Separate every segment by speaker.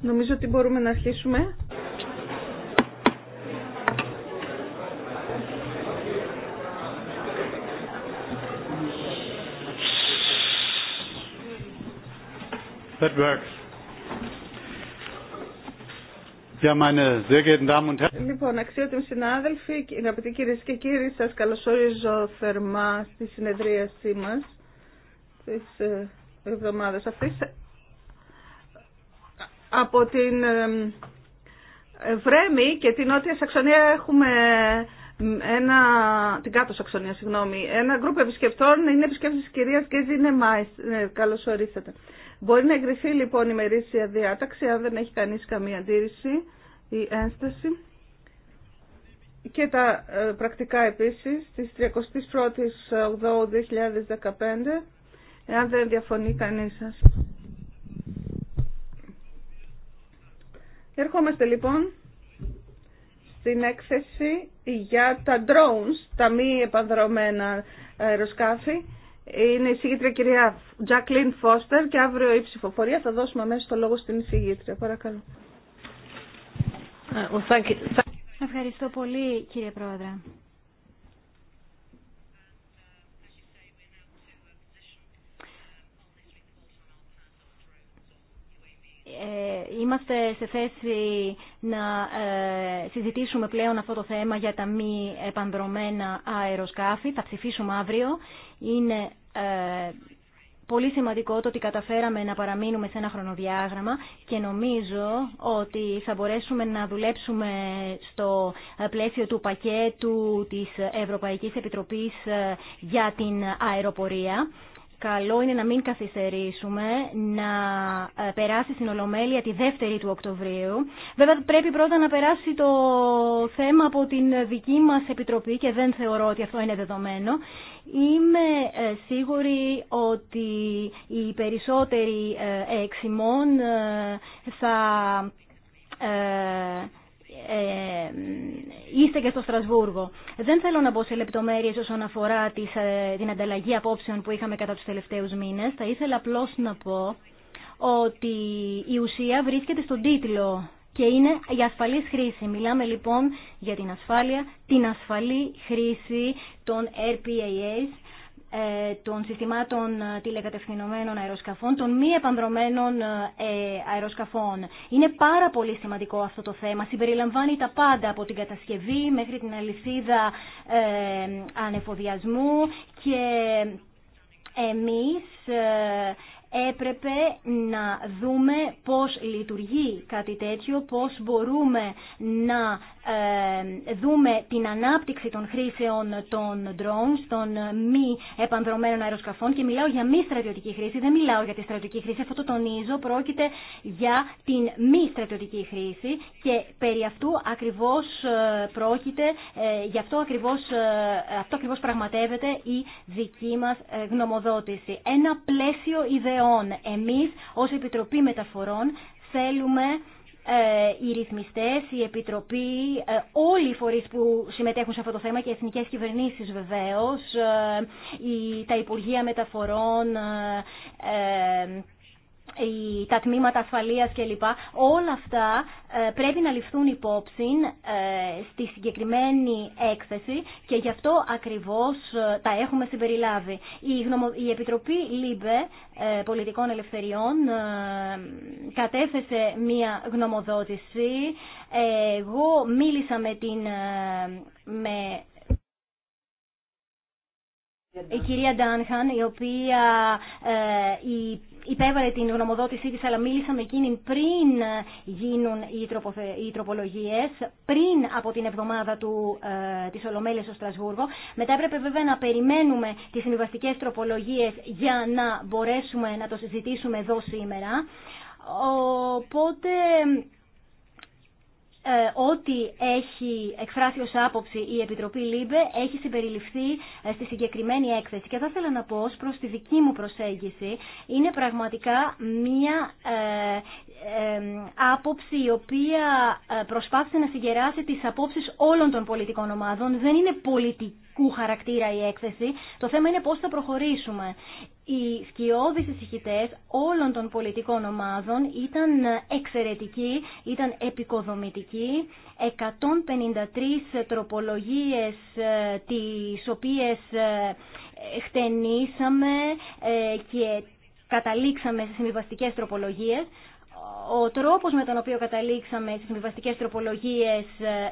Speaker 1: Νομίζω
Speaker 2: ότι μπορούμε να αρχίσουμε. Λοιπόν, αξιότιμοι συνάδελφοι, αγαπητοί κυρίε και κύριοι, σα καλωσορίζω θερμά στη συνεδρίασή μα τη ε, εβδομάδα αυτή από την Βρέμη και την Νότια Σαξονία έχουμε ένα, την κάτω Σαξονία, συγγνώμη, ένα γκρουπ επισκεπτών είναι επισκέπτες της κυρίας Κεζίνε Μάης. Ναι, καλώς ορίσατε. Μπορεί να εγκριθεί λοιπόν η μερίσια διάταξη, αν δεν έχει κανείς καμία αντίρρηση ή ένσταση. Και τα ε, πρακτικά επίσης, της 31ης 8 2015, εάν δεν διαφωνεί κανείς σας. Ερχόμαστε λοιπόν στην έκθεση για τα drones, τα μη επανδρομένα αεροσκάφη. Είναι η συγγήτρια κυρία Τζακλίν Φώστερ και αύριο η ψηφοφορία θα δώσουμε αμέσως το λόγο στην συγγήτρια. Παρακαλώ. Uh,
Speaker 3: Ευχαριστώ πολύ κύριε Πρόεδρε. Ε, είμαστε σε θέση να ε, συζητήσουμε πλέον αυτό το θέμα για τα μη επανδρομένα αεροσκάφη. Θα ψηφίσουμε αύριο. Είναι ε, πολύ σημαντικό το ότι καταφέραμε να παραμείνουμε σε ένα χρονοδιάγραμμα και νομίζω ότι θα μπορέσουμε να δουλέψουμε στο πλαίσιο του πακέτου της Ευρωπαϊκής Επιτροπής για την αεροπορία καλό είναι να μην καθυστερήσουμε, να ε, περάσει στην Ολομέλεια τη δεύτερη του Οκτωβρίου. Βέβαια πρέπει πρώτα να περάσει το θέμα από την δική μας Επιτροπή και δεν θεωρώ ότι αυτό είναι δεδομένο. Είμαι ε, σίγουρη ότι οι περισσότεροι ε, εξημών θα ε, είστε και στο Στρασβούργο. Δεν θέλω να μπω σε λεπτομέρειες όσον αφορά τις, ε, την ανταλλαγή απόψεων που είχαμε κατά τους τελευταίους μήνες. Θα ήθελα απλώς να πω ότι η ουσία βρίσκεται στον τίτλο και είναι για ασφαλή χρήση. Μιλάμε λοιπόν για την ασφάλεια, την ασφαλή χρήση των RPAs ε, των συστημάτων ε, τηλεκατευθυνωμένων αεροσκαφών, των μη επανδρομένων ε, αεροσκαφών. Είναι πάρα πολύ σημαντικό αυτό το θέμα. Συμπεριλαμβάνει τα πάντα από την κατασκευή μέχρι την αλυσίδα ανεφοδιασμού και εμείς έπρεπε να δούμε πώς λειτουργεί κάτι τέτοιο, πώς μπορούμε να ε, δούμε την ανάπτυξη των χρήσεων των drones, των μη επανδρομένων αεροσκαφών και μιλάω για μη στρατιωτική χρήση, δεν μιλάω για τη στρατιωτική χρήση, αυτό το τονίζω, πρόκειται για την μη στρατιωτική χρήση και περί αυτού ακριβώς ε, πρόκειται, ε, γι' αυτό ακριβώς, αυτό πραγματεύεται η δική μας γνωμοδότηση. Ένα πλαίσιο ιδεών μεταφορών. Εμείς ως Επιτροπή Μεταφορών θέλουμε ε, οι ρυθμιστές, η Επιτροπή, ε, όλοι οι φορείς που συμμετέχουν σε αυτό το θέμα και οι εθνικές κυβερνήσεις βεβαίως, ε, τα Υπουργεία Μεταφορών, τα τμήματα ασφαλείας κλπ. Όλα αυτά ε, πρέπει να ληφθούν υπόψη ε, στη συγκεκριμένη έκθεση και γι' αυτό ακριβώς ε, τα έχουμε συμπεριλάβει. Η Επιτροπή ΛΥΜΠΕ Πολιτικών Ελευθεριών κατέθεσε μία γνωμοδότηση. Εγώ μίλησα με την... Με η κυρία Ντάνχαν, η οποία η υπέβαλε την γνωμοδότησή της, αλλά μίλησα με εκείνη πριν γίνουν οι, τροποθε, τροπολογίες, πριν από την εβδομάδα του, ε, της Ολομέλειας στο Στρασβούργο. Μετά έπρεπε βέβαια να περιμένουμε τις συμβιβαστικές τροπολογίες για να μπορέσουμε να το συζητήσουμε εδώ σήμερα. Οπότε ε, ό,τι έχει εκφράσει ως άποψη η Επιτροπή ΛΥΜΠΕ έχει συμπεριληφθεί ε, στη συγκεκριμένη έκθεση. Και θα ήθελα να πω ως προς τη δική μου προσέγγιση είναι πραγματικά μία ε, άποψη η οποία προσπάθησε να συγκεράσει τις απόψεις όλων των πολιτικών ομάδων. Δεν είναι πολιτική χαρακτήρα η έκθεση. Το θέμα είναι πώς θα προχωρήσουμε οι σκιώδεις εισηχητές όλων των πολιτικών ομάδων ήταν εξαιρετικοί, ήταν επικοδομητικοί. 153 τροπολογίες ε, τις οποίες ε, χτενίσαμε ε, και καταλήξαμε σε συμβιβαστικές τροπολογίες. Ο τρόπος με τον οποίο καταλήξαμε στις συμβιβαστικές τροπολογίες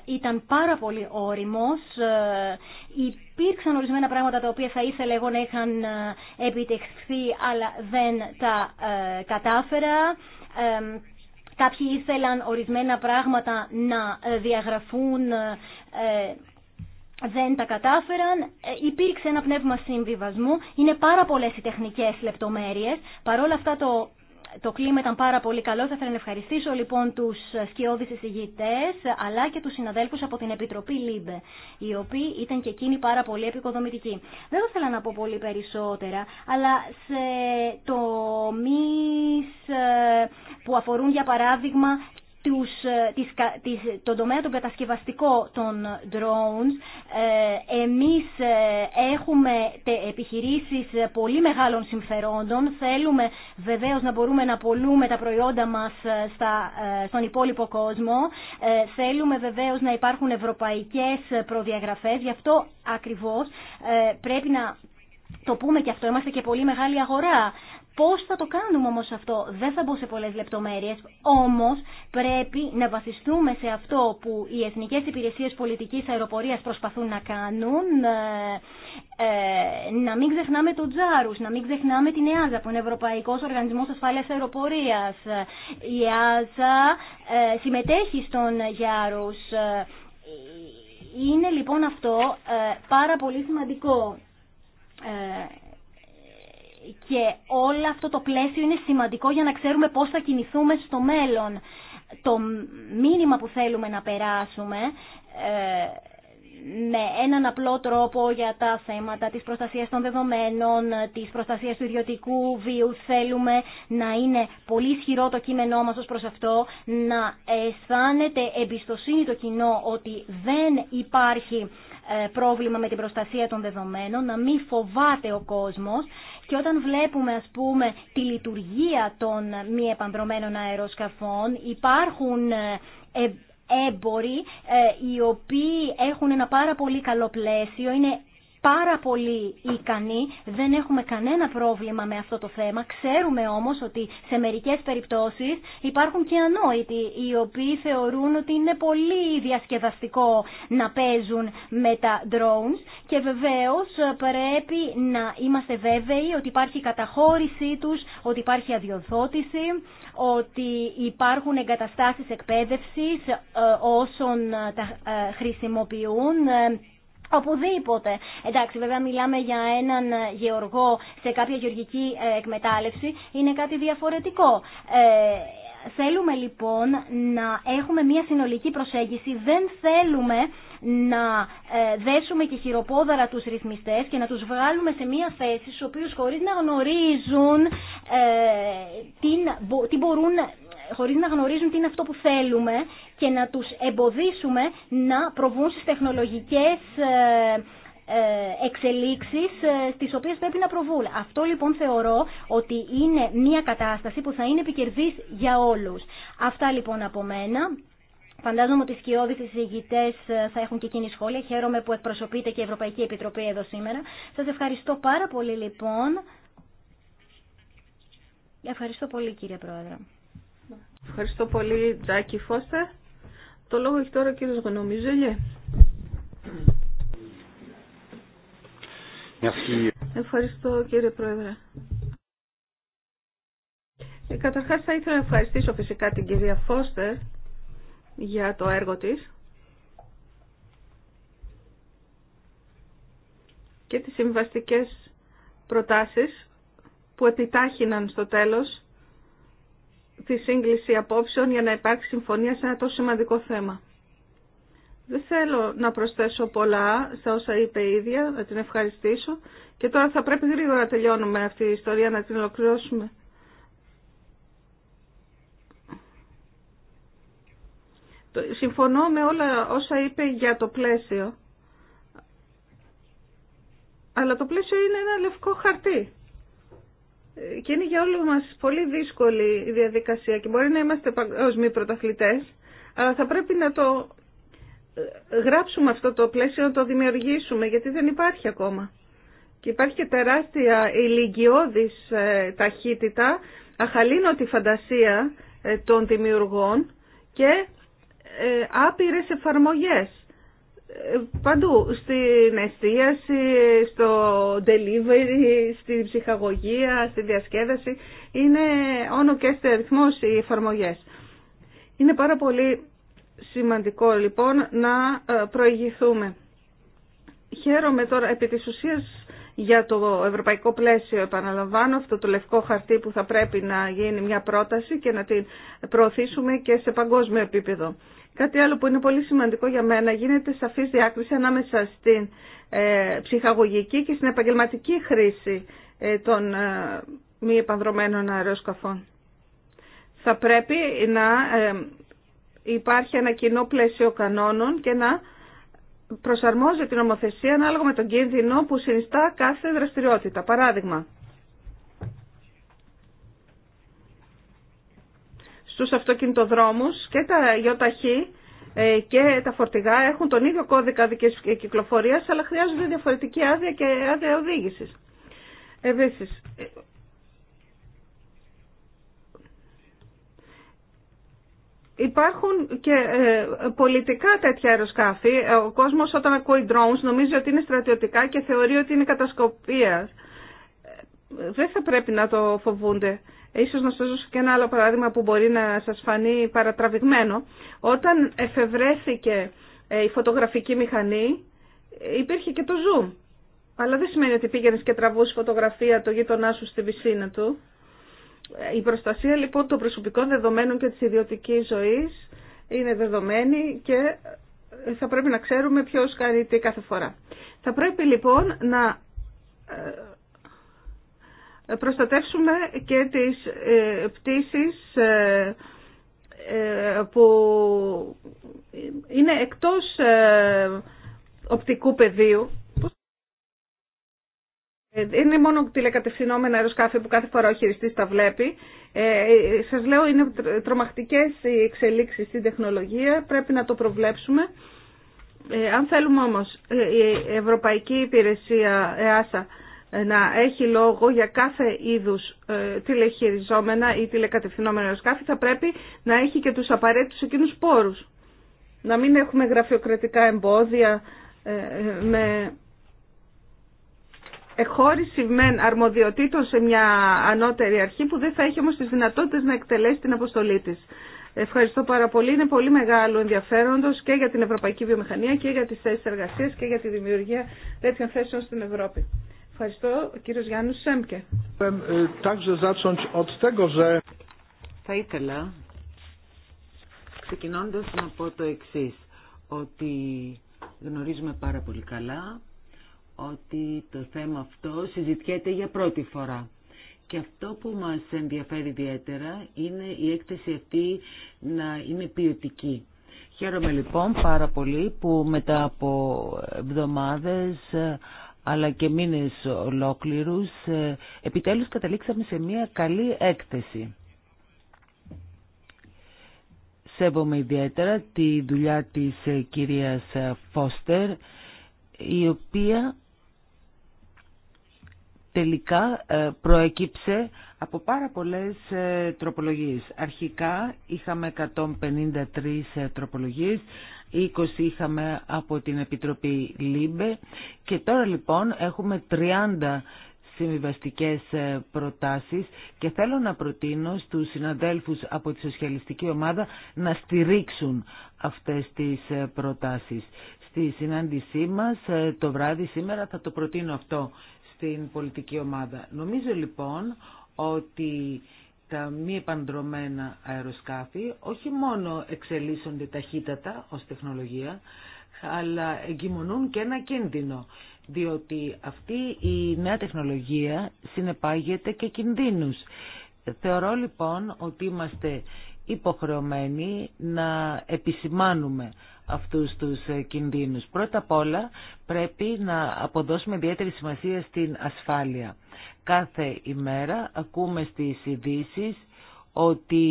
Speaker 3: ήταν πάρα πολύ όριμος υπήρξαν ορισμένα πράγματα τα οποία θα ήθελα εγώ να είχαν ε, επιτευχθεί αλλά δεν τα ε, κατάφερα. Κάποιοι ήθελαν ορισμένα πράγματα να ε, διαγραφούν, δεν τα κατάφεραν. Υπήρξε ένα πνεύμα συμβιβασμού. Είναι πάρα πολλές οι τεχνικές λεπτομέρειες. Παρόλα αυτά το το κλίμα ήταν πάρα πολύ καλό. Θα ήθελα να ευχαριστήσω λοιπόν του σκιώδει εισηγητέ αλλά και του συναδέλφου από την Επιτροπή ΛΥΜΠΕ, οι οποίοι ήταν και εκείνοι πάρα πολύ επικοδομητικοί. Δεν θα ήθελα να πω πολύ περισσότερα, αλλά σε τομεί ε, που αφορούν για παράδειγμα τους, ε, τις, τις, τον τομέα τον κατασκευαστικό των drones. Ε, εμείς ε, έχουμε επιχειρήσεις πολύ μεγάλων συμφερόντων. Θέλουμε βεβαίως να μπορούμε να πολλούμε τα προϊόντα μας στα, στον υπόλοιπο κόσμο. Θέλουμε βεβαίως να υπάρχουν ευρωπαϊκές προδιαγραφές. Γι' αυτό ακριβώς πρέπει να το πούμε και αυτό. Είμαστε και πολύ μεγάλη αγορά. Πώ θα το κάνουμε όμω αυτό, δεν θα μπω σε πολλέ λεπτομέρειε. Όμω πρέπει να βασιστούμε σε αυτό που οι Εθνικέ Υπηρεσίε Πολιτική Αεροπορία προσπαθούν να κάνουν, ε, ε, να μην ξεχνάμε τον Τζάρου, να μην ξεχνάμε την ΕΑΖΑ που είναι Ευρωπαϊκός Οργανισμός Ασφάλεια Αεροπορίας. Η ΕΑΖΑ ε, συμμετέχει στον Γιάρου. Είναι λοιπόν αυτό πάρα πολύ σημαντικό και όλο αυτό το πλαίσιο είναι σημαντικό για να ξέρουμε πώς θα κινηθούμε στο μέλλον. Το μήνυμα που θέλουμε να περάσουμε ε, με έναν απλό τρόπο για τα θέματα της προστασίας των δεδομένων, της προστασίας του ιδιωτικού βίου. Θέλουμε να είναι πολύ ισχυρό το κείμενό μας ως προς αυτό, να αισθάνεται εμπιστοσύνη το κοινό ότι δεν υπάρχει ε, πρόβλημα με την προστασία των δεδομένων, να μην φοβάται ο κόσμος και όταν βλέπουμε ας πούμε τη λειτουργία των μη επανδρομένων αεροσκαφών υπάρχουν ε, έμποροι ε, οι οποίοι έχουν ένα πάρα πολύ καλό πλαίσιο, είναι πάρα πολύ ικανοί, δεν έχουμε κανένα πρόβλημα με αυτό το θέμα. Ξέρουμε όμως ότι σε μερικές περιπτώσεις υπάρχουν και ανόητοι, οι οποίοι θεωρούν ότι είναι πολύ διασκεδαστικό να παίζουν με τα drones και βεβαίως πρέπει να είμαστε βέβαιοι ότι υπάρχει καταχώρησή τους, ότι υπάρχει αδειοδότηση, ότι υπάρχουν εγκαταστάσεις εκπαίδευσης ε, όσων ε, τα ε, χρησιμοποιούν οπουδήποτε. Εντάξει, βέβαια μιλάμε για έναν ε, γεωργό σε κάποια γεωργική ε, εκμετάλλευση, είναι κάτι διαφορετικό. Ε, θέλουμε λοιπόν να έχουμε μια συνολική προσέγγιση, δεν θέλουμε να δέσουμε και χειροπόδαρα τους ρυθμιστές και να τους βγάλουμε σε μια θέση στους οποίους χωρίς να γνωρίζουν τι, μπορούν χωρίς να γνωρίζουν τι είναι αυτό που θέλουμε και να τους εμποδίσουμε να προβούν στις τεχνολογικές ε, ε, εξελίξεις ε, στις οποίες πρέπει να προβούν. Αυτό λοιπόν θεωρώ ότι είναι μια κατάσταση που θα είναι επικερδής για όλους. Αυτά λοιπόν από μένα. Φαντάζομαι ότι οι σκιώδεις εισηγητέ θα έχουν και εκείνη σχόλια. Χαίρομαι που εκπροσωπείται και η Ευρωπαϊκή Επιτροπή εδώ σήμερα. Σας ευχαριστώ πάρα πολύ λοιπόν. Ευχαριστώ πολύ κύριε Πρόεδρε.
Speaker 2: Ευχαριστώ πολύ Τζάκι Φώστερ. Το λόγο έχει τώρα ο κύριος Γνώμη Ευχαριστώ κύριε Πρόεδρε. Ε, καταρχάς θα ήθελα να ευχαριστήσω φυσικά την κυρία Φώστερ για το έργο της και τις συμβαστικές προτάσεις που επιτάχυναν στο τέλος τη σύγκληση απόψεων για να υπάρξει συμφωνία σε ένα τόσο σημαντικό θέμα. Δεν θέλω να προσθέσω πολλά στα όσα είπε η ίδια, να την ευχαριστήσω και τώρα θα πρέπει γρήγορα να τελειώνουμε αυτή η ιστορία, να την ολοκληρώσουμε. Συμφωνώ με όλα όσα είπε για το πλαίσιο, αλλά το πλαίσιο είναι ένα λευκό χαρτί και είναι για όλους μας πολύ δύσκολη η διαδικασία και μπορεί να είμαστε παγκόσμιοι πρωταθλητέ, αλλά θα πρέπει να το ε, γράψουμε αυτό το πλαίσιο, να το δημιουργήσουμε, γιατί δεν υπάρχει ακόμα. Και υπάρχει και τεράστια ηλικιώδης ε, ταχύτητα, αχαλήνωτη φαντασία ε, των δημιουργών και άπειρες εφαρμογές παντού, στην εστίαση, στο delivery, στην ψυχαγωγία, στη διασκέδαση. Είναι όνο και αριθμό, οι εφαρμογέ. Είναι πάρα πολύ σημαντικό λοιπόν να ε, προηγηθούμε. Χαίρομαι τώρα επί της ουσίας για το ευρωπαϊκό πλαίσιο, επαναλαμβάνω, αυτό το λευκό χαρτί που θα πρέπει να γίνει μια πρόταση και να την προωθήσουμε και σε παγκόσμιο επίπεδο. Κάτι άλλο που είναι πολύ σημαντικό για μένα γίνεται σαφής διάκριση ανάμεσα στην ε, ψυχαγωγική και στην επαγγελματική χρήση ε, των ε, μη επανδρομένων αεροσκαφών. Θα πρέπει να ε, υπάρχει ένα κοινό πλαίσιο κανόνων και να προσαρμόζει την νομοθεσία ανάλογα με τον κίνδυνο που συνιστά κάθε δραστηριότητα. Παράδειγμα, στους αυτοκινητοδρόμους και τα ΙΟΤΑΧΗ ε, και τα φορτηγά έχουν τον ίδιο κώδικα δικής κυκλοφορίας αλλά χρειάζονται διαφορετική άδεια και άδεια οδήγησης. Επίσης, ε, Υπάρχουν και ε, πολιτικά τέτοια αεροσκάφη. Ο κόσμος όταν ακούει drones νομίζει ότι είναι στρατιωτικά και θεωρεί ότι είναι κατασκοπία. Δεν θα πρέπει να το φοβούνται. Ίσως να σας δώσω και ένα άλλο παράδειγμα που μπορεί να σας φανεί παρατραβηγμένο. Όταν εφευρέθηκε ε, η φωτογραφική μηχανή, υπήρχε και το zoom. Αλλά δεν σημαίνει ότι πήγαινε και τραβούσε φωτογραφία το γείτονά σου στη βυσίνα του. Ε, η προστασία λοιπόν των προσωπικών δεδομένων και της ιδιωτικής ζωής είναι δεδομένη και ε, θα πρέπει να ξέρουμε ποιος κάνει τι κάθε φορά. Θα πρέπει λοιπόν να ε, προστατεύσουμε και τις ε, πτήσεις ε, που είναι εκτός οπτικού πεδίου. Είναι μόνο τηλεκατευθυνόμενα αεροσκάφη που κάθε φορά ο χειριστής τα βλέπει. Ε, σας λέω είναι τρομακτικές οι εξελίξεις στην τεχνολογία, πρέπει να το προβλέψουμε. αν θέλουμε όμως η Ευρωπαϊκή Υπηρεσία ΕΑΣΑ να έχει λόγο για κάθε είδους ε, τηλεχειριζόμενα ή τηλεκατευθυνόμενα αεροσκάφη θα πρέπει να έχει και τους απαραίτητους εκείνους πόρους. Να μην έχουμε γραφειοκρατικά εμπόδια ε, με εχώριση μεν αρμοδιοτήτων σε μια ανώτερη αρχή που δεν θα έχει όμως τις δυνατότητες να εκτελέσει την αποστολή της. Ευχαριστώ πάρα πολύ. Είναι πολύ μεγάλο ενδιαφέροντος και για την ευρωπαϊκή βιομηχανία και για τις θέσει εργασίας και για τη δημιουργία τέτοιων θέσεων στην Ευρώπη. Ευχαριστώ, κύριος Γιάννης Σέμκε.
Speaker 1: Ε,
Speaker 4: Θα ήθελα, ξεκινώντας να πω το εξής, ότι γνωρίζουμε πάρα πολύ καλά ότι το θέμα αυτό συζητιέται για πρώτη φορά. Και αυτό που μας ενδιαφέρει ιδιαίτερα είναι η έκθεση αυτή να είναι ποιοτική. Χαίρομαι λοιπόν πάρα πολύ που μετά από εβδομάδες αλλά και μήνες ολόκληρους, ε, επιτέλους καταλήξαμε σε μια καλή έκθεση. Σέβομαι ιδιαίτερα τη δουλειά της ε, κυρίας ε, Φώστερ, η οποία τελικά προέκυψε από πάρα πολλές τροπολογίες. Αρχικά είχαμε 153 τροπολογίες, 20 είχαμε από την Επιτροπή ΛΥΜΠΕ και τώρα λοιπόν έχουμε 30 συμβιβαστικές ε, προτάσεις και θέλω να προτείνω στους συναδέλφους από τη Σοσιαλιστική Ομάδα να στηρίξουν αυτές τις ε, προτάσεις. Στη συνάντησή μας ε, το βράδυ σήμερα θα το προτείνω αυτό στην πολιτική ομάδα. Νομίζω λοιπόν ότι τα μη επανδρομένα αεροσκάφη όχι μόνο εξελίσσονται ταχύτατα ως τεχνολογία, αλλά εγκυμονούν και ένα κίνδυνο, διότι αυτή η νέα τεχνολογία συνεπάγεται και κινδύνους. Θεωρώ λοιπόν ότι είμαστε υποχρεωμένοι να επισημάνουμε αυτούς τους κινδύνους. Πρώτα απ' όλα πρέπει να αποδώσουμε ιδιαίτερη σημασία στην ασφάλεια. Κάθε ημέρα ακούμε στις ειδήσει ότι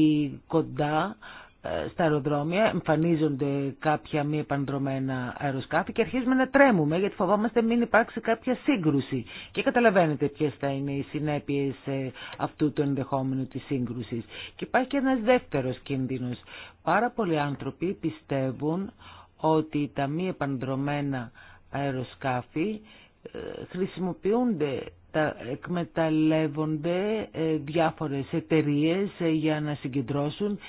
Speaker 4: κοντά ε, στα αεροδρόμια εμφανίζονται κάποια μη επανδρομένα αεροσκάφη και αρχίζουμε να τρέμουμε γιατί φοβόμαστε μην υπάρξει κάποια σύγκρουση. Και καταλαβαίνετε ποιες θα είναι οι συνέπειες ε, αυτού του ενδεχόμενου της σύγκρουσης. Και υπάρχει και ένας δεύτερος κίνδυνος. Πάρα πολλοί άνθρωποι πιστεύουν ότι τα μη επανδρομένα αεροσκάφη ε, χρησιμοποιούνται εκμεταλλεύονται ε, διάφορες εταιρείες ε, για να συγκεντρώσουν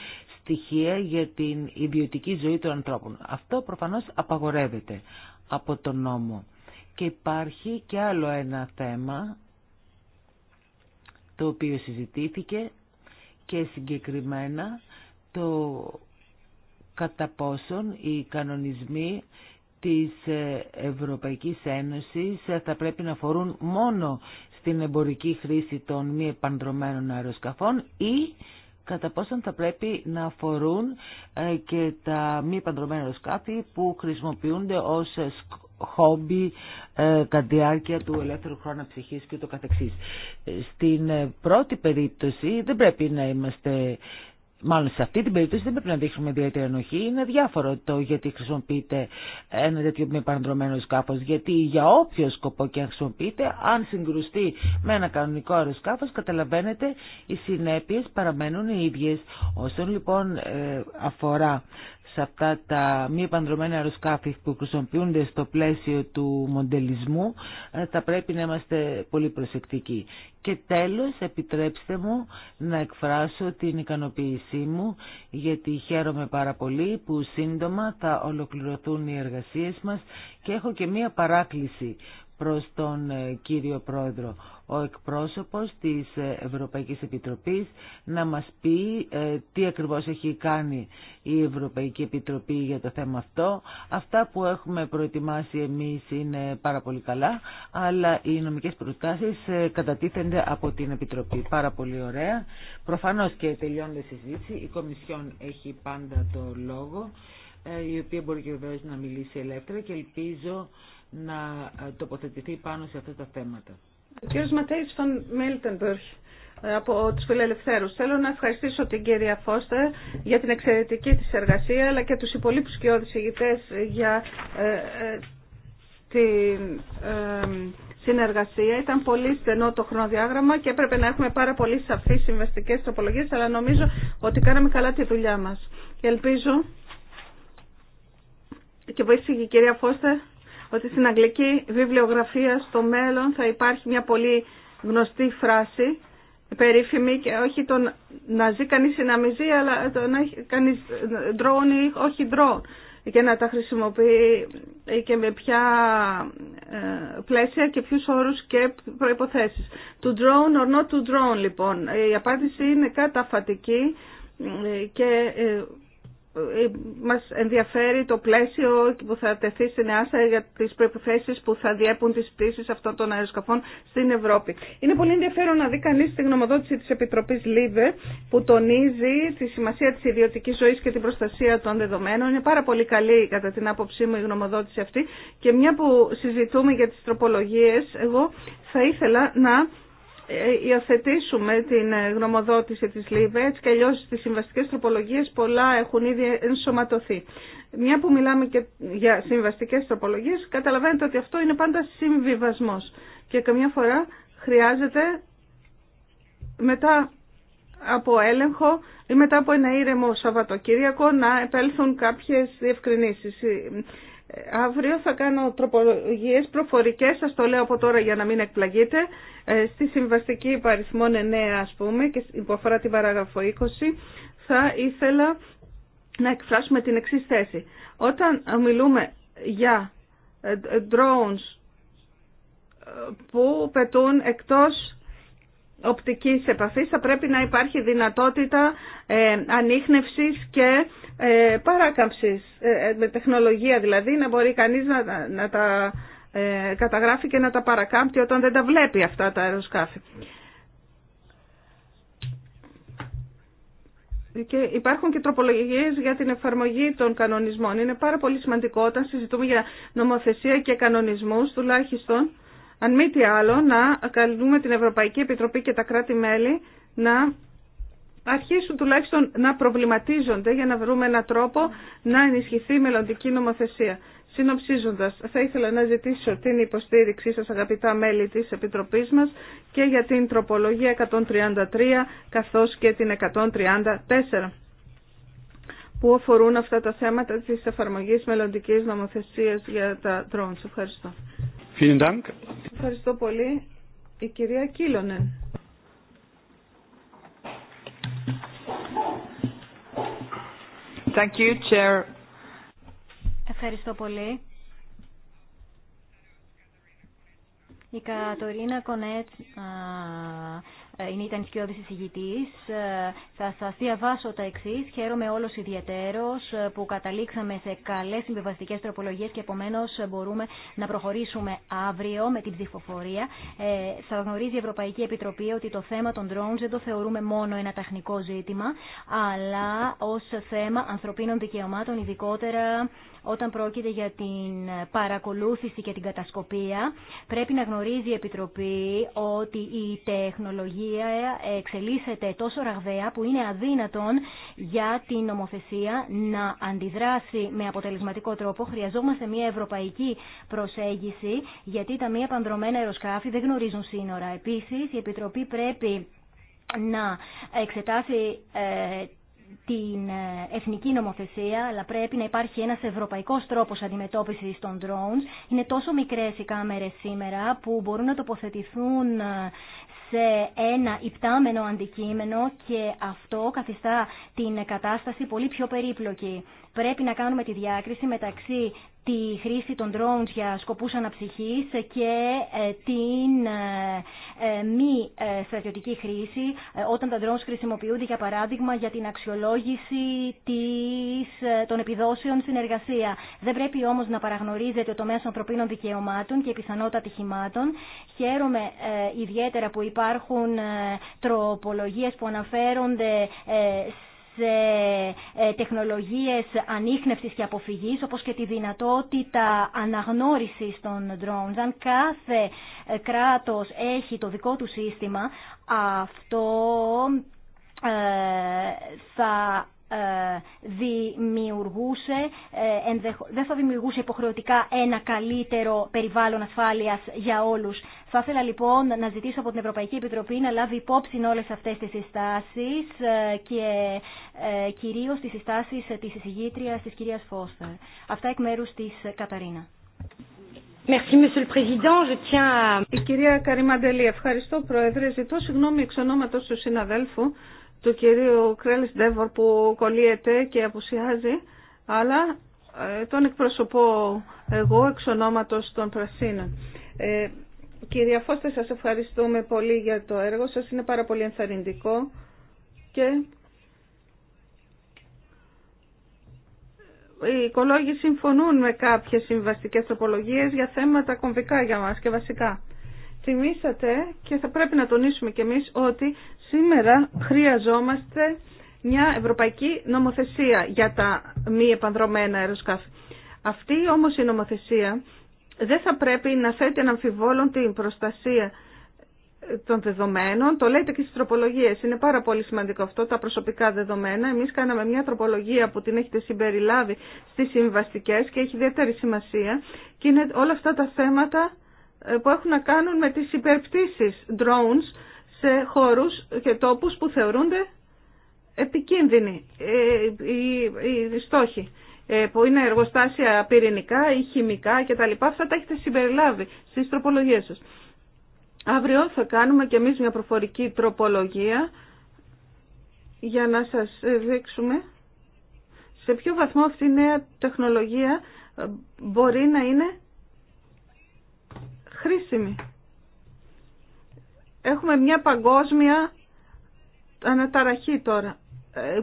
Speaker 4: στοιχεία για την ιδιωτική ζωή των ανθρώπων. Αυτό προφανώς απαγορεύεται από τον νόμο. Και υπάρχει και άλλο ένα θέμα το οποίο συζητήθηκε και συγκεκριμένα το κατά πόσον οι κανονισμοί της ε, Ευρωπαϊκής Ένωσης ε, θα πρέπει να αφορούν μόνο στην εμπορική χρήση των μη επανδρομένων αεροσκαφών ή κατά πόσον θα πρέπει να αφορούν ε, και τα μη επανδρομένα αεροσκάφη που χρησιμοποιούνται ως χόμπι κατά διάρκεια του ελεύθερου χρόνου ψυχής και το καθεξής. Στην πρώτη περίπτωση δεν πρέπει να είμαστε Μάλλον σε αυτή την περίπτωση δεν πρέπει να δείξουμε ιδιαίτερη ενοχή. Είναι διάφορο το γιατί χρησιμοποιείται ένα τέτοιο μη παντρωμένο σκάφο. Γιατί για όποιο σκοπό και αν χρησιμοποιείται, αν συγκρουστεί με ένα κανονικό αεροσκάφο, καταλαβαίνετε οι συνέπειε παραμένουν οι ίδιε. Όσον λοιπόν ε, αφορά σε αυτά τα μη επανδρομένα αεροσκάφη που χρησιμοποιούνται στο πλαίσιο του μοντελισμού ε, θα πρέπει να είμαστε πολύ προσεκτικοί. Και τέλος επιτρέψτε μου να εκφράσω την ικανοποίησή μου γιατί χαίρομαι πάρα πολύ που σύντομα θα ολοκληρωθούν οι εργασίες μας και έχω και μία παράκληση προς τον ε, κύριο Πρόεδρο ο εκπρόσωπος της Ευρωπαϊκής Επιτροπής να μας πει ε, τι ακριβώς έχει κάνει η Ευρωπαϊκή Επιτροπή για το θέμα αυτό. Αυτά που έχουμε προετοιμάσει εμείς είναι πάρα πολύ καλά, αλλά οι νομικές προτάσεις ε, κατατίθενται από την Επιτροπή. Πάρα πολύ ωραία. Προφανώς και τελειώνει η συζήτηση. Η Κομισιόν έχει πάντα το λόγο ε, η οποία μπορεί και να μιλήσει ελεύθερα και ελπίζω να τοποθετηθεί πάνω σε αυτά τα θέματα. Ο κύριος
Speaker 2: Ματέη Φων Μίλτεμπεργκ ε, από του φιλελευθέρου, Θέλω να ευχαριστήσω την κυρία Φώστερ για την εξαιρετική τη εργασία αλλά και του υπολείπου και ηγητές για ε, ε, την συνεργασία. Ήταν πολύ στενό το χρονοδιάγραμμα και έπρεπε να έχουμε πάρα πολύ σαφείς συμβαστικές τροπολογίες αλλά νομίζω ότι κάναμε καλά τη δουλειά μας. ελπίζω και βοήθησε η κυρία Φώστερ ότι στην αγγλική βιβλιογραφία στο μέλλον θα υπάρχει μια πολύ γνωστή φράση, περίφημη και όχι το να ζει κανείς ή να μην ζει, αλλά το να έχει κανείς ντρόν ή όχι ντρόν και να τα χρησιμοποιεί και με ποια ε, πλαίσια και ποιους όρους και προϋποθέσεις. To drone or not to drone λοιπόν. Η απάντηση είναι καταφατική ε, και ε, ε, μας ενδιαφέρει το πλαίσιο που θα τεθεί στην ΕΑΣΑ για τις προϋποθέσεις που θα διέπουν τις πτήσεις αυτών των αεροσκαφών στην Ευρώπη. Είναι πολύ ενδιαφέρον να δει κανείς τη γνωμοδότηση της Επιτροπής ΛΥΒΕ που τονίζει τη σημασία της ιδιωτικής ζωής και την προστασία των δεδομένων. Είναι πάρα πολύ καλή κατά την άποψή μου η γνωμοδότηση αυτή και μια που συζητούμε για τις τροπολογίες εγώ θα ήθελα να υιοθετήσουμε την ε, γνωμοδότηση της ΛΥΒΕ, έτσι και αλλιώς στις συμβαστικές τροπολογίες πολλά έχουν ήδη ενσωματωθεί. Μια που μιλάμε και για συμβαστικές τροπολογίες, καταλαβαίνετε ότι αυτό είναι πάντα συμβιβασμός και καμιά φορά χρειάζεται μετά από έλεγχο ή μετά από ένα ήρεμο Σαββατοκύριακο να επέλθουν κάποιες διευκρινήσεις. Αύριο θα κάνω τροπολογίε προφορικές, σας το λέω από τώρα για να μην εκπλαγείτε, ε, στη συμβαστική υπαριθμών 9 ας πούμε και αφορά την παράγραφο 20 θα ήθελα να εκφράσουμε την εξή θέση. Όταν μιλούμε για ε, drones ε, που πετούν εκτός οπτικής επαφής θα πρέπει να υπάρχει δυνατότητα ε, ανείχνευσης και ε, παράκαμψης. Ε, ε, με τεχνολογία δηλαδή να μπορεί κανείς να, τα ε, καταγράφει και να τα παρακάμπτει όταν δεν τα βλέπει αυτά τα αεροσκάφη. Και υπάρχουν και τροπολογίες για την εφαρμογή των κανονισμών. Είναι πάρα πολύ σημαντικό όταν συζητούμε για νομοθεσία και κανονισμούς τουλάχιστον αν μη τι άλλο, να καλούμε την Ευρωπαϊκή Επιτροπή και τα κράτη-μέλη να αρχίσουν τουλάχιστον να προβληματίζονται για να βρούμε έναν τρόπο να ενισχυθεί η μελλοντική νομοθεσία. Συνοψίζοντας, θα ήθελα να ζητήσω την υποστήριξή σας αγαπητά μέλη της Επιτροπής μας και για την τροπολογία 133 καθώς και την 134 που αφορούν αυτά τα θέματα της εφαρμογής μελλοντικής νομοθεσίας για τα drones. Ευχαριστώ. Ευχαριστώ πολύ. Η κυρία Κίλονεν. Thank you, Chair.
Speaker 3: Ευχαριστώ πολύ. Η Κατορίνα Κονέτ ε, είναι, ήταν σκιώδης εισηγητής. Ε, θα σας διαβάσω τα εξής. Χαίρομαι όλος ιδιαίτερος ε, που καταλήξαμε σε καλές συμβιβαστικές τροπολογίες και επομένως μπορούμε να προχωρήσουμε αύριο με την ψηφοφορία. Ε, θα γνωρίζει η Ευρωπαϊκή Επιτροπή ότι το θέμα των drones δεν το θεωρούμε μόνο ένα τεχνικό ζήτημα, αλλά ως θέμα ανθρωπίνων δικαιωμάτων, ειδικότερα όταν πρόκειται για την παρακολούθηση και την κατασκοπία. Πρέπει να γνωρίζει η Επιτροπή ότι η τεχνολογία οποία ε, εξελίσσεται τόσο ραγδαία που είναι αδύνατον για την νομοθεσία να αντιδράσει με αποτελεσματικό τρόπο. Χρειαζόμαστε μια ευρωπαϊκή προσέγγιση γιατί τα μία πανδρομένα αεροσκάφη δεν γνωρίζουν σύνορα. Επίσης η Επιτροπή πρέπει να εξετάσει ε, την ε, εθνική νομοθεσία, αλλά πρέπει να υπάρχει ένας ευρωπαϊκός τρόπος αντιμετώπισης των drones. Είναι τόσο μικρές οι κάμερες σήμερα που μπορούν να τοποθετηθούν σε ένα υπτάμενο αντικείμενο και αυτό καθιστά την κατάσταση πολύ πιο περίπλοκη. Πρέπει να κάνουμε τη διάκριση μεταξύ τη χρήση των drones για σκοπούς αναψυχής και ε, την ε, ε, μη στρατιωτική χρήση όταν τα drones χρησιμοποιούνται για παράδειγμα για την αξιολόγηση της, των επιδόσεων στην εργασία. Δεν πρέπει όμως να παραγνωρίζεται το μέσο ανθρωπίνων δικαιωμάτων και η πιθανότητα ατυχημάτων. Χαίρομαι ιδιαίτερα που υπάρχουν τροπολογίες που αναφέρονται σε ε, τεχνολογίες ανείχνευσης και αποφυγής, όπως και τη δυνατότητα αναγνώρισης των drones. Αν κάθε ε, κράτος έχει το δικό του σύστημα, αυτό ε, θα ε, δημιουργούσε, ε, δεν θα δημιουργούσε υποχρεωτικά ένα καλύτερο περιβάλλον ασφάλειας για όλους. Θα ήθελα λοιπόν να ζητήσω από την Ευρωπαϊκή Επιτροπή να λάβει υπόψη όλες αυτές τις συστάσεις ε, και κυρίως τις συστάσεις της εισηγήτριας της κυρίας Φώστερ. Αυτά εκ μέρους της Καταρίνα.
Speaker 2: Merci, Monsieur le Président. Η κυρία Καρυμαντελή, ευχαριστώ Πρόεδρε. Ζητώ συγγνώμη εξ ονόματος του συναδέλφου του κυρίου Κρέλη Ντέβορ που κολλείεται και απουσιάζει, αλλά ε, τον εκπροσωπώ εγώ εξ ονόματος των Πρασίνων. Ε, κυρία Φώστα, σας ευχαριστούμε πολύ για το έργο σας. Είναι πάρα πολύ ενθαρρυντικό και οι οικολόγοι συμφωνούν με κάποιες συμβαστικές τροπολογίες για θέματα κομβικά για μας και βασικά. Θυμήσατε και θα πρέπει να τονίσουμε κι εμείς ότι Σήμερα χρειαζόμαστε μια ευρωπαϊκή νομοθεσία για τα μη επανδρομένα αεροσκάφη. Αυτή όμως η νομοθεσία δεν θα πρέπει να θέτει αναμφιβόλων την προστασία των δεδομένων. Το λέτε και στις τροπολογίες. Είναι πάρα πολύ σημαντικό αυτό, τα προσωπικά δεδομένα. Εμείς κάναμε μια τροπολογία που την έχετε συμπεριλάβει στις συμβαστικές και έχει ιδιαίτερη σημασία. Και είναι όλα αυτά τα θέματα ε, που έχουν να κάνουν με τις υπερπτήσεις drones σε χώρους και τόπους που θεωρούνται επικίνδυνοι ε, οι στόχοι ε, που είναι εργοστάσια πυρηνικά ή χημικά και τα λοιπά, αυτά τα έχετε συμπεριλάβει στις τροπολογίες σας. Αύριο θα κάνουμε και εμείς μια προφορική τροπολογία για να σας δείξουμε σε ποιο βαθμό αυτή η νέα τεχνολογία μπορεί να είναι χρήσιμη. Έχουμε μια παγκόσμια αναταραχή τώρα ε,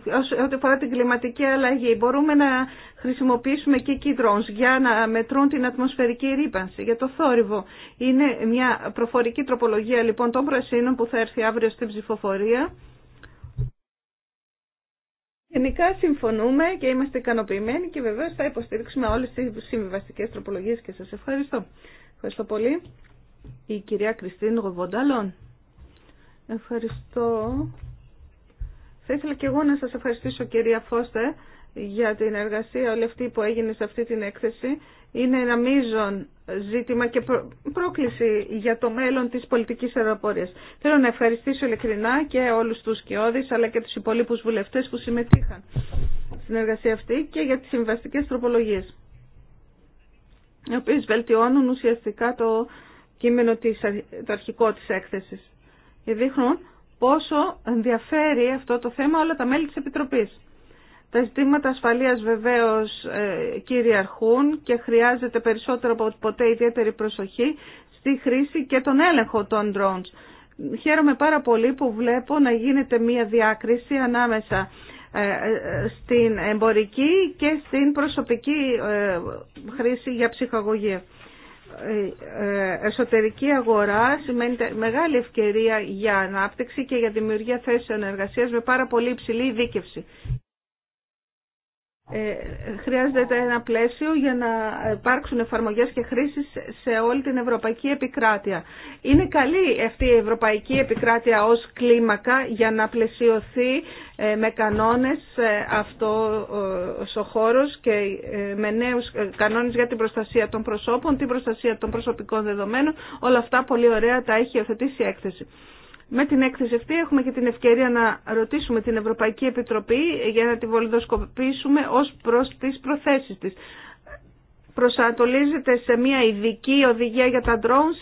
Speaker 2: ό,τι αφορά την κλιματική αλλαγή. Μπορούμε να χρησιμοποιήσουμε και drones για να μετρούν την ατμοσφαιρική ρήπανση, για το θόρυβο. Είναι μια προφορική τροπολογία λοιπόν των πρασίνων που θα έρθει αύριο στην ψηφοφορία. Γενικά συμφωνούμε και είμαστε ικανοποιημένοι και βεβαίως θα υποστηρίξουμε όλες τις συμβιβαστικές τροπολογίες και σας ευχαριστώ. Ευχαριστώ πολύ. Η κυρία Κριστίν Γοβονταλόν. Ευχαριστώ. Θα ήθελα και εγώ να σας ευχαριστήσω κυρία Φώστε για την εργασία όλη αυτή που έγινε σε αυτή την έκθεση. Είναι ένα μείζον ζήτημα και πρόκληση για το μέλλον της πολιτικής αεροπορίας. Θέλω να ευχαριστήσω ειλικρινά και όλους τους κοιόδης αλλά και τους υπολείπους βουλευτές που συμμετείχαν στην εργασία αυτή και για τις συμβαστικές τροπολογίες οι οποίες βελτιώνουν ουσιαστικά το κείμενο το αρχικό της έκθεσης δείχνουν πόσο ενδιαφέρει αυτό το θέμα όλα τα μέλη της Επιτροπής. Τα ζητήματα ασφαλείας βεβαίως ε, κυριαρχούν και χρειάζεται περισσότερο από ποτέ ιδιαίτερη προσοχή στη χρήση και τον έλεγχο των drones. Χαίρομαι πάρα πολύ που βλέπω να γίνεται μία διάκριση ανάμεσα ε, ε, στην εμπορική και στην προσωπική χρήση για ψυχαγωγία. Ε, ε, εσωτερική αγορά σημαίνει μεγάλη ευκαιρία για ανάπτυξη και για δημιουργία θέσεων εργασίας με πάρα πολύ υψηλή δίκευση. Ε, χρειάζεται ένα πλαίσιο για να υπάρξουν εφαρμογές και χρήσεις σε όλη την ευρωπαϊκή επικράτεια. Είναι καλή αυτή η ευρωπαϊκή επικράτεια ως κλίμακα για να πλαισιωθεί ε, με κανόνες ε, αυτό ο χώρος και με νέους κανόνες για την προστασία των προσώπων, την προστασία των προσωπικών δεδομένων. Όλα αυτά πολύ ωραία τα έχει υιοθετήσει η έκθεση. Με την έκθεση αυτή έχουμε και την ευκαιρία να ρωτήσουμε την Ευρωπαϊκή Επιτροπή για να τη βολιδοσκοπήσουμε ως προς τις προθέσεις της. Προσανατολίζεται σε μια ειδική οδηγία για τα drones,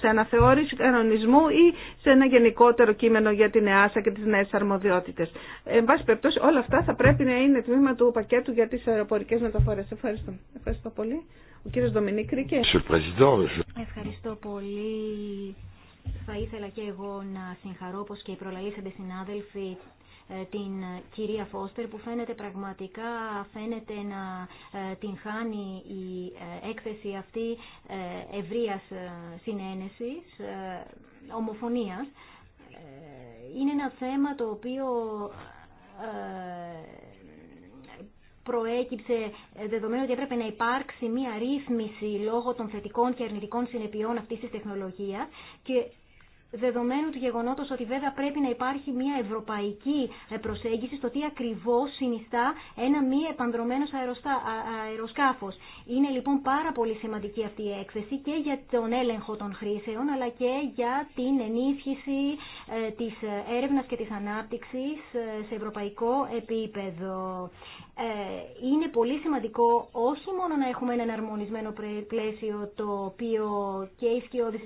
Speaker 2: σε αναθεώρηση κανονισμού ή σε ένα γενικότερο κείμενο για την ΕΑΣΑ και τις νέες αρμοδιότητες. Εν πάση περιπτώσει όλα αυτά θα πρέπει να είναι τμήμα του πακέτου για τις αεροπορικές μεταφορές. Ευχαριστώ. Ευχαριστώ πολύ. Ο κύριος
Speaker 3: Δομινίκ Ρίκε. Ευχαριστώ πολύ θα ήθελα και εγώ να συγχαρώ πως και οι προλαλήσαντες συνάδελφοι ε, την ε, κυρία Φώστερ που φαίνεται πραγματικά φαίνεται να ε, την χάνει η έκθεση αυτή ευρείας συνένεσης, ομοφωνίας. Είναι ένα θέμα το οποίο προέκυψε δεδομένου ότι έπρεπε να υπάρξει μία ρύθμιση λόγω των θετικών και αρνητικών συνεπειών αυτής της τεχνολογίας και δεδομένου του γεγονότος ότι βέβαια πρέπει να υπάρχει μια ρυθμιση λογω των θετικων και αρνητικων συνεπειων αυτή τη τεχνολογία και προσέγγιση στο τι ακριβώς συνιστά ένα μη επανδρομένος αεροσκάφος. Είναι λοιπόν πάρα πολύ σημαντική αυτή η έκθεση και για τον έλεγχο των χρήσεων αλλά και για την ενίσχυση ε, της έρευνας και της ανάπτυξης ε, σε ευρωπαϊκό επίπεδο. Ε, είναι πολύ σημαντικό όχι μόνο να έχουμε ένα αρμονισμένο πλαίσιο το οποίο και οι σκιώδεις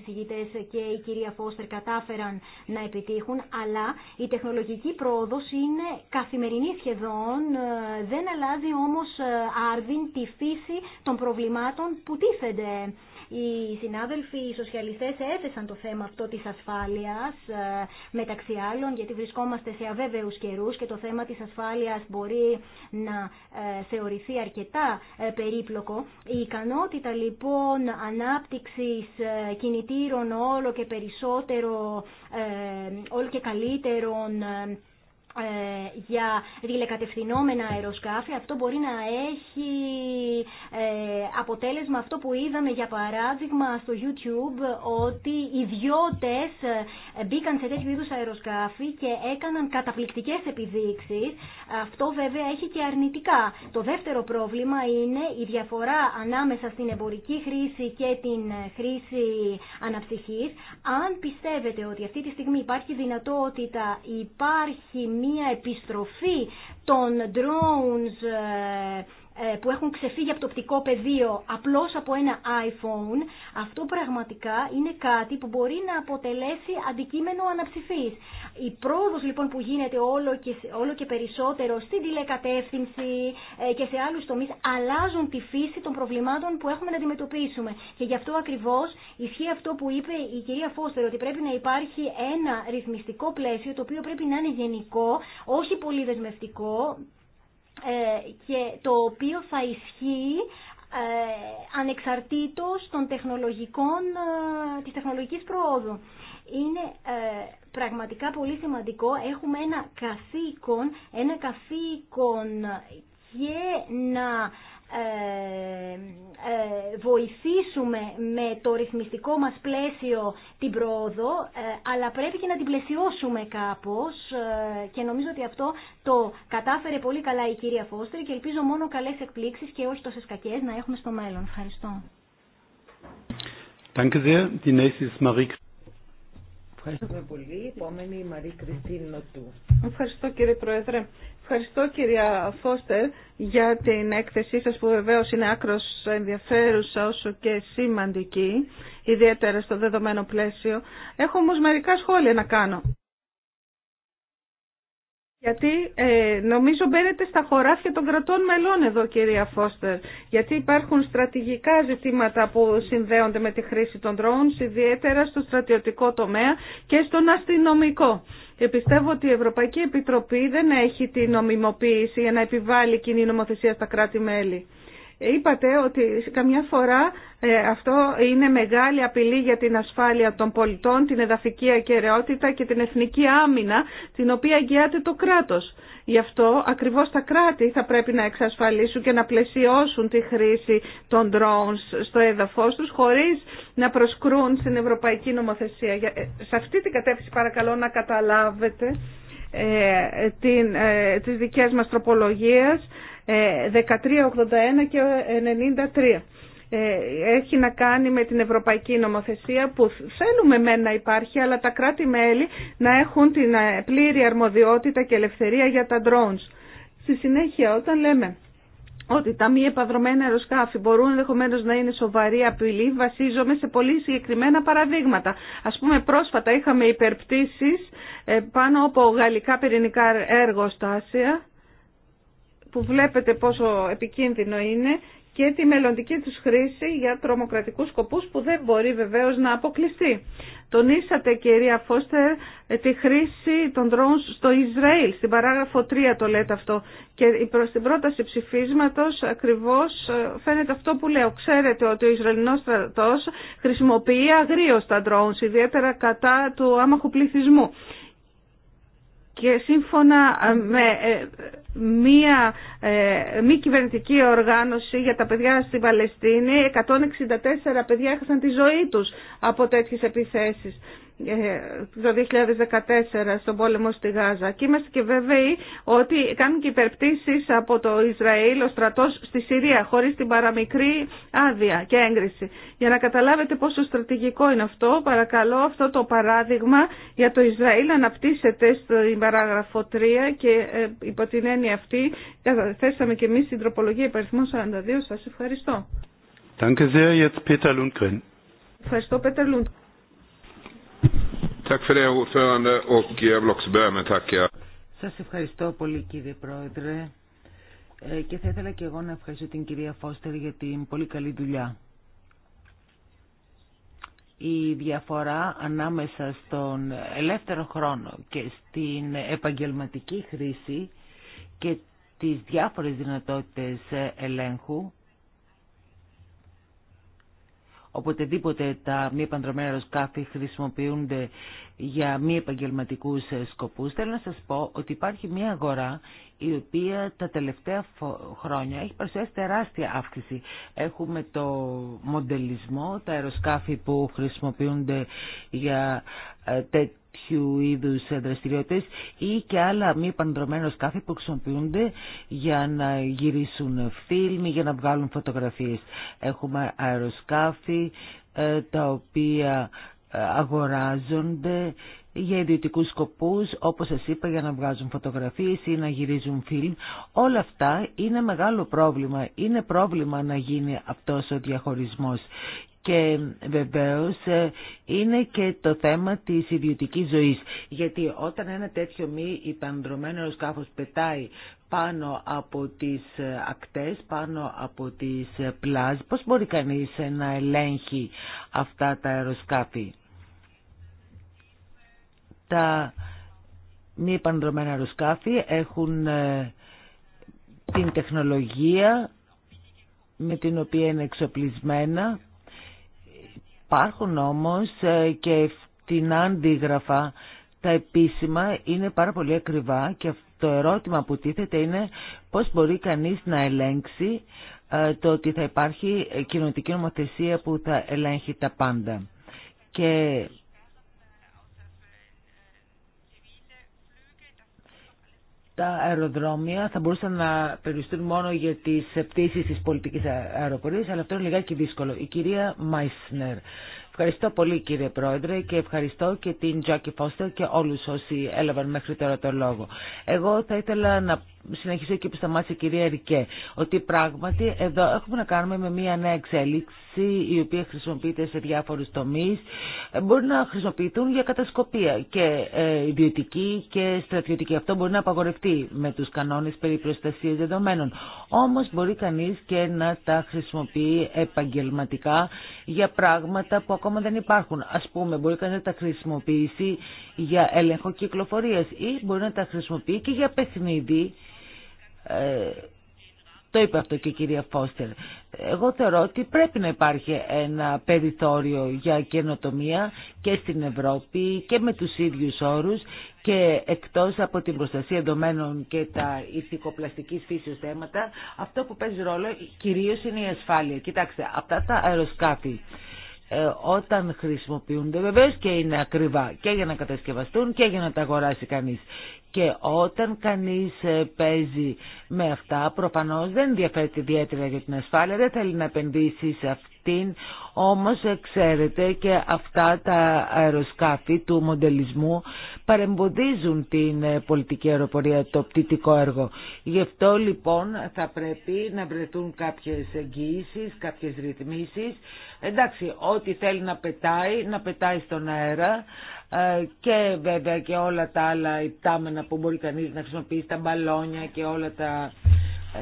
Speaker 3: και η κυρία Φώστερ κατάφεραν να επιτύχουν, αλλά η τεχνολογική πρόοδος είναι καθημερινή σχεδόν, ε, δεν αλλάζει όμως ε, άρδιν τη φύση των προβλημάτων που τίθενται. Οι συνάδελφοι, οι σοσιαλιστές έθεσαν το θέμα αυτό της ασφάλειας ε, μεταξύ άλλων γιατί βρισκόμαστε σε αβέβαιους καιρούς και το θέμα της ασφάλειας μπορεί να ε, θεωρηθεί αρκετά ε, περίπλοκο. Η ικανότητα λοιπόν ανάπτυξης κινητήρων όλο και περισσότερο, όλο και καλύτερων ε, για τηλεκατευθυνόμενα αεροσκάφη αυτό μπορεί να έχει ε, αποτέλεσμα αυτό που είδαμε για παράδειγμα στο YouTube ότι ιδιώτες ε, μπήκαν σε τέτοιου είδους αεροσκάφη και έκαναν καταπληκτικές επιδείξεις αυτό βέβαια έχει και αρνητικά το δεύτερο πρόβλημα είναι η διαφορά ανάμεσα στην εμπορική χρήση και την χρήση αναψυχής αν πιστεύετε ότι αυτή τη στιγμή υπάρχει δυνατότητα υπάρχει μία επιστροφή των drones ε, ε, που έχουν ξεφύγει από το οπτικό πεδίο απλώς από ένα iPhone, αυτό πραγματικά είναι κάτι που μπορεί να αποτελέσει αντικείμενο αναψηφής. Η πρόοδος λοιπόν που γίνεται όλο και, όλο και περισσότερο στην τηλεκατεύθυνση ε, και σε άλλους τομείς αλλάζουν τη φύση των προβλημάτων που έχουμε να αντιμετωπίσουμε. Και γι' αυτό ακριβώς ισχύει αυτό που είπε η κυρία Φώστερ, ότι πρέπει να υπάρχει ένα ρυθμιστικό πλαίσιο το οποίο πρέπει να είναι γενικό, όχι πολύ δεσμευτικό, ε, και το οποίο θα ισχύει ε, ανεξαρτήτως των τεχνολογικών, ε, της τεχνολογικής προόδου. Είναι πραγματικά πολύ σημαντικό. Έχουμε ένα καθήκον, ένα καθήκον και να ε, ε, βοηθήσουμε με το ρυθμιστικό μας πλαίσιο την πρόοδο, ε, αλλά πρέπει και να την πλαισιώσουμε κάπως και νομίζω ότι αυτό το κατάφερε πολύ καλά η κυρία Φώστερη και ελπίζω μόνο καλές εκπλήξεις και όχι τόσες κακές να έχουμε στο μέλλον. Ευχαριστώ.
Speaker 1: Danke sehr. Die nächste ist Marie. Ευχαριστούμε
Speaker 2: πολύ. Επόμενη η Μαρή Κριστίν Νοτού. Ευχαριστώ κύριε Πρόεδρε. Ευχαριστώ κυρία Φώστερ για την έκθεσή σας που βεβαίως είναι άκρος ενδιαφέρουσα όσο και σημαντική, ιδιαίτερα στο δεδομένο πλαίσιο. Έχω όμως μερικά σχόλια να κάνω. Γιατί ε, νομίζω μπαίνετε στα χωράφια των κρατών μελών εδώ κυρία Φώστερ. Γιατί υπάρχουν στρατηγικά ζητήματα που συνδέονται με τη χρήση των ντρόουν, ιδιαίτερα στο στρατιωτικό τομέα και στον αστυνομικό. Και πιστεύω ότι η Ευρωπαϊκή Επιτροπή δεν έχει την νομιμοποίηση για να επιβάλλει κοινή νομοθεσία στα κράτη-μέλη. Είπατε ότι καμιά φορά ε, αυτό είναι μεγάλη απειλή για την ασφάλεια των πολιτών, την εδαφική ακαιρεότητα και την εθνική άμυνα, την οποία αγγιάται το κράτος. Γι' αυτό ακριβώς τα κράτη θα πρέπει να εξασφαλίσουν και να πλαισιώσουν τη χρήση των drones στο έδαφος τους, χωρίς να προσκρούν στην ευρωπαϊκή νομοθεσία. Ε, σε αυτή την κατεύθυνση παρακαλώ να καταλάβετε ε, ε την, ε, τις δικές μας τροπολογίες 1381 ε, και 93. Ε, έχει να κάνει με την ευρωπαϊκή νομοθεσία που θέλουμε μεν να υπάρχει, αλλά τα κράτη-μέλη να έχουν την ε, πλήρη αρμοδιότητα και ελευθερία για τα drones. Στη συνέχεια, όταν λέμε ότι τα μη επαδρομένα αεροσκάφη μπορούν ενδεχομένω να είναι σοβαρή απειλή, βασίζομαι σε πολύ συγκεκριμένα παραδείγματα. Α πούμε, πρόσφατα είχαμε υπερπτήσει πάνω από γαλλικά πυρηνικά εργοστάσια που βλέπετε πόσο επικίνδυνο είναι και τη μελλοντική τους χρήση για τρομοκρατικούς σκοπούς που δεν μπορεί βεβαίως να αποκλειστεί. Τονίσατε κυρία Φώστερ τη χρήση των δρόμων στο Ισραήλ, στην παράγραφο 3 το λέτε αυτό και προς την πρόταση ψηφίσματος ακριβώς ε, φαίνεται αυτό που λέω. Ξέρετε ότι ο Ισραηλινός στρατός χρησιμοποιεί αγρίως τα drones, ιδιαίτερα κατά του άμαχου πληθυσμού και σύμφωνα ε, με ε, μία ε, μη κυβερνητική οργάνωση για τα παιδιά στην Παλαιστίνη, 164 παιδιά έχασαν τη ζωή τους από τέτοιες επιθέσεις το 2014 στον πόλεμο στη Γάζα. Και είμαστε και βέβαιοι ότι κάνουν και υπερπτήσεις από το Ισραήλ ο στρατός στη Συρία χωρίς την παραμικρή άδεια και έγκριση. Για να καταλάβετε πόσο στρατηγικό είναι αυτό, παρακαλώ αυτό το παράδειγμα για το Ισραήλ αναπτύσσεται στην παράγραφο 3 και ε, υπό την έννοια αυτή θέσαμε και εμείς την τροπολογία υπαριθμό 42. Σας ευχαριστώ.
Speaker 4: Ευχαριστώ, Πέτερ Λούντ. Σας ευχαριστώ πολύ κύριε Πρόεδρε ε, και θα ήθελα και εγώ να ευχαριστώ την κυρία Φώστερ για την πολύ καλή δουλειά. Η διαφορά ανάμεσα στον ελεύθερο χρόνο και στην επαγγελματική χρήση και τις διάφορες δυνατότητες ελέγχου οποτεδήποτε τα μη επανδρομένα αεροσκάφη χρησιμοποιούνται για μη επαγγελματικού ε, σκοπούς. Θέλω να σας πω ότι υπάρχει μια αγορά η οποία τα τελευταία χρόνια έχει παρουσιάσει τεράστια αύξηση. Έχουμε το μοντελισμό, τα αεροσκάφη που χρησιμοποιούνται για ε, τέτοιου είδου δραστηριότητε ή και άλλα μη παντρωμένα σκάφη που χρησιμοποιούνται για να γυρίσουν φιλμ για να βγάλουν φωτογραφίε. Έχουμε αεροσκάφη ε, τα οποία ε, αγοράζονται για ιδιωτικούς σκοπούς, όπως σας είπα, για να βγάζουν φωτογραφίες ή να γυρίζουν φιλμ. Όλα αυτά είναι μεγάλο πρόβλημα. Είναι πρόβλημα να γίνει αυτός ο διαχωρισμός. Και βεβαίως ε, είναι και το θέμα της ιδιωτικής ζωής. Γιατί όταν ένα τέτοιο μη υπανδρομένο αεροσκάφος πετάει πάνω από τις ε, ακτές, πάνω από τις ε, πλάζ, πώς μπορεί κανείς να ελέγχει αυτά τα αεροσκάφη. Τα μη υπανδρομένα αεροσκάφη έχουν την τεχνολογία με την οποία είναι εξοπλισμένα Υπάρχουν όμως ε, και την αντίγραφα. Τα επίσημα είναι πάρα πολύ ακριβά και το ερώτημα που τίθεται είναι πώς μπορεί κανείς να ελέγξει ε, το ότι θα υπάρχει κοινωνική νομοθεσία που θα ελέγχει τα πάντα. Και τα αεροδρόμια θα μπορούσαν να περιοριστούν μόνο για τις πτήσεις της πολιτικής αεροπορίας, αλλά αυτό είναι λιγάκι δύσκολο. Η κυρία Μάισνερ. Ευχαριστώ πολύ κύριε Πρόεδρε και ευχαριστώ και την Τζάκη Φώστερ και όλους όσοι έλαβαν μέχρι τώρα το λόγο. Εγώ θα ήθελα να συνέχισε και που σταμάτησε η κυρία Ρικέ, ότι πράγματι εδώ έχουμε να κάνουμε με μια νέα εξέλιξη η οποία χρησιμοποιείται σε διάφορους τομείς, ε, μπορεί να χρησιμοποιηθούν για κατασκοπία και ε, ιδιωτική και στρατιωτική. Αυτό μπορεί να απαγορευτεί με τους κανόνες περί προστασίας δεδομένων. Όμως μπορεί κανείς και να τα χρησιμοποιεί επαγγελματικά για πράγματα που ακόμα δεν υπάρχουν. Ας πούμε, μπορεί κανείς να τα χρησιμοποιήσει για έλεγχο κυκλοφορίας ή μπορεί να τα χρησιμοποιεί και για παιχνίδι ε, το είπε αυτό και η κυρία Φώστερ. Εγώ θεωρώ ότι πρέπει να υπάρχει ένα περιθώριο για καινοτομία και στην Ευρώπη και με τους ίδιους όρους και εκτός από την προστασία εντομένων και τα ηθικοπλαστικής φύσεως θέματα, αυτό που παίζει ρόλο κυρίως είναι η ασφάλεια. Κοιτάξτε, αυτά τα αεροσκάφη ε, όταν χρησιμοποιούνται βεβαίω και είναι ακριβά και για να κατασκευαστούν και για να τα αγοράσει κανείς. Και όταν κανείς ε, παίζει με αυτά, προφανώς δεν ενδιαφέρεται ιδιαίτερα για την ασφάλεια, δεν θέλει να επενδύσει σε αυτά. Όμω, Όμως ξέρετε και αυτά τα αεροσκάφη του μοντελισμού παρεμποδίζουν την ε, πολιτική αεροπορία, το πτυτικό έργο. Γι' αυτό λοιπόν θα πρέπει να βρεθούν κάποιες εγγυήσεις, κάποιες ρυθμίσεις. Εντάξει, ό,τι θέλει να πετάει, να πετάει στον αέρα ε, και βέβαια και όλα τα άλλα υπτάμενα που μπορεί κανείς να χρησιμοποιήσει, τα μπαλόνια και όλα τα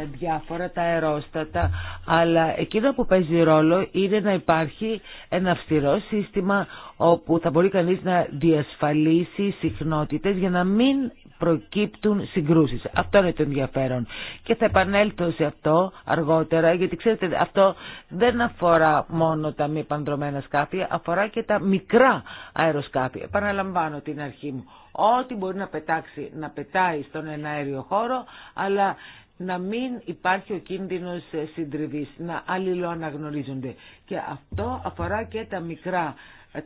Speaker 4: διάφορα τα αερόστατα, αλλά εκείνο που παίζει ρόλο είναι να υπάρχει ένα αυστηρό σύστημα όπου θα μπορεί κανείς να διασφαλίσει συχνότητες για να μην προκύπτουν συγκρούσεις. Αυτό είναι το ενδιαφέρον. Και θα επανέλθω σε αυτό αργότερα, γιατί ξέρετε αυτό δεν αφορά μόνο τα μη παντρωμένα σκάφη, αφορά και τα μικρά αεροσκάφη. Επαναλαμβάνω την αρχή μου. Ό,τι μπορεί να πετάξει, να πετάει στον εναέριο χώρο, αλλά να μην υπάρχει ο κίνδυνος συντριβής, να αλληλοαναγνωρίζονται. Και αυτό αφορά και τα μικρά,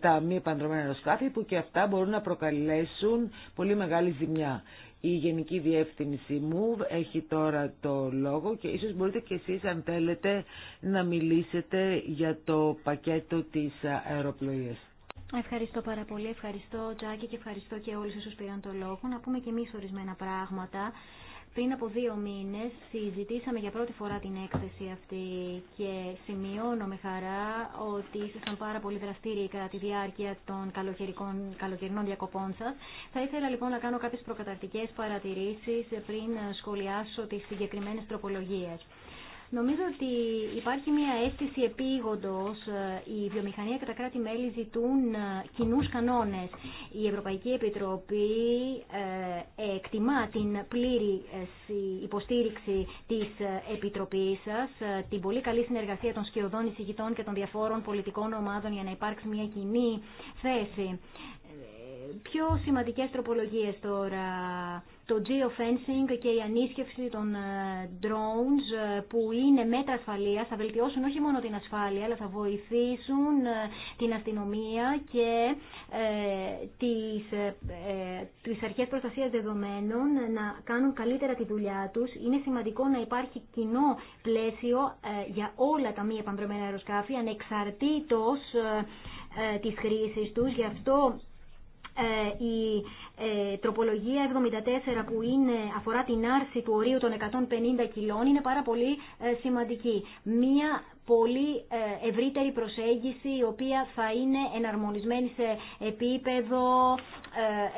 Speaker 4: τα μη επανδρομένα αεροσκάφη που και αυτά μπορούν να προκαλέσουν πολύ μεγάλη ζημιά. Η Γενική Διεύθυνση MOVE έχει τώρα το λόγο και ίσως μπορείτε και εσείς αν θέλετε να μιλήσετε για το πακέτο της αεροπλοίας.
Speaker 3: Ευχαριστώ πάρα πολύ. Ευχαριστώ Τζάκη και ευχαριστώ και όλους όσους πήραν το λόγο. Να πούμε και εμείς ορισμένα πράγματα πριν από δύο μήνες συζητήσαμε για πρώτη φορά την έκθεση αυτή και σημειώνω με χαρά ότι ήσασταν πάρα πολύ δραστήριοι κατά τη διάρκεια των καλοκαιρινών διακοπών σας. Θα ήθελα λοιπόν να κάνω κάποιες προκαταρτικές παρατηρήσεις πριν σχολιάσω τις συγκεκριμένες τροπολογίες. Νομίζω ότι υπάρχει μια αίσθηση επίγοντος. Ε, η βιομηχανία και τα κράτη-μέλη ζητούν ε, κοινού κανόνες. Η Ευρωπαϊκή Επιτροπή ε, εκτιμά την πλήρη υποστήριξη της Επιτροπής σας, την πολύ καλή συνεργασία των σκιωδών εισηγητών και των διαφόρων πολιτικών ομάδων για να υπάρξει μια κοινή θέση πιο σημαντικές τροπολογίες τώρα. Το geofencing και η ανίσχυση των ε, drones ε, που είναι μέτρα ασφαλείας θα βελτιώσουν όχι μόνο την ασφάλεια αλλά θα βοηθήσουν ε, την αστυνομία και τις, τις αρχές προστασίας δεδομένων να κάνουν καλύτερα τη δουλειά τους. Είναι σημαντικό να υπάρχει κοινό πλαίσιο για όλα τα μη επανδρομένα αεροσκάφη ανεξαρτήτως της χρήσης τους. Γι' αυτό ε, η ε, τροπολογία 74 που είναι, αφορά την άρση του ορίου των 150 κιλών είναι πάρα πολύ ε, σημαντική. Μία πολύ ευρύτερη προσέγγιση η οποία θα είναι εναρμονισμένη σε επίπεδο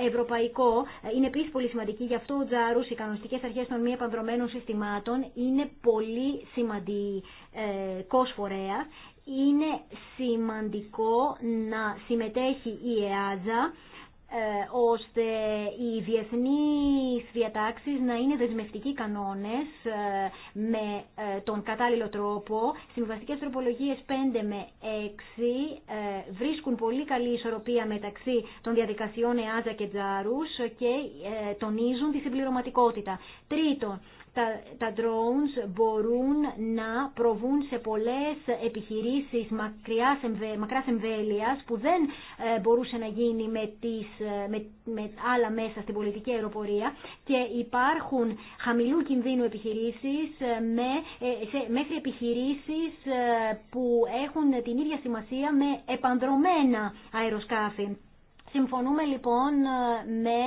Speaker 3: ευρωπαϊκό. Είναι επίσης πολύ σημαντική, γι' αυτό ο Τζάρους, οι κανονιστικές αρχές των μη επανδρομένων συστημάτων είναι πολύ σημαντικός φορέα. Είναι σημαντικό να συμμετέχει η ΕΑΖΑ ε, ώστε οι διεθνείς διατάξεις να είναι δεσμευτικοί κανόνες ε, με ε, τον κατάλληλο τρόπο. Συμβαστικές τροπολογίες 5 με 6 βρίσκουν πολύ καλή ισορροπία μεταξύ των διαδικασιών ΕΑΖΑ και Τζάρους και τονίζουν τη συμπληρωματικότητα. Τρίτον, τα, τα drones μπορούν να προβούν σε πολλές επιχειρήσεις μακριάς, μακράς εμβέλειας που δεν ε, μπορούσε να γίνει με, τις, ε, με, με άλλα μέσα στην πολιτική αεροπορία και υπάρχουν χαμηλού κινδύνου επιχειρήσεις ε, με, μέχρι επιχειρήσεις που έχουν την ίδια σημασία με επανδρομένα αεροσκάφη. Συμφωνούμε λοιπόν με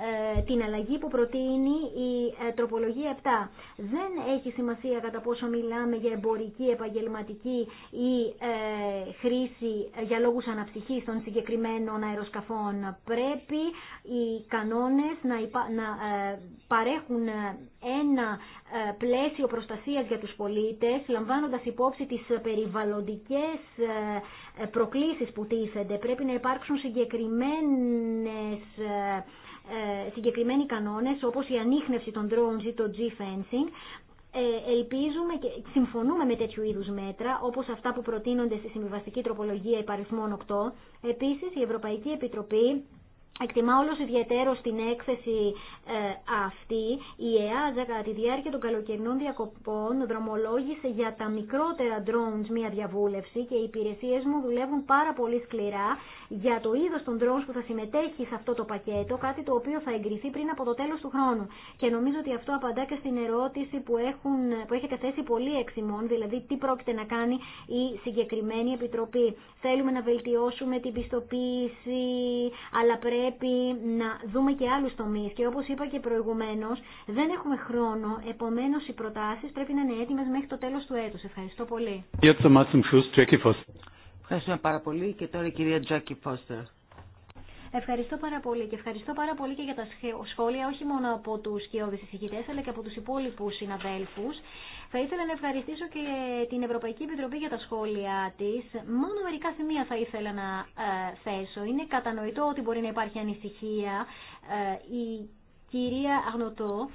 Speaker 3: ε, την αλλαγή που προτείνει η ε, τροπολογία 7. Δεν έχει σημασία κατά πόσο μιλάμε για εμπορική, επαγγελματική ή ε, χρήση για λόγους αναψυχής των συγκεκριμένων αεροσκαφών. Πρέπει οι κανόνες να, να παρέχουν ένα πλαίσιο προστασίας για τους πολίτες, λαμβάνοντας υπόψη τις περιβαλλοντικές προκλήσεις που τίθενται. Πρέπει να υπάρξουν συγκεκριμένες ε, συγκεκριμένοι κανόνες όπως η ανείχνευση των drones ή το G-fencing ε, ελπίζουμε και συμφωνούμε με τέτοιου είδους μέτρα, όπως αυτά που προτείνονται στη συμβιβαστική τροπολογία υπαριθμών 8. Επίσης, η Ευρωπαϊκή Επιτροπή Εκτιμά όλος ιδιαίτερο στην έκθεση ε, αυτή, η ΕΑΖΑ κατά τη διάρκεια των καλοκαιρινών διακοπών δρομολόγησε για τα μικρότερα drones μία διαβούλευση και οι υπηρεσίες μου δουλεύουν πάρα πολύ σκληρά για το είδος των drones που θα συμμετέχει σε αυτό το πακέτο, κάτι το οποίο θα εγκριθεί πριν από το τέλος του χρόνου. Και νομίζω ότι αυτό απαντά και στην ερώτηση που, έχουν, που έχετε θέσει πολύ εξημών, δηλαδή τι πρόκειται να κάνει η συγκεκριμένη επιτροπή. Θέλουμε να βελτιώσουμε την πιστοποίηση, αλλά πρέπει να δούμε και άλλους τομείς και όπως είπα και προηγουμένως δεν έχουμε χρόνο, επομένως οι προτάσεις πρέπει να είναι έτοιμες μέχρι το τέλος του έτους. Ευχαριστώ πολύ.
Speaker 1: Ευχαριστώ
Speaker 4: πάρα πολύ και τώρα η κυρία Τζάκι Φώστερ.
Speaker 3: Ευχαριστώ πάρα πολύ και ευχαριστώ πάρα πολύ και για τα σχόλια όχι μόνο από τους κοιόδης εισηγητές αλλά και από τους υπόλοιπους συναδέλφους. Θα ήθελα να ευχαριστήσω και την Ευρωπαϊκή Επιτροπή για τα σχόλια της. Μόνο μερικά σημεία θα ήθελα να ε, θέσω. Είναι κατανοητό ότι μπορεί να υπάρχει ανησυχία. Ε, η κυρία Αγνωτό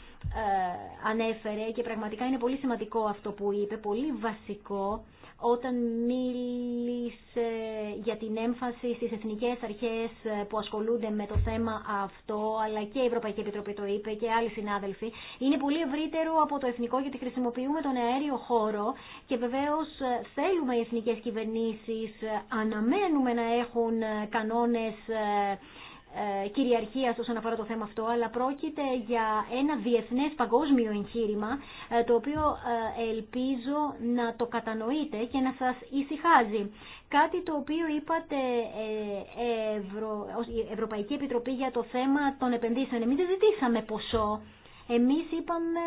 Speaker 3: ε, ανέφερε και πραγματικά είναι πολύ σημαντικό αυτό που είπε, πολύ βασικό όταν μίλησε για την έμφαση στις εθνικές αρχές που ασχολούνται με το θέμα αυτό, αλλά και η Ευρωπαϊκή Επιτροπή το είπε και άλλοι συνάδελφοι, είναι πολύ ευρύτερο από το εθνικό γιατί χρησιμοποιούμε τον αέριο χώρο και βεβαίως θέλουμε οι εθνικές κυβερνήσεις, αναμένουμε να έχουν κανόνες ε, ε, Κυριαρχία όσον αφορά το θέμα αυτό, αλλά πρόκειται για ένα διεθνές παγκόσμιο εγχείρημα, ε, το οποίο ε, ελπίζω να το κατανοείτε και να σας ησυχάζει. Κάτι το οποίο είπατε Ευρω... Ευρωπαϊκή Επιτροπή για το θέμα των επενδύσεων. Εμεί δεν ζητήσαμε ποσό, εμείς είπαμε,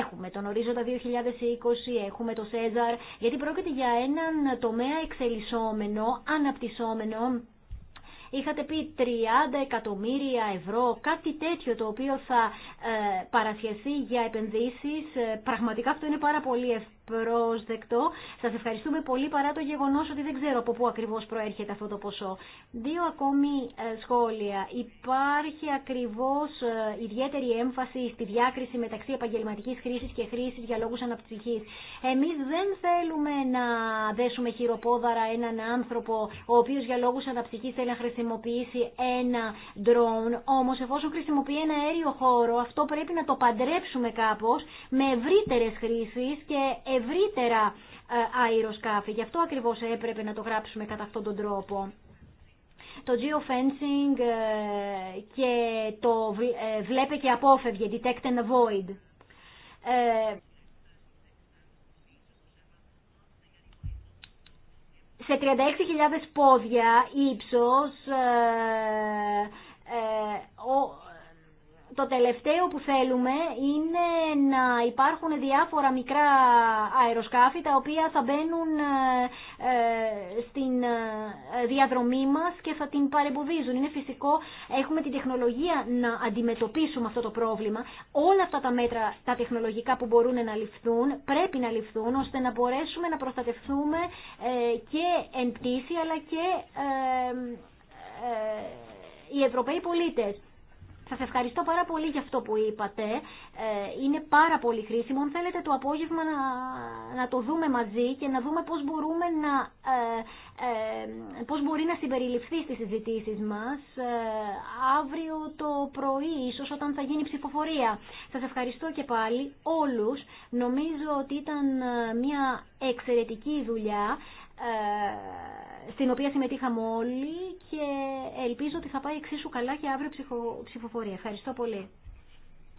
Speaker 3: έχουμε τον ορίζοντα 2020, έχουμε το ΣΕΖΑΡ, γιατί πρόκειται για έναν τομέα εξελισσόμενο, αναπτυσσόμενο, Είχατε πει 30 εκατομμύρια ευρώ, κάτι τέτοιο το οποίο θα ε, παρασχεθεί για επενδύσεις. Ε, πραγματικά αυτό είναι πάρα πολύ ευπρόσδεκτο. Σας ευχαριστούμε πολύ παρά το γεγονός ότι δεν ξέρω από πού ακριβώς προέρχεται αυτό το ποσό. Δύο ακόμη ε, σχόλια. Υπάρχει ακριβώς ιδιαίτερη έμφαση στη διάκριση μεταξύ επαγγελματικής χρήσης και χρήσης για λόγους αναψυχή. Εμείς δεν θέλουμε να δέσουμε χειροπόδαρα έναν άνθρωπο ο οποίος για λόγους αναψυχή θέλει να χρησιμοποιήσει ένα ντρόουν. Όμως εφόσον χρησιμοποιεί ένα αέριο χώρο αυτό πρέπει να το παντρέψουμε κάπως με ευρύτερες χρήσεις και ευρύτερα ε, αεροσκάφη. Γι' αυτό ακριβώς έπρεπε να το γράψουμε κατά αυτόν τον τρόπο. Το geofencing ε, και το ε, βλέπε και απόφευγε, detect and avoid. σε 36.000 πόδια ύψος ε, ο, το τελευταίο που θέλουμε είναι να υπάρχουν διάφορα μικρά αεροσκάφη τα οποία θα μπαίνουν ε, ε, στην ε, διαδρομή μας και θα την παρεμποδίζουν. Είναι φυσικό, έχουμε την τεχνολογία να αντιμετωπίσουμε αυτό το πρόβλημα. Όλα αυτά τα μέτρα, τα τεχνολογικά που μπορούν να ληφθούν, πρέπει να ληφθούν ώστε να μπορέσουμε να προστατευτούμε και εν πτήση αλλά και οι Ευρωπαίοι πολίτες. Σας ευχαριστώ πάρα πολύ για αυτό που είπατε. Ε, είναι πάρα πολύ χρήσιμο. Αν θέλετε το απόγευμα να, το δούμε μαζί και να δούμε πώς, μπορούμε να, ε, ε, πώς μπορεί να συμπεριληφθεί στις συζητήσει μας ε, αύριο το πρωί, ίσως όταν θα γίνει ψηφοφορία. Σας ευχαριστώ και πάλι όλους. Νομίζω ότι ήταν ε, μια εξαιρετική δουλειά. Ε, στην οποία συμμετείχαμε όλοι και ελπίζω ότι θα πάει εξίσου καλά και αύριο ψηφοφορία. Ευχαριστώ πολύ.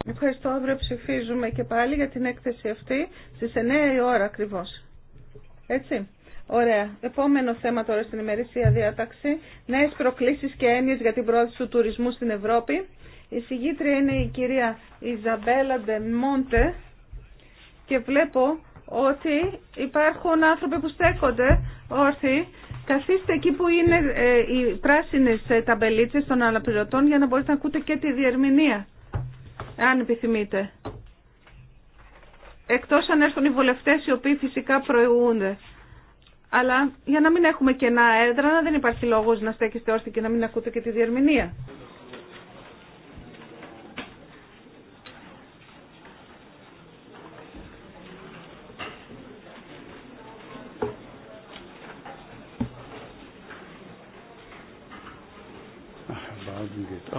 Speaker 2: Ευχαριστώ. Αύριο ψηφίζουμε και πάλι για την έκθεση αυτή στις 9 η ώρα ακριβώς. Έτσι. Ωραία. Επόμενο θέμα τώρα στην ημερήσια διάταξη. Νέε προκλήσει και έννοιε για την πρόοδο του τουρισμού στην Ευρώπη. Η συγγήτρια είναι η κυρία Ιζαμπέλα Ντεμόντε και βλέπω ότι υπάρχουν άνθρωποι που στέκονται όρθιοι Καθίστε εκεί που είναι ε, οι πράσινες ε, ταμπελίτσες των αναπληρωτών για να μπορείτε να ακούτε και τη διερμηνία, αν επιθυμείτε. Εκτός αν έρθουν οι βουλευτές οι οποίοι φυσικά προηγούνται. Αλλά για να μην έχουμε κενά να δεν υπάρχει λόγος να στέκεστε όρθιοι και να μην ακούτε και τη διερμηνία.
Speaker 1: Abgeordneten geht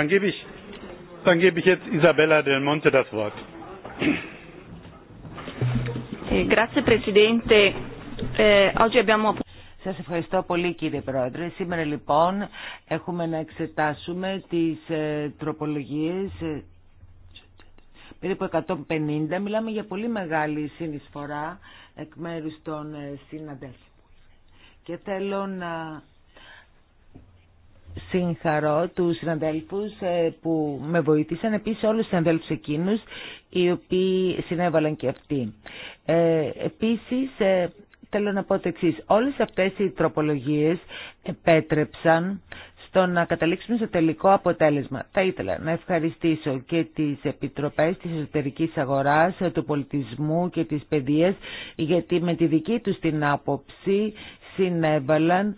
Speaker 1: Σα eh,
Speaker 4: eh, Σας ευχαριστώ πολύ κύριε Πρόεδρε. Σήμερα λοιπόν έχουμε να εξετάσουμε τις ε, τροπολογίες ε, περίπου 150. Μιλάμε για πολύ μεγάλη συνεισφορά εκ μέρους των ε, συναντέλφων. Και θέλω να συγχαρώ τους συναδέλφους ε, που με βοήθησαν, επίσης όλους τους συναδέλφους εκείνους οι οποίοι συνέβαλαν και αυτοί. Ε, επίσης, ε, θέλω να πω το εξής, όλες αυτές οι τροπολογίες επέτρεψαν στο να καταλήξουμε στο τελικό αποτέλεσμα. Θα ήθελα να ευχαριστήσω και τις Επιτροπές της Εσωτερικής Αγοράς, του Πολιτισμού και της Παιδείας, γιατί με τη δική τους την άποψη συνέβαλαν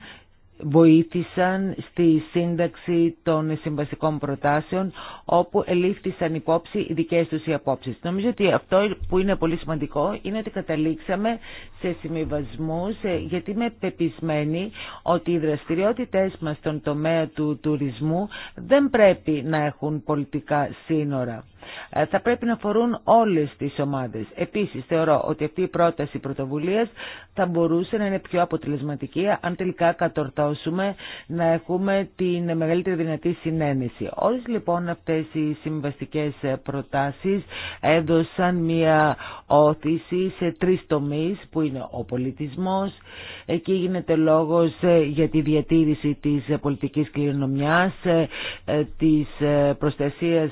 Speaker 4: βοήθησαν στη σύνταξη των συμβασικών προτάσεων όπου ελήφθησαν υπόψη οι δικές τους οι απόψεις. Νομίζω ότι αυτό που είναι πολύ σημαντικό είναι ότι καταλήξαμε σε συμβιβασμούς ε, γιατί είμαι πεπισμένη ότι οι δραστηριότητες μας στον τομέα του τουρισμού δεν πρέπει να έχουν πολιτικά σύνορα. Ε, θα πρέπει να φορούν όλες τις ομάδες. Επίσης θεωρώ ότι αυτή η πρόταση πρωτοβουλίας θα μπορούσε να είναι πιο αποτελεσματική αν τελικά κατορτώσουμε να έχουμε την μεγαλύτερη δυνατή συνένεση. Όλες λοιπόν αυτές οι συμβαστικές προτάσεις έδωσαν μια όθηση σε τρεις τομείς που είναι ο πολιτισμός, εκεί γίνεται λόγος ε, για τη διατήρηση της πολιτικής κληρονομιάς, ε, της προστασίας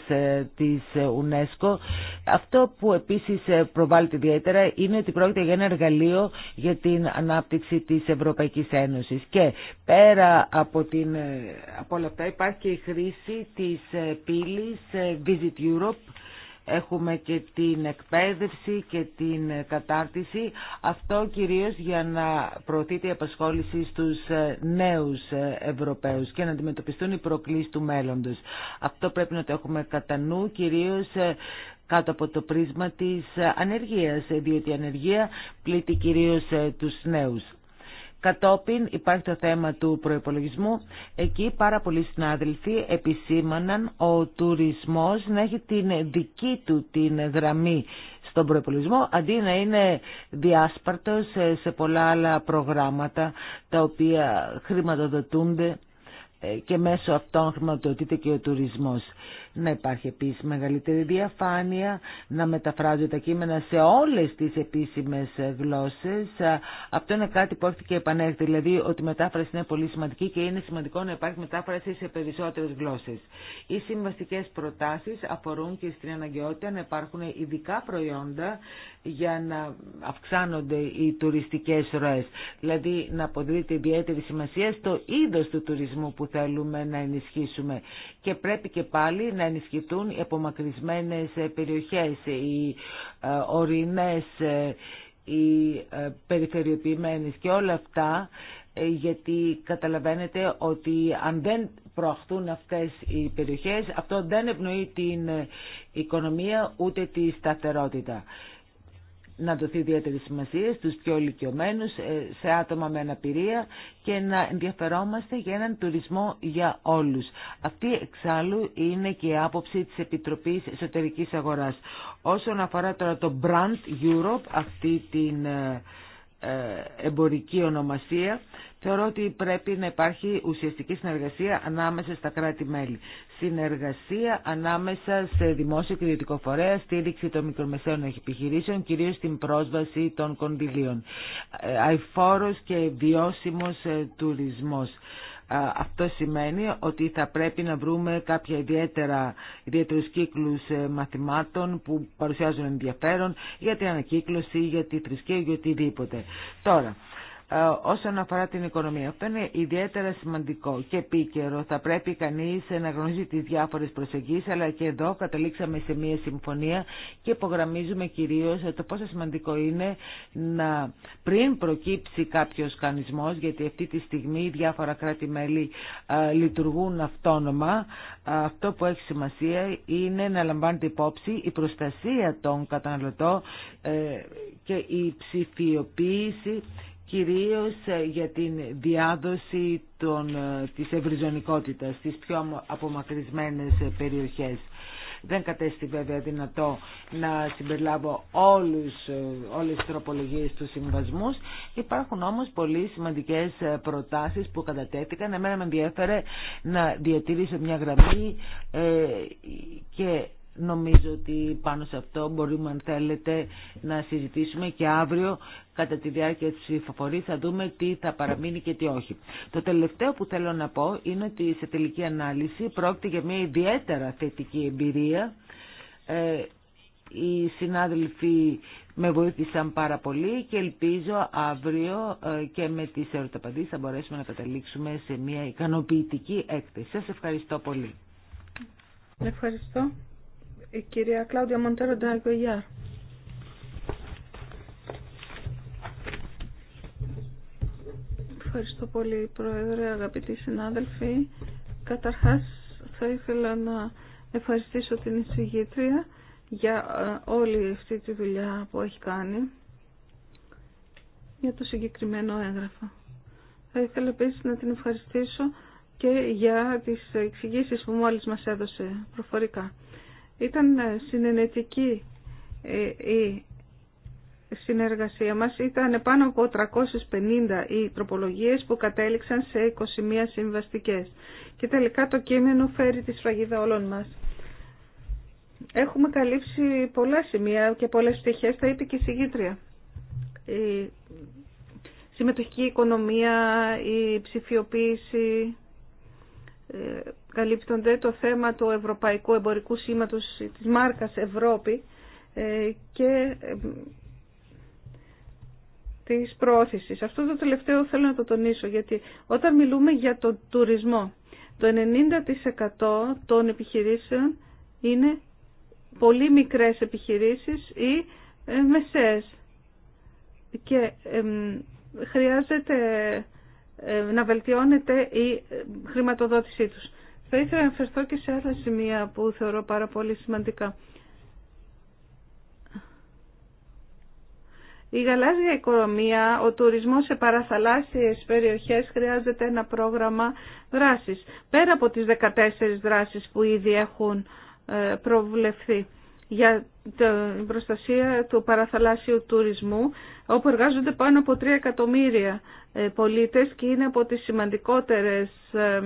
Speaker 4: της UNESCO. Αυτό που επίσης ε, προβάλλεται ιδιαίτερα είναι ότι πρόκειται για ένα εργαλείο για την ανάπτυξη της Ευρωπαϊκής Ένωσης. Και πέρα από, την, ε, από όλα αυτά υπάρχει και η χρήση της ε, πύλης Visit Europe Έχουμε και την εκπαίδευση και την κατάρτιση. Αυτό κυρίως για να προωθείται η απασχόληση στους ε, νέους ε, Ευρωπαίους και να αντιμετωπιστούν οι προκλήσεις του μέλλοντος. Αυτό πρέπει να το έχουμε κατά νου, κυρίως ε, κάτω από το πρίσμα της ανεργίας, διότι η ανεργία πλήττει κυρίως τους νέους. Κατόπιν υπάρχει το θέμα του προϋπολογισμού. Εκεί πάρα πολλοί συνάδελφοι επισήμαναν ο τουρισμός να έχει την δική του την γραμμή στον προϋπολογισμό αντί να είναι διάσπαρτος σε πολλά άλλα προγράμματα τα οποία χρηματοδοτούνται ε, και μέσω αυτών χρηματοδοτείται και ο τουρισμός να υπάρχει επίσης μεγαλύτερη διαφάνεια, να μεταφράζονται τα κείμενα σε όλες τις επίσημες γλώσσες. Αυτό είναι κάτι που έρχεται και επανέρχεται, δηλαδή ότι η μετάφραση είναι πολύ σημαντική και είναι σημαντικό να υπάρχει μετάφραση σε περισσότερες γλώσσες. Οι συμβαστικές προτάσεις αφορούν και στην αναγκαιότητα να υπάρχουν ειδικά προϊόντα για να αυξάνονται οι τουριστικές ροές. Δηλαδή να αποδίδεται ιδιαίτερη σημασία στο είδος του τουρισμού που θέλουμε να ενισχύσουμε. Και πρέπει και πάλι να ενισχυθούν οι απομακρυσμένες ε, περιοχές, ε, οι ε, ορεινές, οι περιφερειοποιημένες και όλα αυτά γιατί καταλαβαίνετε ότι αν δεν προαχθούν αυτές οι περιοχές αυτό δεν ευνοεί την οικονομία ούτε τη σταθερότητα να δοθεί ιδιαίτερη σημασία στους πιο ηλικιωμένους, ε, σε άτομα με αναπηρία και να ενδιαφερόμαστε για έναν τουρισμό για όλους. Αυτή εξάλλου είναι και η άποψη της Επιτροπής Εσωτερικής Αγοράς. Όσον αφορά τώρα το Brand Europe, αυτή την ε, ε, εμπορική ονομασία, θεωρώ ότι πρέπει να υπάρχει ουσιαστική συνεργασία ανάμεσα στα κράτη-μέλη συνεργασία ανάμεσα σε δημόσιο και ιδιωτικό φορέα, στήριξη των μικρομεσαίων επιχειρήσεων, κυρίως στην πρόσβαση των κονδυλίων. Ε, Αϊφόρος και βιώσιμος ε, τουρισμός. Αυτό σημαίνει ότι θα πρέπει να βρούμε κάποια ιδιαίτερα, ιδιαίτερους κύκλους ε, μαθημάτων που παρουσιάζουν ενδιαφέρον για την ανακύκλωση, για τη θρησκεία, για οτιδήποτε. Τώρα, όσον αφορά την οικονομία. Αυτό είναι ιδιαίτερα σημαντικό και επίκαιρο. Θα πρέπει κανείς να γνωρίζει τις διάφορες προσεγγίσεις, αλλά και εδώ καταλήξαμε σε μία συμφωνία και υπογραμμίζουμε κυρίως το πόσο σημαντικό είναι να πριν προκύψει κάποιος κανισμός, γιατί αυτή τη στιγμή διάφορα κράτη-μέλη λειτουργούν αυτόνομα, αυτό που έχει σημασία είναι να λαμβάνεται υπόψη η προστασία των καταναλωτών ε, και η ψηφιοποίηση κυρίως ε, για την διάδοση των, ε, της ευρυζωνικότητας στις πιο απομακρυσμένες ε, περιοχές. Δεν κατέστη βέβαια δυνατό να συμπεριλάβω όλους, όλες τις τροπολογίες του συμβασμού Υπάρχουν όμως πολύ σημαντικές προτάσεις που κατατέθηκαν. Εμένα με ενδιέφερε να διατηρήσω μια γραμμή και Νομίζω ότι πάνω σε αυτό μπορούμε αν θέλετε να συζητήσουμε και αύριο κατά τη διάρκεια της ψηφοφορίας θα δούμε τι θα παραμείνει και τι όχι. Το τελευταίο που θέλω να πω είναι ότι σε τελική ανάλυση πρόκειται για μια ιδιαίτερα θετική εμπειρία. Ε, οι συνάδελφοι με βοήθησαν πάρα πολύ και ελπίζω αύριο ε, και με τις ερωταπαντήσεις θα μπορέσουμε να καταλήξουμε σε μια ικανοποιητική έκθεση. Σας ευχαριστώ πολύ. Ευχαριστώ
Speaker 2: η κυρία Κλάουδια Μοντέρο Νταγκογιά. Ευχαριστώ πολύ, Πρόεδρε, αγαπητοί συνάδελφοι. Καταρχάς, θα ήθελα να ευχαριστήσω την εισηγήτρια για ε, όλη αυτή τη δουλειά που έχει κάνει για το συγκεκριμένο έγγραφο. Θα ήθελα επίσης να την ευχαριστήσω και για τις εξηγήσει που μόλις μας έδωσε προφορικά. Ήταν ε, συνενετική ε, η συνεργασία μας. Ήταν πάνω από 350 οι τροπολογίες που κατέληξαν σε 21 συμβαστικές. Και τελικά το κείμενο φέρει τη σφραγίδα όλων μας. Έχουμε καλύψει πολλά σημεία και πολλές πτυχές, τα είπε και η συγκήτρια. Η συμμετοχική οικονομία, η ψηφιοποίηση, ε, καλύπτονται το θέμα του Ευρωπαϊκού Εμπορικού Σήματος της μάρκας Ευρώπη ε, και ε, της προώθησης. Αυτό το τελευταίο θέλω να το τονίσω γιατί όταν μιλούμε για τον τουρισμό το 90% των επιχειρήσεων είναι πολύ μικρές επιχειρήσεις ή ε, μεσές και χρειάζεται να βελτιώνεται η χρηματοδότησή τους. Θα ήθελα να εμφερθώ και σε άλλα σημεία που θεωρώ πάρα πολύ σημαντικά. Η γαλάζια οικονομία, ο τουρισμός σε παραθαλάσσιες περιοχές χρειάζεται ένα πρόγραμμα δράσης. Πέρα από τις 14 δράσεις που ήδη έχουν ε, προβλεφθεί για την προστασία του παραθαλάσσιου τουρισμού, όπου εργάζονται πάνω από 3 εκατομμύρια ε, πολίτες και είναι από τις σημαντικότερες ε,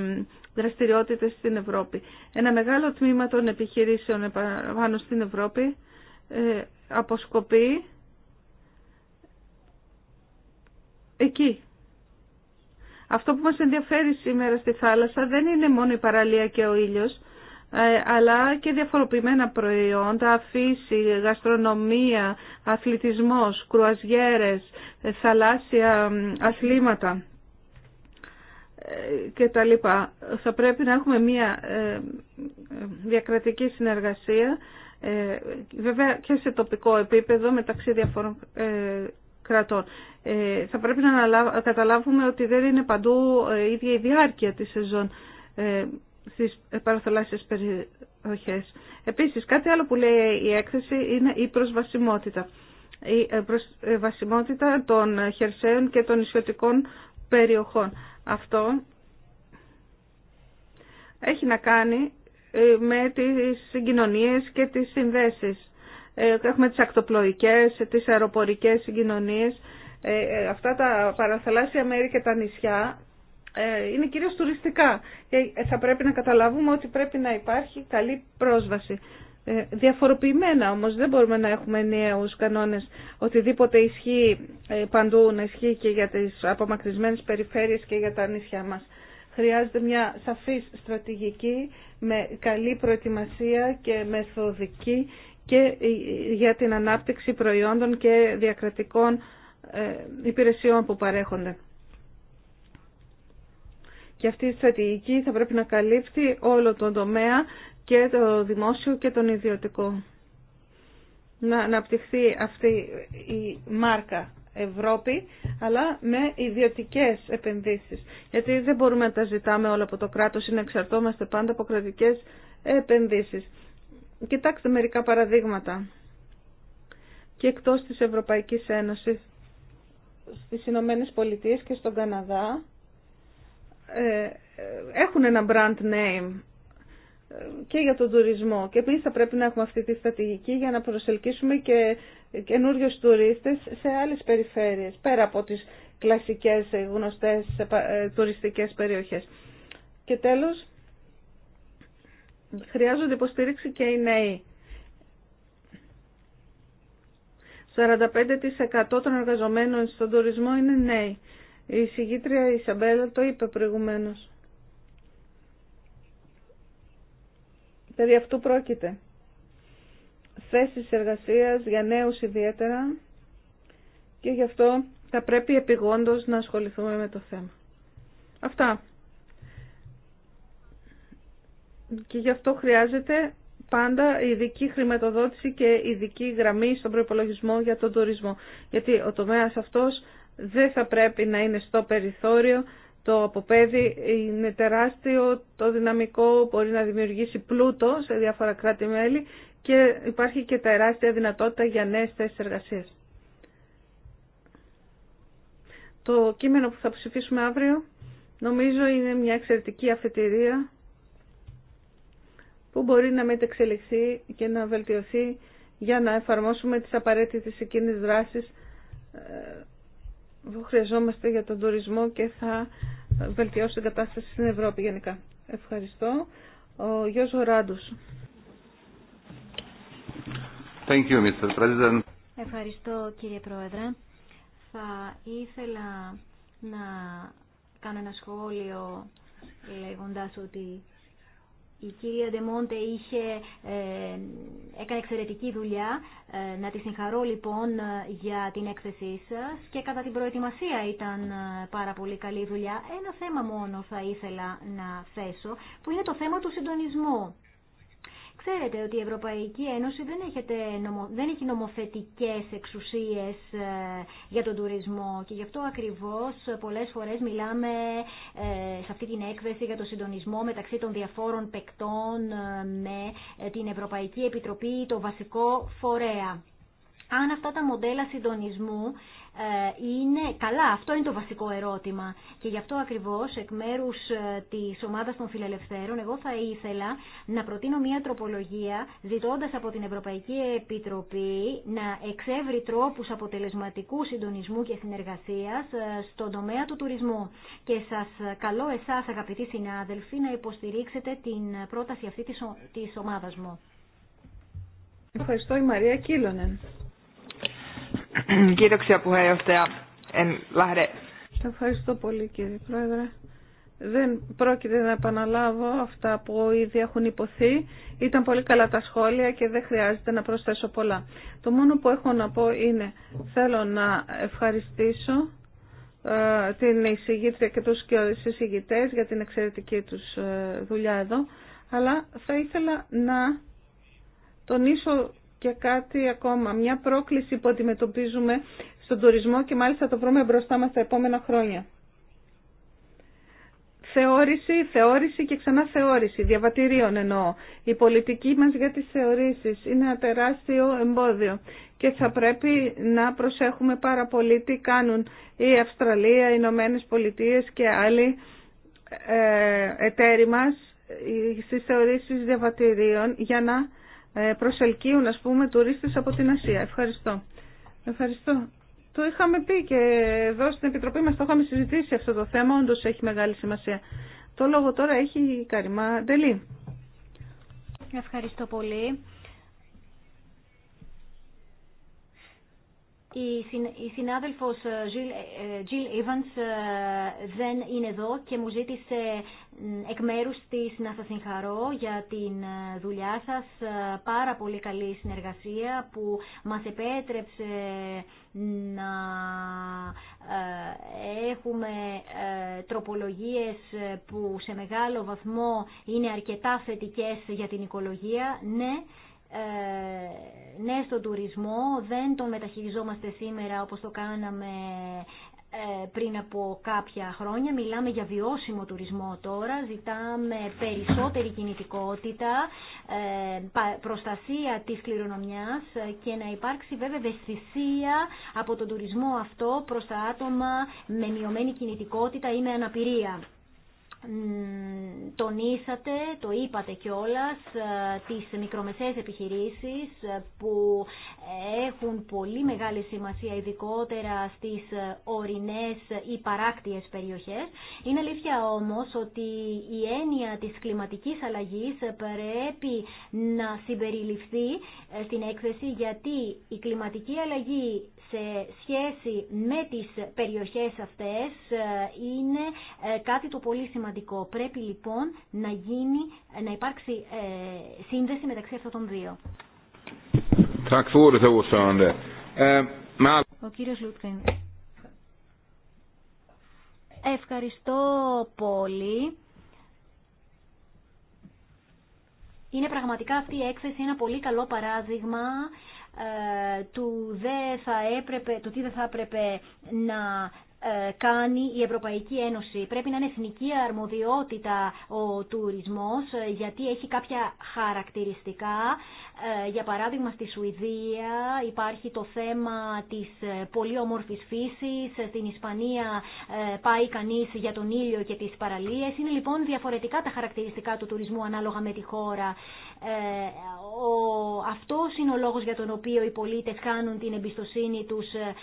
Speaker 2: δραστηριότητες στην Ευρώπη. Ένα μεγάλο τμήμα των επιχειρήσεων πάνω στην Ευρώπη ε, αποσκοπεί εκεί. Αυτό που μας ενδιαφέρει σήμερα στη θάλασσα δεν είναι μόνο η παραλία και ο ήλιος, ε, αλλά και διαφοροποιημένα προϊόντα, αφήση, γαστρονομία, αθλητισμός, κρουαζιέρες, ε, θαλάσσια αθλήματα και τα λοιπά. Θα πρέπει να έχουμε μια ε, διακρατική συνεργασία, ε, βέβαια και σε τοπικό επίπεδο μεταξύ διαφορών ε, κρατών. Θα πρέπει να καταλάβουμε ότι δεν είναι παντού η ίδια η διάρκεια της σεζόν στις παραθαλάσσιες περιοχές. Επίσης, κάτι άλλο που λέει η έκθεση είναι η προσβασιμότητα. Η προσβασιμότητα των χερσαίων και των ισιωτικών περιοχών. Αυτό έχει να κάνει ε, με τις συγκοινωνίες και τις συνδέσεις. Ε, έχουμε τις ακτοπλοϊκές, τις αεροπορικές συγκοινωνίες. Ε, αυτά τα παραθαλάσσια μέρη και τα νησιά είναι κυρίως τουριστικά. Και θα πρέπει να καταλάβουμε ότι πρέπει να υπάρχει καλή πρόσβαση. Ε, διαφοροποιημένα όμως δεν μπορούμε να έχουμε νέους κανόνες οτιδήποτε ισχύει ε, παντού να ισχύει και για τις απομακρυσμένες περιφέρειες και για τα νησιά μας. Χρειάζεται μια σαφής στρατηγική με καλή προετοιμασία και μεθοδική και ε, για την ανάπτυξη προϊόντων και διακρατικών υπηρεσιών που παρέχονται. Και αυτή η στρατηγική θα πρέπει να καλύπτει όλο τον τομέα και το δημόσιο και τον ιδιωτικό. Να αναπτυχθεί αυτή η μάρκα Ευρώπη, αλλά με ιδιωτικές επενδύσεις. Γιατί δεν μπορούμε να τα ζητάμε όλα από το κράτος ή να εξαρτώμαστε πάντα από κρατικές επενδύσεις. Κοιτάξτε μερικά παραδείγματα. Και εκτός της Ευρωπαϊκής Ένωσης, στις Ηνωμένε Πολιτείες και στον Καναδά, ε, έχουν ένα brand name και για τον τουρισμό. Και εμεί θα πρέπει να έχουμε αυτή τη στρατηγική για να προσελκύσουμε και καινούριου τουρίστε σε άλλε περιφέρειε, πέρα από τι κλασικέ γνωστέ ε, ε, τουριστικέ περιοχέ. Και τέλο, χρειάζονται υποστήριξη και οι νέοι. 45% των εργαζομένων στον τουρισμό είναι νέοι. Η συγγήτρια Ισαμπέλα το είπε προηγουμένως. Περί δηλαδή, αυτού πρόκειται. Θέσεις εργασίας για νέους ιδιαίτερα και γι' αυτό θα πρέπει επιγόντως να ασχοληθούμε με το θέμα. Αυτά. Και γι' αυτό χρειάζεται πάντα ειδική χρηματοδότηση και ειδική γραμμή στον προπολογισμό για τον τουρισμό. Γιατί ο τομέας αυτός δεν θα πρέπει να είναι στο περιθώριο το αποπέδι είναι τεράστιο, το δυναμικό μπορεί να δημιουργήσει πλούτο σε διάφορα κράτη-μέλη και υπάρχει και τεράστια δυνατότητα για νέες θέσεις εργασίας. Το κείμενο που θα ψηφίσουμε αύριο νομίζω είναι μια εξαιρετική αφετηρία που μπορεί να μετεξελιχθεί και να βελτιωθεί για να εφαρμόσουμε τις απαραίτητες εκείνες δράσεις ε, που χρειαζόμαστε για τον τουρισμό και θα βελτιώσει την κατάσταση στην Ευρώπη γενικά. Ευχαριστώ. Ο Γιώργος Ράντους.
Speaker 1: Thank you, Mr. President.
Speaker 3: Ευχαριστώ κύριε Πρόεδρε. Θα ήθελα να κάνω ένα σχόλιο λέγοντας ότι η κυρία Ντεμόντε είχε, ε, έκανε εξαιρετική δουλειά. Ε, να τη συγχαρώ λοιπόν για την έκθεσή σας και κατά την προετοιμασία ήταν ε, πάρα πολύ καλή δουλειά. Ένα θέμα μόνο θα ήθελα να θέσω που είναι το θέμα του συντονισμού. Ξέρετε ότι η Ευρωπαϊκή Ένωση δεν, έχετε, δεν έχει νομοθετικές εξουσίες ε, για τον τουρισμό και γι' αυτό ακριβώς πολλές φορές μιλάμε ε, σε αυτή την έκθεση για το συντονισμό μεταξύ των διαφόρων παικτών ε, με την Ευρωπαϊκή Επιτροπή, το βασικό φορέα. Αν αυτά τα μοντέλα συντονισμού ε, είναι καλά. Αυτό είναι το βασικό ερώτημα. Και γι' αυτό ακριβώς εκ μέρους ε, της ομάδας των φιλελευθέρων εγώ θα ήθελα να προτείνω μια τροπολογία ζητώντας από την Ευρωπαϊκή Επιτροπή να εξεύρει τρόπους αποτελεσματικού συντονισμού και συνεργασίας ε, στον τομέα του τουρισμού. Και σας καλώ εσάς αγαπητοί συνάδελφοι να υποστηρίξετε την πρόταση αυτή της ομάδας μου.
Speaker 2: Ευχαριστώ η Μαρία Κίλωνεν. Ευχαριστώ πολύ κύριε Πρόεδρε. Δεν πρόκειται να επαναλάβω αυτά που ήδη έχουν υποθεί. Ήταν πολύ καλά τα σχόλια και δεν χρειάζεται να προσθέσω πολλά. Το μόνο που έχω να πω είναι θέλω να ευχαριστήσω ε, την εισηγήτρια και τους εισηγητές για την εξαιρετική τους ε, δουλειά εδώ, αλλά θα ήθελα να τονίσω και κάτι ακόμα, μια πρόκληση που αντιμετωπίζουμε στον τουρισμό και μάλιστα το βρούμε μπροστά μας τα επόμενα χρόνια. Θεώρηση, θεώρηση και ξανά θεώρηση, διαβατηρίων εννοώ. Η πολιτική μας για τις θεωρήσεις είναι ένα τεράστιο εμπόδιο και θα πρέπει να προσέχουμε πάρα πολύ τι κάνουν η Αυστραλία, οι Ηνωμένε Πολιτείε και άλλοι ε, εταίροι μας ε, στις θεωρήσεις διαβατηρίων για να ε, προσελκύουν ας πούμε τουρίστες από την Ασία. Ευχαριστώ. Ευχαριστώ. Το είχαμε πει και εδώ στην Επιτροπή μας το είχαμε συζητήσει αυτό το θέμα, όντως έχει μεγάλη σημασία. Το λόγο τώρα έχει η Καριμά Ντελή. Ευχαριστώ
Speaker 3: πολύ. Η συνάδελφος ε, ε, Jill Evans ε, δεν είναι εδώ και μου ζήτησε εκ μέρους της να σας συγχαρώ για την δουλειά σας. Πάρα πολύ καλή συνεργασία που μας επέτρεψε να έχουμε τροπολογίες που σε μεγάλο βαθμό είναι αρκετά θετικές για την οικολογία. Ναι, ε, ναι στον τουρισμό, δεν τον μεταχειριζόμαστε σήμερα όπως το κάναμε ε, πριν από κάποια χρόνια. Μιλάμε για βιώσιμο τουρισμό τώρα, ζητάμε περισσότερη κινητικότητα, ε, προστασία της κληρονομιάς και να υπάρξει βέβαια ευαισθησία από τον τουρισμό αυτό προς τα άτομα με μειωμένη κινητικότητα ή με αναπηρία τονίσατε, το είπατε κιόλας, ε, τις μικρομεσαίες επιχειρήσεις ε, που έχουν πολύ μεγάλη σημασία ειδικότερα στις ε, ορεινές ή παράκτιες περιοχές. Είναι αλήθεια όμως ότι η έννοια της κλιματικής αλλαγής πρέπει να συμπεριληφθεί στην έκθεση γιατί η κλιματική αλλαγή σε σχέση με τις περιοχές αυτές είναι κάτι το πολύ σημαντικό Πρέπει λοιπόν να, γίνει, να υπάρξει ε, σύνδεση μεταξύ αυτών των δύο. Eh, Ευχαριστώ πολύ. Είναι πραγματικά αυτή η έκθεση ένα πολύ καλό παράδειγμα ε, του, δε έπρεπε, του τι δεν θα έπρεπε να ε, κάνει η Ευρωπαϊκή Ένωση. Πρέπει να είναι εθνική αρμοδιότητα ο τουρισμός ε, γιατί έχει κάποια χαρακτηριστικά. Ε, για παράδειγμα στη Σουηδία υπάρχει το θέμα της πολύ όμορφης φύσης. Στην Ισπανία πάει κανείς για τον ήλιο και τις παραλίες. Είναι λοιπόν διαφορετικά τα χαρακτηριστικά του τουρισμού ανάλογα με τη χώρα. Ε, ο, αυτός είναι ο λόγος για τον οποίο οι πολίτες κάνουν την εμπιστοσύνη τους ε,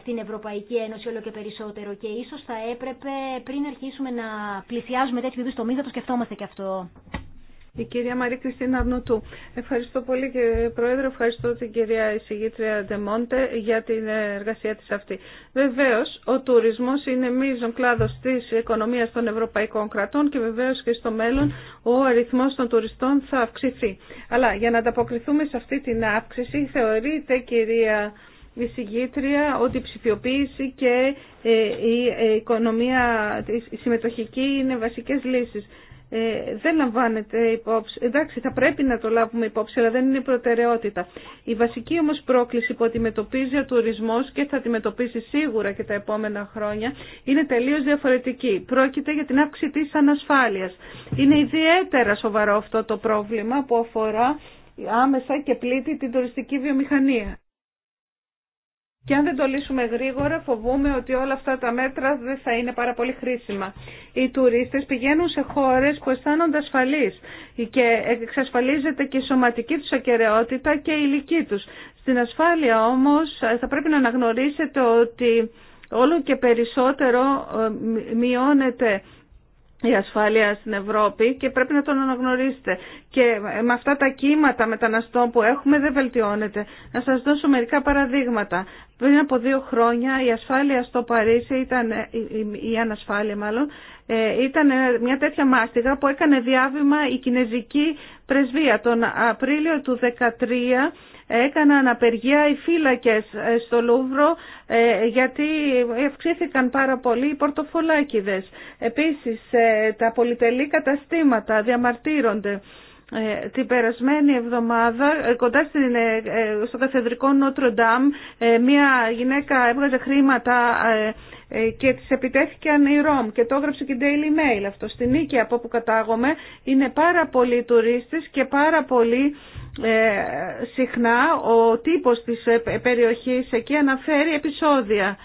Speaker 3: στην Ευρωπαϊκή Ένωση όλο και περισσότερο και ίσως θα έπρεπε πριν αρχίσουμε να πλησιάζουμε τέτοιου είδους τομείς να το σκεφτόμαστε και αυτό. Η κυρία Μαρή Κριστίνα Αρνουτού.
Speaker 2: Ευχαριστώ πολύ κύριε Πρόεδρε, ευχαριστώ την κυρία εισηγήτρια Ντεμόντε για την εργασία της αυτή. Βεβαίως, ο τουρισμός είναι μείζον κλάδος της οικονομίας των ευρωπαϊκών κρατών και βεβαίως και στο μέλλον ο αριθμός των τουριστών θα αυξηθεί. Αλλά για να ανταποκριθούμε σε αυτή την αύξηση θεωρείται κυρία η ότι η ψηφιοποίηση και ε, η ε, οικονομία η συμμετοχική είναι βασικές λύσεις. Ε, δεν λαμβάνεται υπόψη. Εντάξει, θα πρέπει να το λάβουμε υπόψη, αλλά δεν είναι προτεραιότητα. Η βασική όμως πρόκληση που αντιμετωπίζει ο τουρισμός και θα αντιμετωπίσει σίγουρα και τα επόμενα χρόνια είναι τελείως διαφορετική. Πρόκειται για την αύξηση της ανασφάλειας. Είναι ιδιαίτερα σοβαρό αυτό το πρόβλημα που αφορά άμεσα και πλήττει την τουριστική βιομηχανία. Και αν δεν το λύσουμε γρήγορα φοβούμε ότι όλα αυτά τα μέτρα δεν θα είναι πάρα πολύ χρήσιμα. Οι τουρίστε πηγαίνουν σε χώρε που αισθάνονται ασφαλείς και εξασφαλίζεται και η σωματική του ακαιρεότητα και η ηλική του. Στην ασφάλεια όμω, θα πρέπει να αναγνωρίσετε ότι όλο και περισσότερο ε, μειώνεται η ασφάλεια στην Ευρώπη και πρέπει να τον αναγνωρίσετε. Και ε, με αυτά τα κύματα μεταναστών που έχουμε δεν βελτιώνεται. Να σας δώσω μερικά παραδείγματα. Πριν από δύο χρόνια η ασφάλεια στο Παρίσι, ήταν, η ανασφάλεια μάλλον, ε, ήταν ε, μια τέτοια μάστιγα που έκανε διάβημα η Κινέζικη Πρεσβεία. Τον Απρίλιο του 2013 έκαναν απεργία οι φύλακες ε, στο Λούβρο γιατί αυξήθηκαν πάρα πολύ οι πορτοφολάκιδες. Επίσης τα πολυτελή καταστήματα διαμαρτύρονται. Ε, την περασμένη εβδομάδα ε, κοντά στην, ε, στο καθεδρικό Νότρο Ντάμ μια γυναίκα έβγαζε χρήματα και της επιτέθηκαν η Ρομ και το έγραψε και Daily Mail αυτό. Στην Νίκη από όπου κατάγομαι είναι πάρα πολλοί τουρίστες και πάρα πολύ συχνά ο τύπος της περιοχής εκεί αναφέρει επεισόδια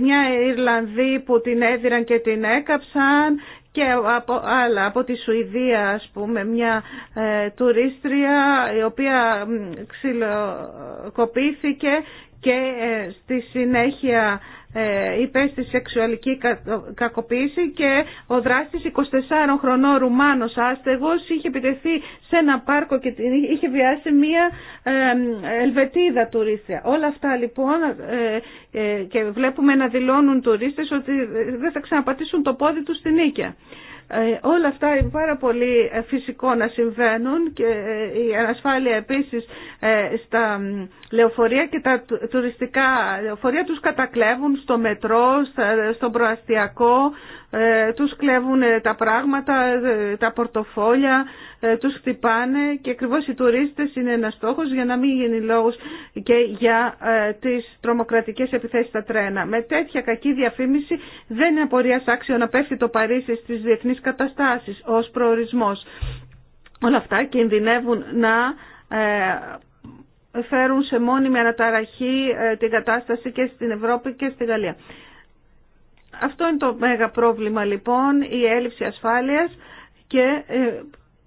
Speaker 2: μια Ιρλανδή που την έδιραν και την έκαψαν, και από άλλα, από τη Σουηδία ας πούμε, μια ε, τουρίστρια η οποία ξυλοκοπήθηκε και ε, στη συνέχεια ε, Υπέστη σεξουαλική κακοποίηση και ο δράστης 24 χρονών Ρουμάνος άστεγος είχε επιτεθεί σε ένα πάρκο και είχε βιάσει μία Ελβετίδα τουρίστρια. Όλα αυτά λοιπόν ε, ε, και βλέπουμε να δηλώνουν τουρίστες ότι δεν θα ξαναπατήσουν το πόδι τους στην Νίκαια. Ε, όλα αυτά είναι πάρα πολύ ε, φυσικό να συμβαίνουν και ε, η ανασφάλεια επίσης στα λεωφορεία και τα τουριστικά λεωφορεία τους κατακλέβουν στο μετρό, στον προαστιακό, τους κλέβουν τα πράγματα, τα πορτοφόλια, ε, τους χτυπάνε και ακριβώς οι τουρίστες είναι ένας στόχος για να μην γίνει λόγος και για ε, τις τρομοκρατικές επιθέσεις στα τρένα. Με τέτοια κακή διαφήμιση δεν είναι απορίας άξιο να πέφτει το Παρίσι στις διεθνείς καταστάσεις ως προορισμός. Όλα αυτά κινδυνεύουν να ε, φέρουν σε μόνιμη αναταραχή την κατάσταση και στην Ευρώπη και στη Γαλλία. Αυτό είναι το μέγα πρόβλημα λοιπόν, η έλλειψη ασφάλειας και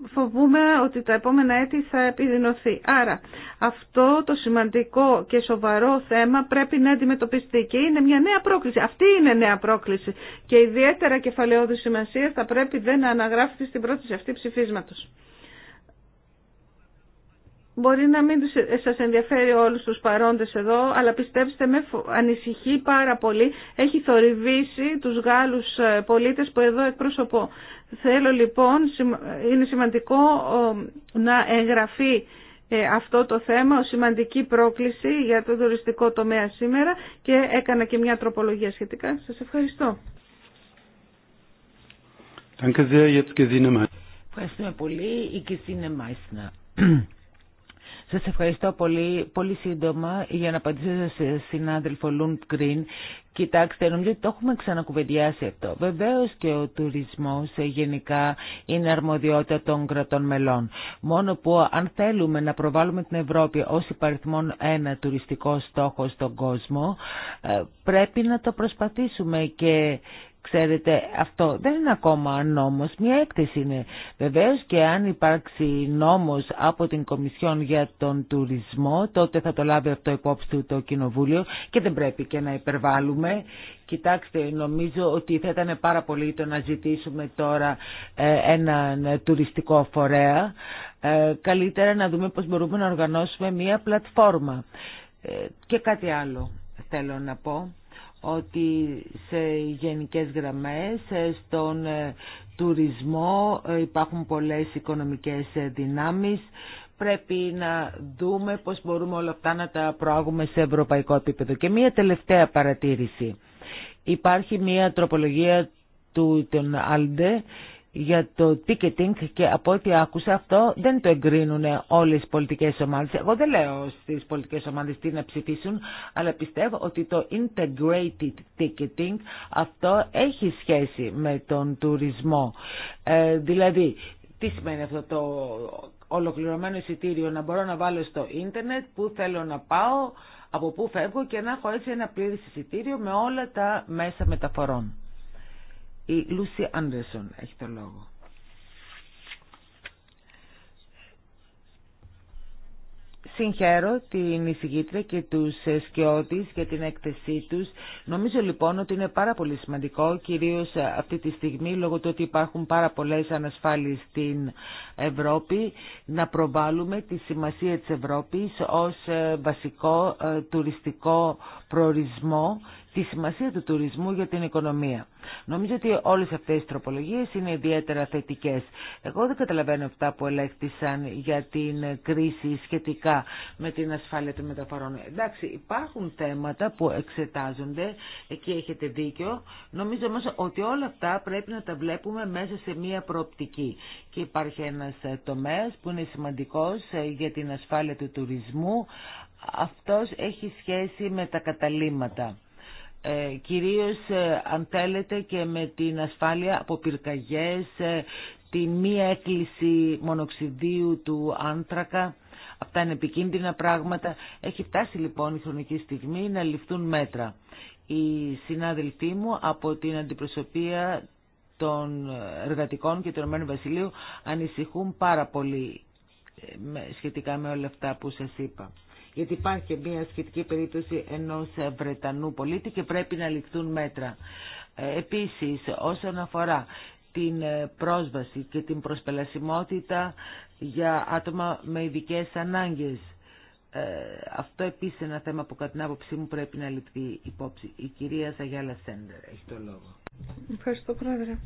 Speaker 2: φοβούμε ότι τα επόμενα έτη θα επιδεινωθεί. Άρα αυτό το σημαντικό και σοβαρό θέμα πρέπει να αντιμετωπιστεί και είναι μια νέα πρόκληση. Αυτή είναι νέα πρόκληση και ιδιαίτερα κεφαλαιόδου σημασία θα πρέπει δεν να αναγράφεται στην πρόταση αυτή ψηφίσματος. Μπορεί να μην ε, σας ενδιαφέρει όλους τους παρόντες εδώ, αλλά πιστέψτε με ανησυχεί πάρα πολύ. Έχει θορυβήσει τους Γάλλους ε, πολίτες που εδώ εκπροσωπώ. Θέλω λοιπόν, είναι σημαντικό να εγγραφεί ε, αυτό το θέμα ως σημαντική πρόκληση για το τουριστικό τομέα σήμερα και έκανα και μια τροπολογία σχετικά. Σας ευχαριστώ.
Speaker 4: Ευχαριστούμε πολύ. Η Κιστίνε Μάισνα. Σας ευχαριστώ πολύ, πολύ σύντομα για να απαντήσω σε συνάδελφο Λουντ Γκριν. Κοιτάξτε, νομίζω ότι το έχουμε ξανακουβεντιάσει αυτό. Βεβαίω και ο τουρισμό γενικά είναι αρμοδιότητα των κρατών μελών. Μόνο που αν θέλουμε να προβάλλουμε την Ευρώπη ω υπαριθμόν ένα τουριστικό στόχο στον κόσμο, ε, πρέπει να το προσπαθήσουμε και Ξέρετε, αυτό δεν είναι ακόμα νόμος, μια έκθεση είναι. Βεβαίως και αν υπάρξει νόμος από την Κομισιόν για τον τουρισμό, τότε θα το λάβει αυτό υπόψη του το Κοινοβούλιο και δεν πρέπει και να υπερβάλλουμε. Κοιτάξτε, νομίζω ότι θα ήταν πάρα πολύ το να ζητήσουμε τώρα ε, έναν τουριστικό φορέα. Ε, καλύτερα να δούμε πώς μπορούμε να οργανώσουμε μια πλατφόρμα. Ε, και κάτι άλλο θέλω να πω ότι σε γενικές γραμμές ε, στον ε, τουρισμό ε, υπάρχουν πολλές οικονομικές δυνάμεις. Πρέπει να δούμε πώς μπορούμε όλα αυτά να τα προάγουμε σε ευρωπαϊκό επίπεδο. Και μία τελευταία παρατήρηση. Υπάρχει μία τροπολογία του, τον Άλντε για το ticketing και από ό,τι άκουσα αυτό δεν το εγκρίνουν όλες οι πολιτικές ομάδες. Εγώ δεν λέω στις πολιτικές ομάδες τι να ψηφίσουν, αλλά πιστεύω ότι το integrated ticketing αυτό έχει σχέση με τον τουρισμό. Ε, δηλαδή, τι σημαίνει αυτό το ολοκληρωμένο εισιτήριο, να μπορώ να βάλω στο ίντερνετ που θέλω να πάω, από πού φεύγω και να έχω έτσι ένα πλήρες εισιτήριο με όλα τα μέσα μεταφορών. Η Λούσι Άντερσον έχει το λόγο. Συγχαίρω την εισηγήτρια και τους σκιώτης για την έκθεσή τους. Νομίζω λοιπόν ότι είναι πάρα πολύ σημαντικό, κυρίως αυτή τη στιγμή, λόγω του ότι υπάρχουν πάρα πολλές ανασφάλειες στην Ευρώπη, να προβάλλουμε τη σημασία της Ευρώπης ως ε, βασικό ε, τουριστικό προορισμό τη σημασία του τουρισμού για την οικονομία. Νομίζω ότι όλε αυτέ οι τροπολογίε είναι ιδιαίτερα θετικέ. Εγώ δεν καταλαβαίνω αυτά που ελέγχθησαν για την κρίση σχετικά με την ασφάλεια των μεταφορών. Εντάξει, υπάρχουν θέματα που εξετάζονται, εκεί έχετε δίκιο. Νομίζω όμω ότι όλα αυτά πρέπει να τα βλέπουμε μέσα σε μία προοπτική. Και υπάρχει ένα τομέα που είναι σημαντικό ε, για την ασφάλεια του τουρισμού. Αυτός έχει σχέση με τα καταλήμματα ε, κυρίως ε, αν θέλετε και με την ασφάλεια από πυρκαγιές, ε, τη μη έκκληση μονοξιδίου του άνθρακα. Αυτά είναι επικίνδυνα πράγματα. Έχει φτάσει λοιπόν η χρονική στιγμή να ληφθούν μέτρα. Οι συνάδελφοί μου από την αντιπροσωπεία των εργατικών και του Ρωμένου Βασιλείου ανησυχούν πάρα πολύ ε, σχετικά με όλα αυτά που σας είπα γιατί υπάρχει και μια σχετική περίπτωση ενός Βρετανού πολίτη και πρέπει να ληφθούν μέτρα. Ε, επίσης, όσον αφορά την ε, πρόσβαση και την προσπελασιμότητα για άτομα με ειδικέ ανάγκες. Ε, αυτό επίσης είναι ένα θέμα που κατά την άποψή μου πρέπει να ληφθεί υπόψη. Η κυρία Σαγιάλα Σέντερ έχει το λόγο. Ευχαριστώ πρόεδρε.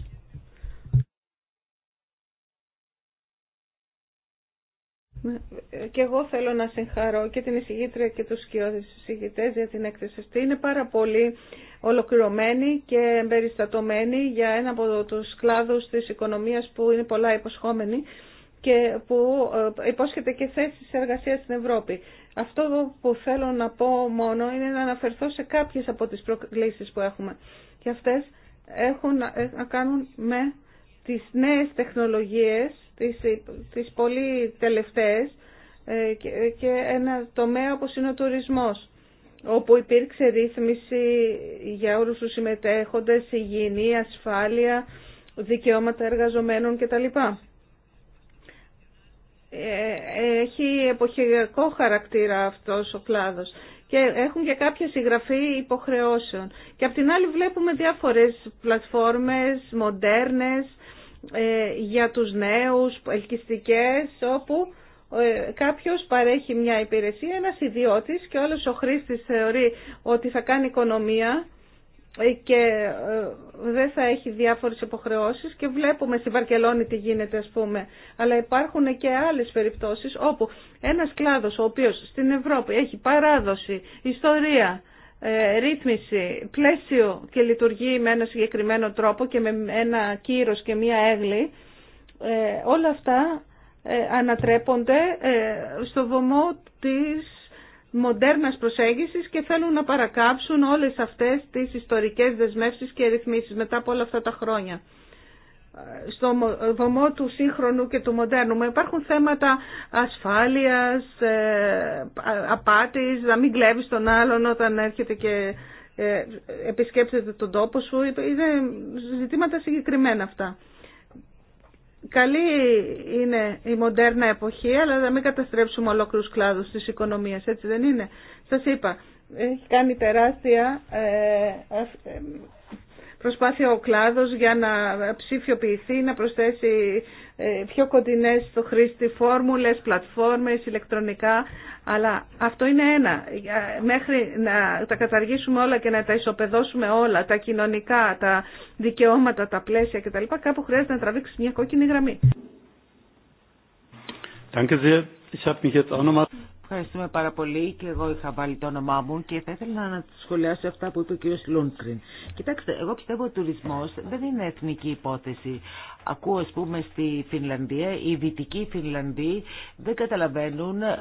Speaker 2: Και εγώ θέλω να συγχαρώ και την εισηγήτρια και τους σκιώδεις εισηγητές για την έκθεση αυτή. Είναι πάρα πολύ ολοκληρωμένη και εμπεριστατωμένη για ένα από τους κλάδους της οικονομίας που είναι πολλά υποσχόμενη και που ε, υπόσχεται και θέσεις εργασίας στην Ευρώπη. Αυτό που θέλω να πω μόνο είναι να αναφερθώ σε κάποιες από τις προκλήσεις που έχουμε. Και αυτές έχουν να ε, κάνουν με τις νέες τεχνολογίες, τις, τις πολύ τελευταίες ε, και ένα τομέα όπως είναι ο τουρισμός όπου υπήρξε ρύθμιση για όλους τους συμμετέχοντες, υγιεινή, ασφάλεια, δικαιώματα εργαζομένων κτλ. Ε, έχει εποχιακό χαρακτήρα αυτός ο κλάδος και έχουν και κάποια συγγραφή υποχρεώσεων. Και απ' την άλλη βλέπουμε διάφορες πλατφόρμες, μοντέρνες, ε, για τους νέους, ελκυστικές, όπου ε, κάποιος παρέχει μια υπηρεσία, ένας ιδιώτης και όλος ο χρήστης θεωρεί ότι θα κάνει οικονομία ε, και δεν θα έχει διάφορες υποχρεώσεις και βλέπουμε στη Βαρκελόνη τι γίνεται ας πούμε αλλά υπάρχουν και άλλες περιπτώσεις όπου ένας κλάδος ο οποίος στην Ευρώπη έχει παράδοση, ιστορία ε, ρύθμιση, πλαίσιο και λειτουργεί με ένα συγκεκριμένο τρόπο και με ένα κύρος και μία έγλη, ε, όλα αυτά ε, ανατρέπονται στο βωμό της μοντέρνας προσέγγισης και θέλουν να παρακάψουν όλες αυτές τις ιστορικές δεσμεύσεις και ρυθμίσεις μετά από όλα αυτά τα χρόνια στο βωμό του σύγχρονου και του μοντέρνου. Μα υπάρχουν θέματα ασφάλειας, ε, απάτης, να μην κλέβεις τον άλλον όταν έρχεται και ε, επισκέπτεται τον τόπο σου. Ε, είναι ζητήματα συγκεκριμένα αυτά. Καλή είναι η μοντέρνα εποχή, αλλά να μην καταστρέψουμε ολόκληρους κλάδους της οικονομίας, έτσι δεν είναι. Σας είπα, έχει κάνει τεράστια προσπάθεια ο κλάδος για να ψηφιοποιηθεί, να προσθέσει ε, πιο κοντινές στο χρήστη φόρμουλες, πλατφόρμες, ηλεκτρονικά. Αλλά αυτό είναι ένα. Μέχρι να τα καταργήσουμε όλα και να τα ισοπεδώσουμε όλα, τα κοινωνικά, τα δικαιώματα, τα πλαίσια κτλ. Κάπου χρειάζεται
Speaker 4: να τραβήξει μια κόκκινη γραμμή. Ευχαριστούμε πάρα πολύ και εγώ είχα βάλει το όνομά μου και θα ήθελα να σχολιάσω αυτά που είπε ο κύριος Λούντκριν. Κοιτάξτε, εγώ πιστεύω ο τουρισμός δεν είναι εθνική υπόθεση. Ακούω, ας πούμε, στη Φινλανδία, οι δυτικοί Φινλανδοί δεν καταλαβαίνουν ε,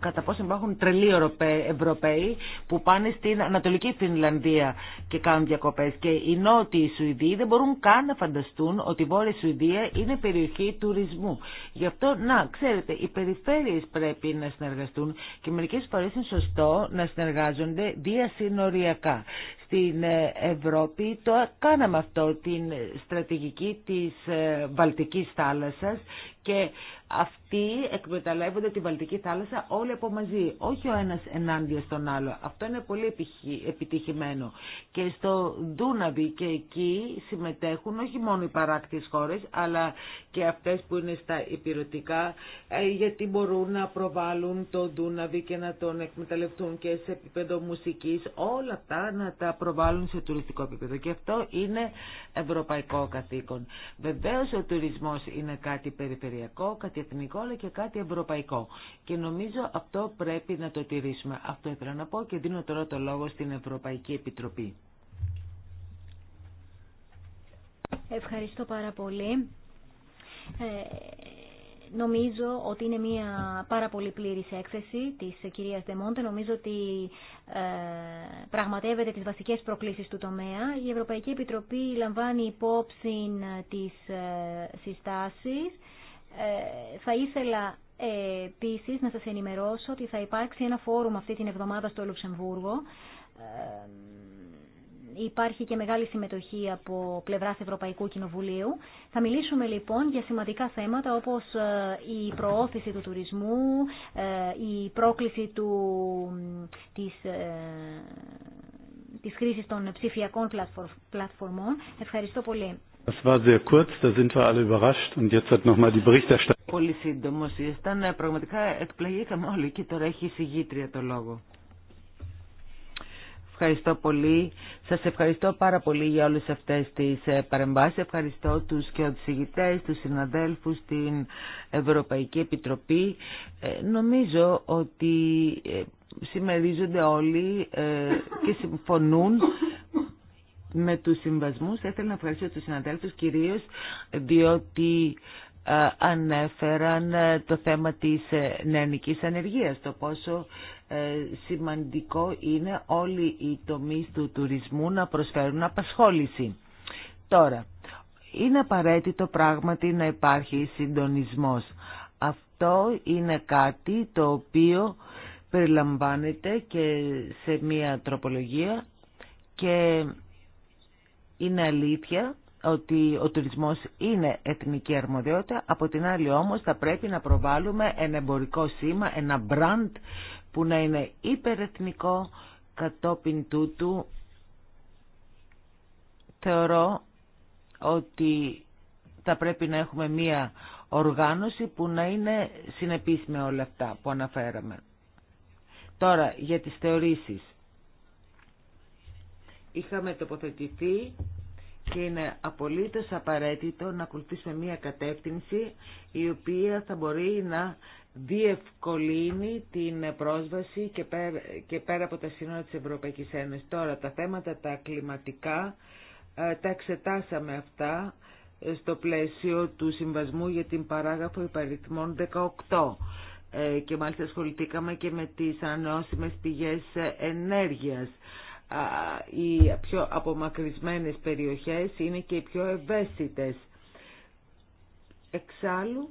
Speaker 4: κατά πόσο υπάρχουν τρελοί Ευρωπαίοι που πάνε στην Ανατολική Φινλανδία και κάνουν διακοπές. Και οι νότιοι Σουηδοί δεν μπορούν καν να φανταστούν ότι η Βόρεια Σουηδία είναι περιοχή τουρισμού. Γι' αυτό, να, ξέρετε, οι περιφέρειες πρέπει να συνεργαστούν και μερικές φορές είναι σωστό να συνεργάζονται διασυνοριακά στην ε, Ευρώπη. Το κάναμε αυτό, την στρατηγική της ε, Βαλτικής θάλασσας και αυτοί εκμεταλλεύονται τη Βαλτική θάλασσα όλοι από μαζί, όχι ο ένας ενάντια στον άλλο. Αυτό είναι πολύ επιτυχημένο. Και στο Δούναβι και εκεί συμμετέχουν όχι μόνο οι παράκτης χώρες, αλλά και αυτές που είναι στα υπηρετικά, ε, γιατί μπορούν να προβάλλουν το Δούναβι και να τον εκμεταλλευτούν και σε επίπεδο μουσικής, όλα αυτά να τα προβάλλουν σε τουριστικό επίπεδο και αυτό είναι ευρωπαϊκό καθήκον. Βεβαίως ο τουρισμός είναι κάτι περιφερειακό, κάτι εθνικό αλλά και κάτι ευρωπαϊκό και νομίζω αυτό πρέπει να το τηρήσουμε. Αυτό ήθελα να πω και δίνω τώρα το λόγο στην Ευρωπαϊκή Επιτροπή.
Speaker 3: Ευχαριστώ πάρα πολύ. Ε, Νομίζω ότι είναι μια πάρα πολύ πλήρης έκθεση της κυρίας Δεμόντε. Νομίζω ότι ε, πραγματεύεται τις βασικές προκλήσεις του τομέα. Η Ευρωπαϊκή Επιτροπή λαμβάνει υπόψη ε, τις ε, συστάσεις. Θα ήθελα επίση να σας ενημερώσω ότι θα υπάρξει ένα φόρουμ αυτή την εβδομάδα στο Λουξεμβούργο υπάρχει και μεγάλη συμμετοχή από πλευρά Ευρωπαϊκού Κοινοβουλίου. Θα μιλήσουμε λοιπόν για σημαντικά θέματα όπω ε, η προώθηση του τουρισμού, ε, η πρόκληση του, της, ε, της χρήσης των ψηφιακών πλατφορμών. Ευχαριστώ πολύ. Πολύ σύντομο ήταν. Πραγματικά εκπλαγήκαμε
Speaker 4: όλοι και τώρα έχει η συγγήτρια το λόγο. Ευχαριστώ πολύ. Σας ευχαριστώ πάρα πολύ για όλες αυτές τις ε, παρεμβάσεις. Ευχαριστώ τους και ηγητέ, του συναδέλφους, την Ευρωπαϊκή Επιτροπή. Ε, νομίζω ότι ε, συμμερίζονται όλοι και συμφωνούν με τους συμβασμούς. Θα ήθελα να ευχαριστήσω τους συναδέλφους κυρίως διότι ανέφεραν το θέμα της νεανικής ανεργίας, το πόσο ε, σημαντικό είναι όλοι οι τομείς του τουρισμού να προσφέρουν απασχόληση. Τώρα, είναι απαραίτητο πράγματι να υπάρχει συντονισμός. Αυτό είναι κάτι το οποίο περιλαμβάνεται και σε μία τροπολογία και είναι αλήθεια ότι ο τουρισμός είναι εθνική αρμοδιότητα, από την άλλη όμως θα πρέπει να προβάλλουμε ένα εμπορικό σήμα, ένα μπραντ που να είναι υπερεθνικό κατόπιν τούτου θεωρώ ότι θα πρέπει να έχουμε μία οργάνωση που να είναι συνεπής με όλα αυτά που αναφέραμε. Τώρα για τις θεωρήσεις. Είχαμε τοποθετηθεί και είναι απολύτως απαραίτητο να ακολουθήσουμε μία κατεύθυνση η οποία θα μπορεί να διευκολύνει την πρόσβαση και πέρα, και πέρα από τα σύνορα της Ευρωπαϊκής Ένωσης. Τώρα τα θέματα τα κλιματικά ε, τα εξετάσαμε αυτά ε, στο πλαίσιο του Συμβασμού για την παράγραφο υπαριθμών 18 ε, και μάλιστα ασχοληθήκαμε και με τις ανανεώσιμες πηγές ενέργειας. Οι πιο απομακρυσμένες περιοχές είναι και οι πιο ευαίσθητες. Εξάλλου,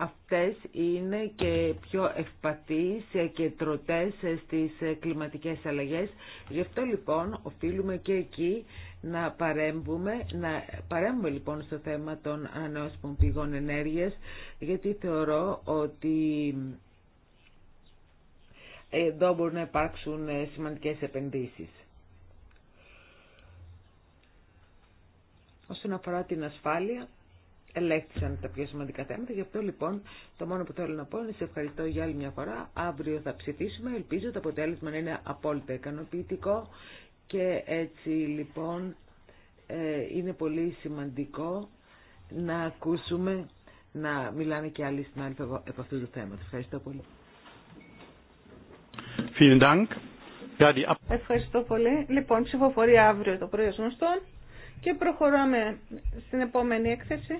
Speaker 4: αυτές είναι και πιο ευπαθείς και τροτές στις κλιματικές αλλαγές. Γι' αυτό λοιπόν οφείλουμε και εκεί να παρέμβουμε, να παρέμβουμε λοιπόν στο θέμα των ανανεώσιμων πηγών ενέργειας, γιατί θεωρώ ότι εδώ μπορούν να υπάρξουν σημαντικές επενδύσεις. Όσον αφορά την ασφάλεια, ελέγχθησαν τα πιο σημαντικά θέματα. Γι' αυτό λοιπόν το μόνο που θέλω να πω είναι σε ευχαριστώ για άλλη μια φορά. Αύριο θα ψηφίσουμε. Ελπίζω το αποτέλεσμα να είναι απόλυτα ικανοποιητικό και έτσι λοιπόν ε, είναι πολύ σημαντικό να ακούσουμε να μιλάνε και άλλοι στην άλλη από αυτού του θέματος. Ευχαριστώ πολύ.
Speaker 2: Ευχαριστώ πολύ. Λοιπόν, ψηφοφορία αύριο το πρωί ως και προχωράμε στην επόμενη έκθεση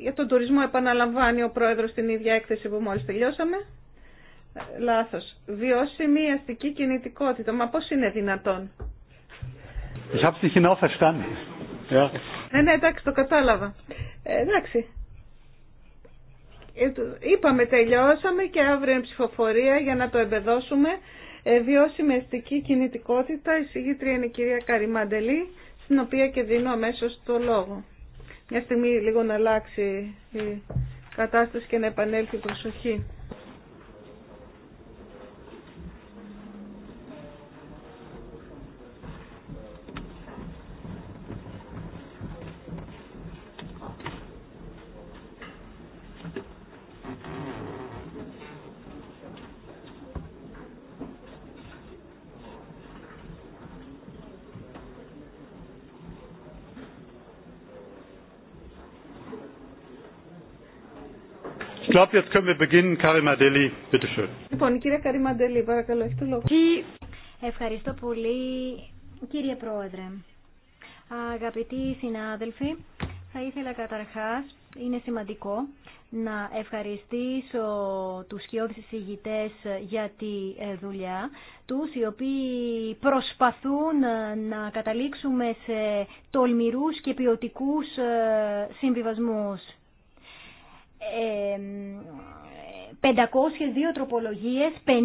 Speaker 2: για τον τουρισμό επαναλαμβάνει ο πρόεδρος την ίδια έκθεση που μόλις τελειώσαμε. Λάθος. Βιώσιμη αστική κινητικότητα. Μα πώς είναι δυνατόν. Ναι, ναι, εντάξει, το κατάλαβα. Ε, εντάξει. Ε, είπαμε, τελειώσαμε και αύριο είναι ψηφοφορία για να το εμπεδώσουμε. Ε, βιώσιμη αστική κινητικότητα. Η συγγήτρια είναι η κυρία Καριμαντελή, στην οποία και δίνω αμέσω το λόγο μια στιγμή λίγο να αλλάξει η κατάσταση και να επανέλθει η προσοχή.
Speaker 1: glaube, jetzt
Speaker 2: παρακαλώ,
Speaker 3: Ευχαριστώ πολύ, κύριε Πρόεδρε. Αγαπητοί συνάδελφοι, θα ήθελα καταρχάς, είναι σημαντικό, να ευχαριστήσω τους σκιώδης ηγητές για τη ε, δουλειά τους, οι οποίοι προσπαθούν ε, να καταλήξουμε σε τολμηρούς και ποιοτικού ε, συμβιβασμούς. 502 τροπολογίες, 50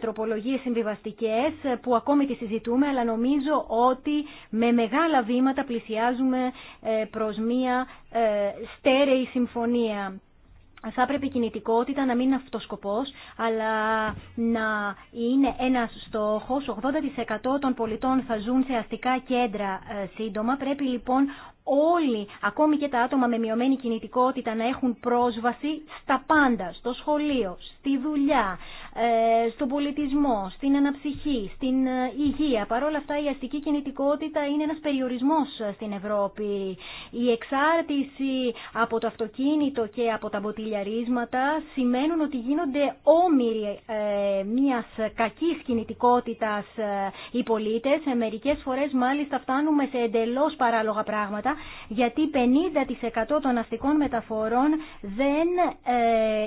Speaker 3: τροπολογίες συμβιβαστικές που ακόμη τις συζητούμε αλλά νομίζω ότι με μεγάλα βήματα πλησιάζουμε ε, προς μία ε, στέρεη συμφωνία. Θα πρέπει η κινητικότητα να μην είναι αυτός σκοπός, αλλά να είναι ένας στόχος. 80% των πολιτών θα ζουν σε αστικά κέντρα ε, σύντομα. Πρέπει λοιπόν όλοι, ακόμη και τα άτομα με μειωμένη κινητικότητα, να έχουν πρόσβαση στα πάντα, στο σχολείο, στη δουλειά, ε, στον πολιτισμό, στην αναψυχή, στην ε, υγεία. Παρ' όλα αυτά η αστική κινητικότητα είναι ένας περιορισμός ε, στην Ευρώπη. Η εξάρτηση από το αυτοκίνητο και από τα μποτιλιαρίσματα σημαίνουν ότι γίνονται όμοιροι μιας κακής κινητικότητας οι πολίτες. Μερικές φορές μάλιστα φτάνουμε σε εντελώς παράλογα πράγματα γιατί 50% των αστικών μεταφορών δεν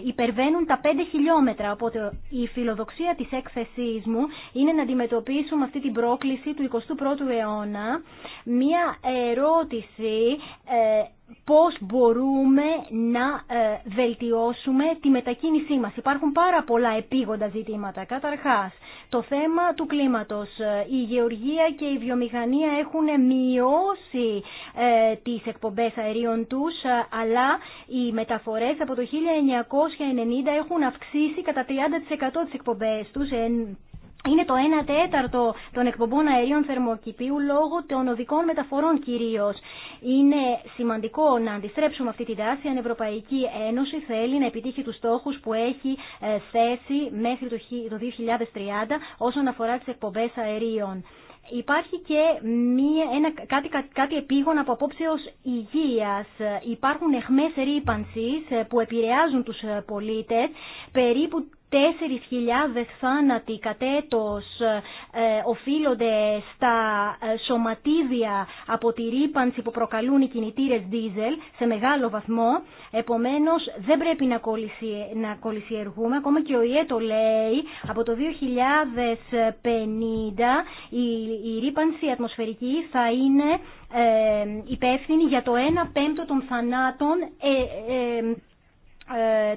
Speaker 3: υπερβαίνουν τα 5 χιλιόμετρα. Οπότε η φιλοδοξία της έκθεσής μου είναι να αντιμετωπίσουμε αυτή την πρόκληση του 21ου αιώνα. Μία ερώτηση ε, πώς μπορούμε να ε, βελτιώσουμε τη μετακίνησή μας. Υπάρχουν πάρα πολλά επίγοντα ζητήματα. Καταρχάς, το θέμα του κλίματος. Ε, η γεωργία και η βιομηχανία έχουν μειώσει ε, τις εκπομπές αερίων τους, αλλά οι μεταφορές από το 1990 έχουν αυξήσει κατά 30% τις εκπομπές τους είναι το 1 τέταρτο των εκπομπών αερίων θερμοκηπίου λόγω των οδικών μεταφορών κυρίω. Είναι σημαντικό να αντιστρέψουμε αυτή τη τάση αν η Ευρωπαϊκή Ένωση θέλει να επιτύχει του στόχου που έχει ε, θέσει μέχρι το 2030 όσον αφορά τι εκπομπέ αερίων. Υπάρχει και μία, ένα, κάτι, κάτι, επίγον από απόψεως υγείας. Υπάρχουν εχμές ρήπανσης ε, που επηρεάζουν τους ε, πολίτες. Περίπου 4.000 θάνατοι κατέτος ε, οφείλονται στα ε, σωματίδια από τη ρήπανση που προκαλούν οι κινητήρες δίζελ σε μεγάλο βαθμό. Επομένως δεν πρέπει να, κολυσι, να κολυσιεργούμε. Ακόμα και ο ΙΕ το λέει από το 2050 η, η ρήπανση ατμοσφαιρική θα είναι ε, υπεύθυνη για το 1 πέμπτο των θανάτων, ε, ε,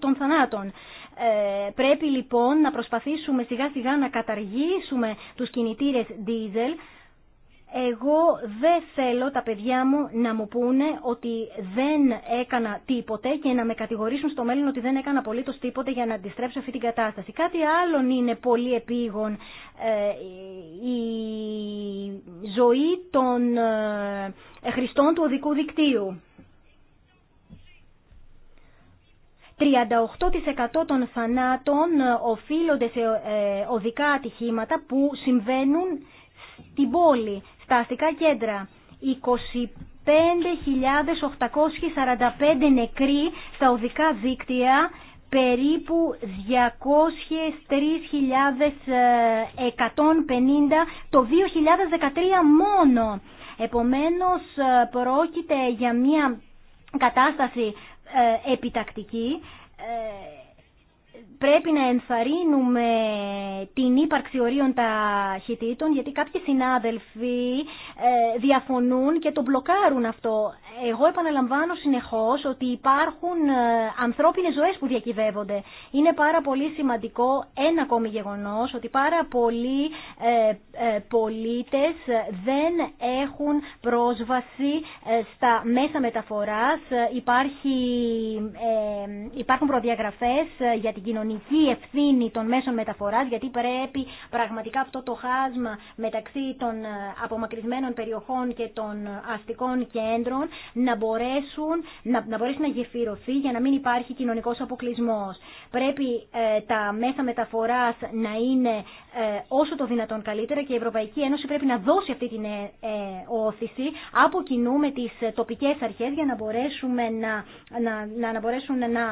Speaker 3: των θανάτων. Ε, πρέπει λοιπόν να προσπαθήσουμε σιγά σιγά να καταργήσουμε τους κινητήρες diesel. Εγώ δεν θέλω τα παιδιά μου να μου πούνε ότι δεν έκανα τίποτε και να με κατηγορήσουν στο μέλλον ότι δεν έκανα απολύτω τίποτε για να αντιστρέψω αυτή την κατάσταση. Κάτι άλλο είναι πολύ επίγον ε, η ζωή των ε, χρηστών του οδικού δικτύου. 38% των θανάτων ε, οφείλονται σε ε, οδικά ατυχήματα που συμβαίνουν στην πόλη, στα αστικά κέντρα. 25.845 νεκροί στα οδικά δίκτυα, περίπου 203.150 ε, το 2013 μόνο. Επομένως πρόκειται για μια κατάσταση ε, επιτακτική ε, πρέπει να ενθαρρύνουμε την ύπαρξη ορίων ταχυτήτων γιατί κάποιοι συνάδελφοι ε, διαφωνούν και το μπλοκάρουν αυτό. Εγώ επαναλαμβάνω συνεχώς ότι υπάρχουν ε, ανθρώπινες ζωές που διακυβεύονται. Είναι πάρα πολύ σημαντικό ένα ακόμη γεγονός ότι πάρα πολλοί ε, πολίτες δεν έχουν πρόσβαση στα μέσα μεταφοράς. Υπάρχει, υπάρχουν προδιαγραφές για την κοινωνική ευθύνη των μέσων μεταφοράς, γιατί πρέπει πραγματικά αυτό το χάσμα μεταξύ των ε, απομακρυσμένων περιοχών και των ε, αστικών κέντρων να, μπορέσουν, να, να μπορέσει να γεφυρωθεί για να μην υπάρχει κοινωνικός αποκλεισμός. Πρέπει ε, τα μέσα μεταφοράς να είναι όσο το δυνατόν καλύτερα και η Ευρωπαϊκή Ένωση πρέπει να δώσει αυτή την όθηση από κοινού με τις τοπικές αρχές για να μπορέσουμε να, να, να μπορέσουν να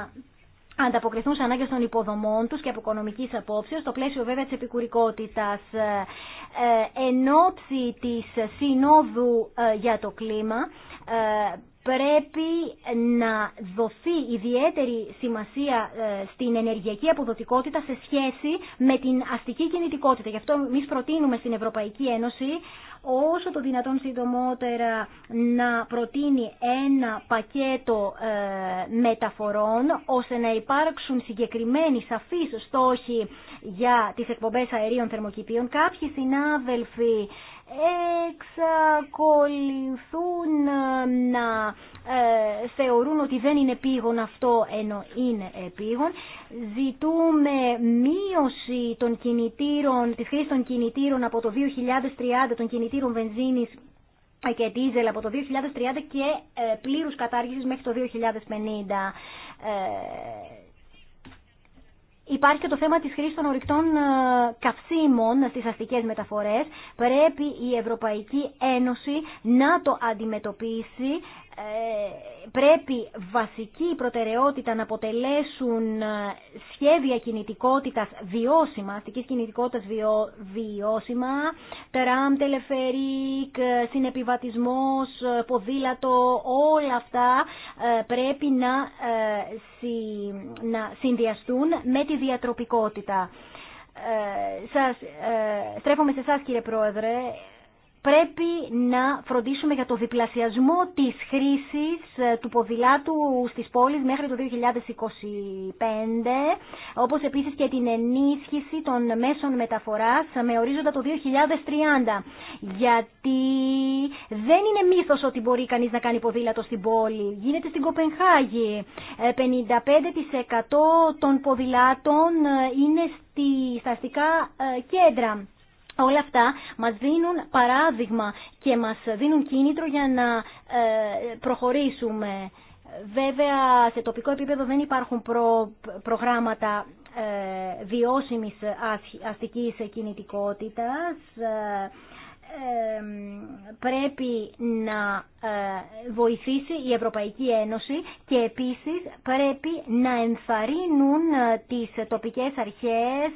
Speaker 3: ανταποκριθούν σε ανάγκες των υποδομών τους και από οικονομικής απόψεως, στο πλαίσιο βέβαια της επικουρικότητας ε, ε, ενόψη της Συνόδου ε, για το κλίμα ε, πρέπει να δοθεί ιδιαίτερη σημασία ε, στην ενεργειακή αποδοτικότητα σε σχέση με την αστική κινητικότητα. Γι' αυτό εμεί προτείνουμε στην Ευρωπαϊκή Ένωση όσο το δυνατόν συντομότερα να προτείνει ένα πακέτο ε, μεταφορών ώστε να υπάρξουν συγκεκριμένοι σαφείς στόχοι για τις εκπομπές αερίων θερμοκηπίων. Κάποιοι συνάδελφοι εξακολουθούν ε, να ε, θεωρούν ότι δεν είναι πήγον αυτό ενώ είναι πήγον. Ζητούμε μείωση των κινητήρων, της χρήσης των κινητήρων από το 2030, των κινητήρων βενζίνης και δίζελ από το 2030 και ε, πλήρους κατάργησης μέχρι το 2050 Υπάρχει και το θέμα της χρήση των ορυκτών ε, καυσίμων στι αστικέ μεταφορές. Πρέπει η Ευρωπαϊκή Ένωση να το αντιμετωπίσει ε, πρέπει βασική προτεραιότητα να αποτελέσουν ε, σχέδια κινητικότητας βιώσιμα, αστικής κινητικότητας βιώ, βιώσιμα, τραμ, τελεφερίκ, ε, συνεπιβατισμός, ποδήλατο, όλα αυτά πρέπει να, να συνδυαστούν με τη διατροπικότητα. σας, στρέφομαι σε εσά κύριε Πρόεδρε, πρέπει να φροντίσουμε για το διπλασιασμό της χρήσης ε, του ποδηλάτου στις πόλεις μέχρι το 2025, όπως επίσης και την ενίσχυση των μέσων μεταφοράς με ορίζοντα το 2030. Γιατί δεν είναι μύθος ότι μπορεί κανείς να κάνει ποδήλατο στην πόλη. Γίνεται στην Κοπενχάγη. 55% ε, των ποδηλάτων ε, είναι στα αστικά κέντρα. Όλα αυτά μας δίνουν παράδειγμα και μας δίνουν κίνητρο για να ε, προχωρήσουμε. Βέβαια, σε τοπικό επίπεδο δεν υπάρχουν προγράμματα ε, βιώσιμης αστικής κινητικότητας. Ε, πρέπει να ε, βοηθήσει η Ευρωπαϊκή Ένωση και επίσης πρέπει να ενθαρρύνουν τις τοπικές αρχές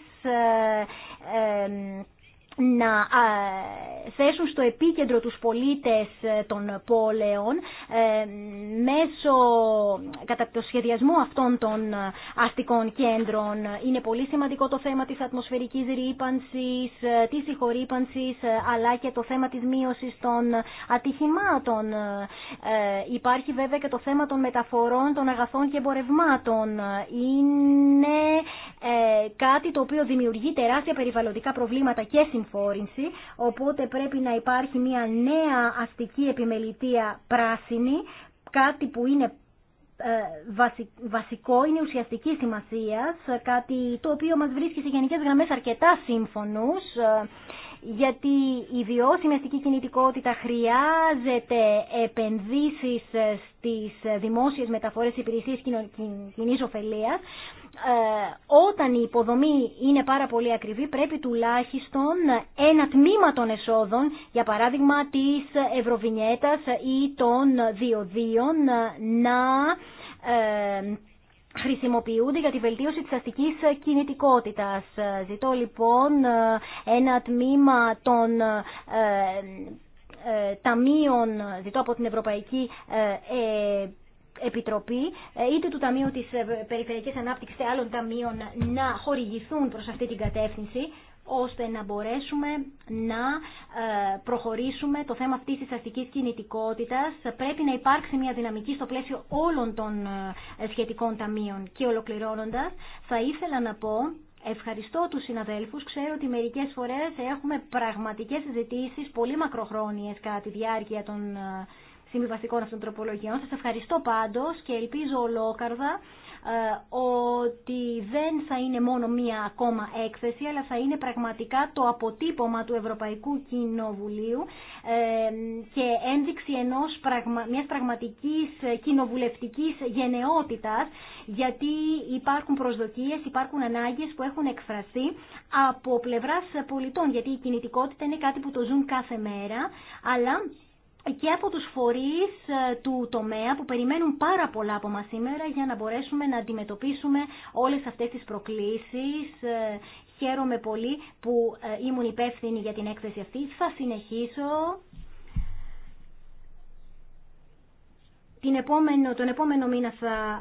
Speaker 3: να ε, θέσουν στο επίκεντρο τους πολίτες ε, των πόλεων ε, μέσω κατά το σχεδιασμό αυτών των αστικών κέντρων. Είναι πολύ σημαντικό το θέμα της ατμοσφαιρικής ρήπανσης, της συγχωρήπανσης, αλλά και το θέμα της μείωσης των ατυχημάτων. Υπάρχει βέβαια και το θέμα των μεταφορών, των αγαθών και εμπορευμάτων. Είναι κάτι το οποίο δημιουργεί τεράστια περιβαλλοντικά προβλήματα και οπότε πρέπει να υπάρχει μια νέα αστική επιμελητία πράσινη, κάτι που είναι ε, βασικό, είναι ουσιαστική σημασία, κάτι το οποίο μας βρίσκει σε γενικές γραμμές αρκετά σύμφωνους. Ε, γιατί η βιώσιμη αστική κινητικότητα χρειάζεται επενδύσεις στις δημόσιες μεταφορές υπηρεσίες κοινή ωφελία. Ε, όταν η υποδομή είναι πάρα πολύ ακριβή πρέπει τουλάχιστον ένα τμήμα των εσόδων, για παράδειγμα της Ευρωβινιέτας ή των διοδίων να ε, χρησιμοποιούνται για τη βελτίωση της αστικής κινητικότητας. Ζητώ λοιπόν ένα τμήμα των ε, ε, ταμείων, ζητώ από την Ευρωπαϊκή ε, Επιτροπή, είτε του Ταμείου της Περιφερειακής Ανάπτυξης, είτε άλλων ταμείων να χορηγηθούν προς αυτή την κατεύθυνση ώστε να μπορέσουμε να ε, προχωρήσουμε το θέμα αυτής της αστικής κινητικότητας. Πρέπει να υπάρξει μια δυναμική στο πλαίσιο όλων των ε, σχετικών ταμείων. Και ολοκληρώνοντας, θα ήθελα να πω Ευχαριστώ τους συναδέλφους. Ξέρω ότι μερικές φορές έχουμε πραγματικές συζητήσει πολύ μακροχρόνιες κατά τη διάρκεια των ε, συμβιβαστικών αυτών τροπολογιών. Σας ευχαριστώ πάντως και ελπίζω ολόκαρδα ε, ότι δεν θα είναι μόνο μία ακόμα έκθεση, αλλά θα είναι πραγματικά το αποτύπωμα του Ευρωπαϊκού Κοινοβουλίου ε, και ένδειξη ενός πραγμα... μιας πραγματικής κοινοβουλευτικής γενναιότητας, γιατί υπάρχουν προσδοκίες, υπάρχουν ανάγκες που έχουν εκφραστεί από πλευράς πολιτών, γιατί η κινητικότητα είναι κάτι που το ζουν κάθε μέρα, αλλά και από τους φορείς ε, του τομέα που περιμένουν πάρα πολλά από μας σήμερα για να μπορέσουμε να αντιμετωπίσουμε όλες αυτές τις προκλήσεις. Ε, χαίρομαι πολύ που ε, ήμουν υπεύθυνη για την έκθεση αυτή. Θα συνεχίσω Την επόμενο, τον επόμενο μήνα θα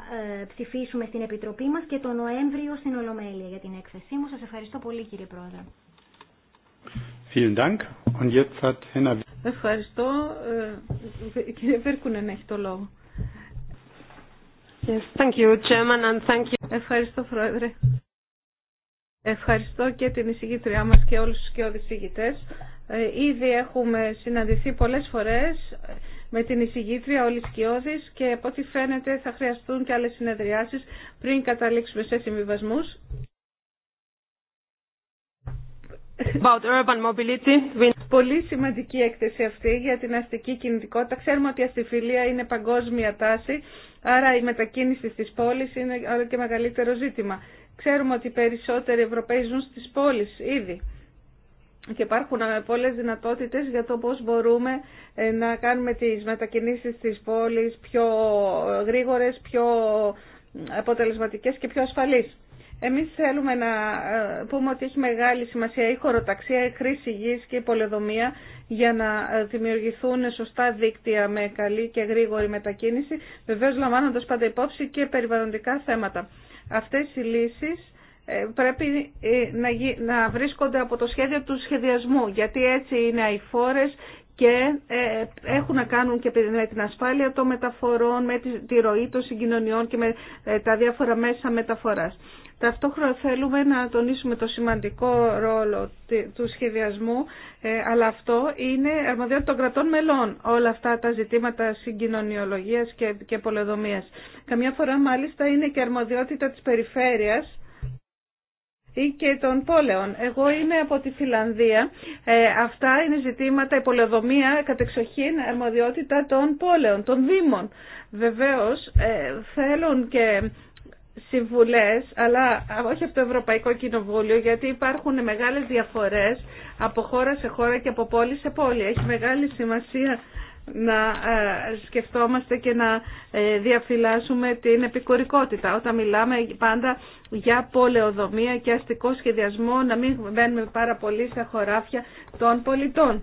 Speaker 3: ψηφίσουμε στην Επιτροπή μας και τον Νοέμβριο στην Ολομέλεια για την έκθεσή μου. Σας ευχαριστώ πολύ κύριε Πρόεδρε. Ευχαριστώ. Ε, ε, κύριε
Speaker 2: Βέρκουνεν έχει το λόγο. Yes, thank you, Chairman, and thank you. Ευχαριστώ, Πρόεδρε. Ευχαριστώ και την εισηγήτριά μας και όλους τους και εισηγητές. Ε, ήδη έχουμε συναντηθεί πολλές φορές με την εισηγήτρια όλη Σκιώδης και από ό,τι φαίνεται θα χρειαστούν και άλλες συνεδριάσεις πριν καταλήξουμε σε συμβιβασμούς.
Speaker 4: About urban
Speaker 2: mobility. Πολύ σημαντική έκθεση αυτή για την αστική κινητικότητα. Ξέρουμε ότι η αστιφιλία είναι παγκόσμια τάση, άρα η μετακίνηση στις πόλεις είναι όλο και μεγαλύτερο ζήτημα. Ξέρουμε ότι περισσότεροι Ευρωπαίοι ζουν στις πόλεις ήδη και υπάρχουν ε, πολλές δυνατότητες για το πώς μπορούμε ε, να κάνουμε τις μετακινήσεις στις πόλεις πιο ε, γρήγορες, πιο αποτελεσματικές και πιο ασφαλείς. Εμείς θέλουμε να ε, πούμε ότι έχει μεγάλη σημασία η χωροταξία, η χρήση γης και η πολεδομία για να ε, δημιουργηθούν σωστά δίκτυα με καλή και γρήγορη μετακίνηση, βεβαίως λαμβάνοντας πάντα υπόψη και περιβαλλοντικά θέματα. Αυτές οι λύσεις ε, πρέπει να βρίσκονται από το σχέδιο του σχεδιασμού, γιατί έτσι είναι αηφόρες, και ε, έχουν να κάνουν και με την ασφάλεια των μεταφορών, με τη ροή των συγκοινωνιών και με ε, τα διάφορα μέσα μεταφοράς. Ταυτόχρονα θέλουμε να τονίσουμε το σημαντικό ρόλο του σχεδιασμού, ε, αλλά αυτό είναι αρμοδιότητα των κρατών μελών, όλα αυτά τα ζητήματα συγκοινωνιολογίας και πολεδομίας. Καμιά φορά μάλιστα είναι και αρμοδιότητα της περιφέρειας, ή και των πόλεων. Εγώ είμαι από τη Φιλανδία. Ε, αυτά είναι ζητήματα, η πολεοδομία κατεξοχήν αρμοδιότητα των πόλεων, των δήμων. Βεβαίως ε, θέλουν και συμβουλές, αλλά όχι από το Ευρωπαϊκό Κοινοβούλιο, γιατί υπάρχουν μεγάλες διαφορές από χώρα σε χώρα και από πόλη σε πόλη. Έχει μεγάλη σημασία να ε, σκεφτόμαστε και να ε, διαφυλάσσουμε την επικορικότητα. Όταν μιλάμε πάντα για πολεοδομία και αστικό σχεδιασμό, να μην μπαίνουμε πάρα πολύ στα χωράφια των πολιτών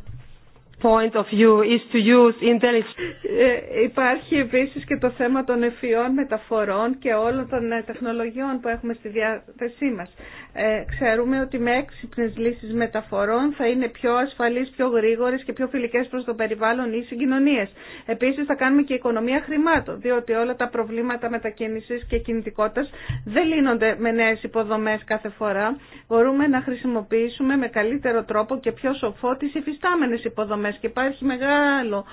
Speaker 2: point of view is to use ε, υπάρχει επίσης και το θέμα των ευφυών μεταφορών και όλων των ε, τεχνολογιών που έχουμε στη διάθεσή μας. Ε, ξέρουμε ότι με έξυπνες λύσεις μεταφορών θα είναι πιο ασφαλείς, πιο γρήγορες και πιο φιλικές προς το περιβάλλον ή συγκοινωνίες. Επίσης θα κάνουμε και οικονομία χρημάτων, διότι όλα τα προβλήματα μετακίνησης και κινητικότητας δεν λύνονται με νέες υποδομές κάθε φορά. Μπορούμε να χρησιμοποιήσουμε με καλύτερο τρόπο και πιο σοφό τις υφιστάμενες υποδομές και υπάρχει μεγάλο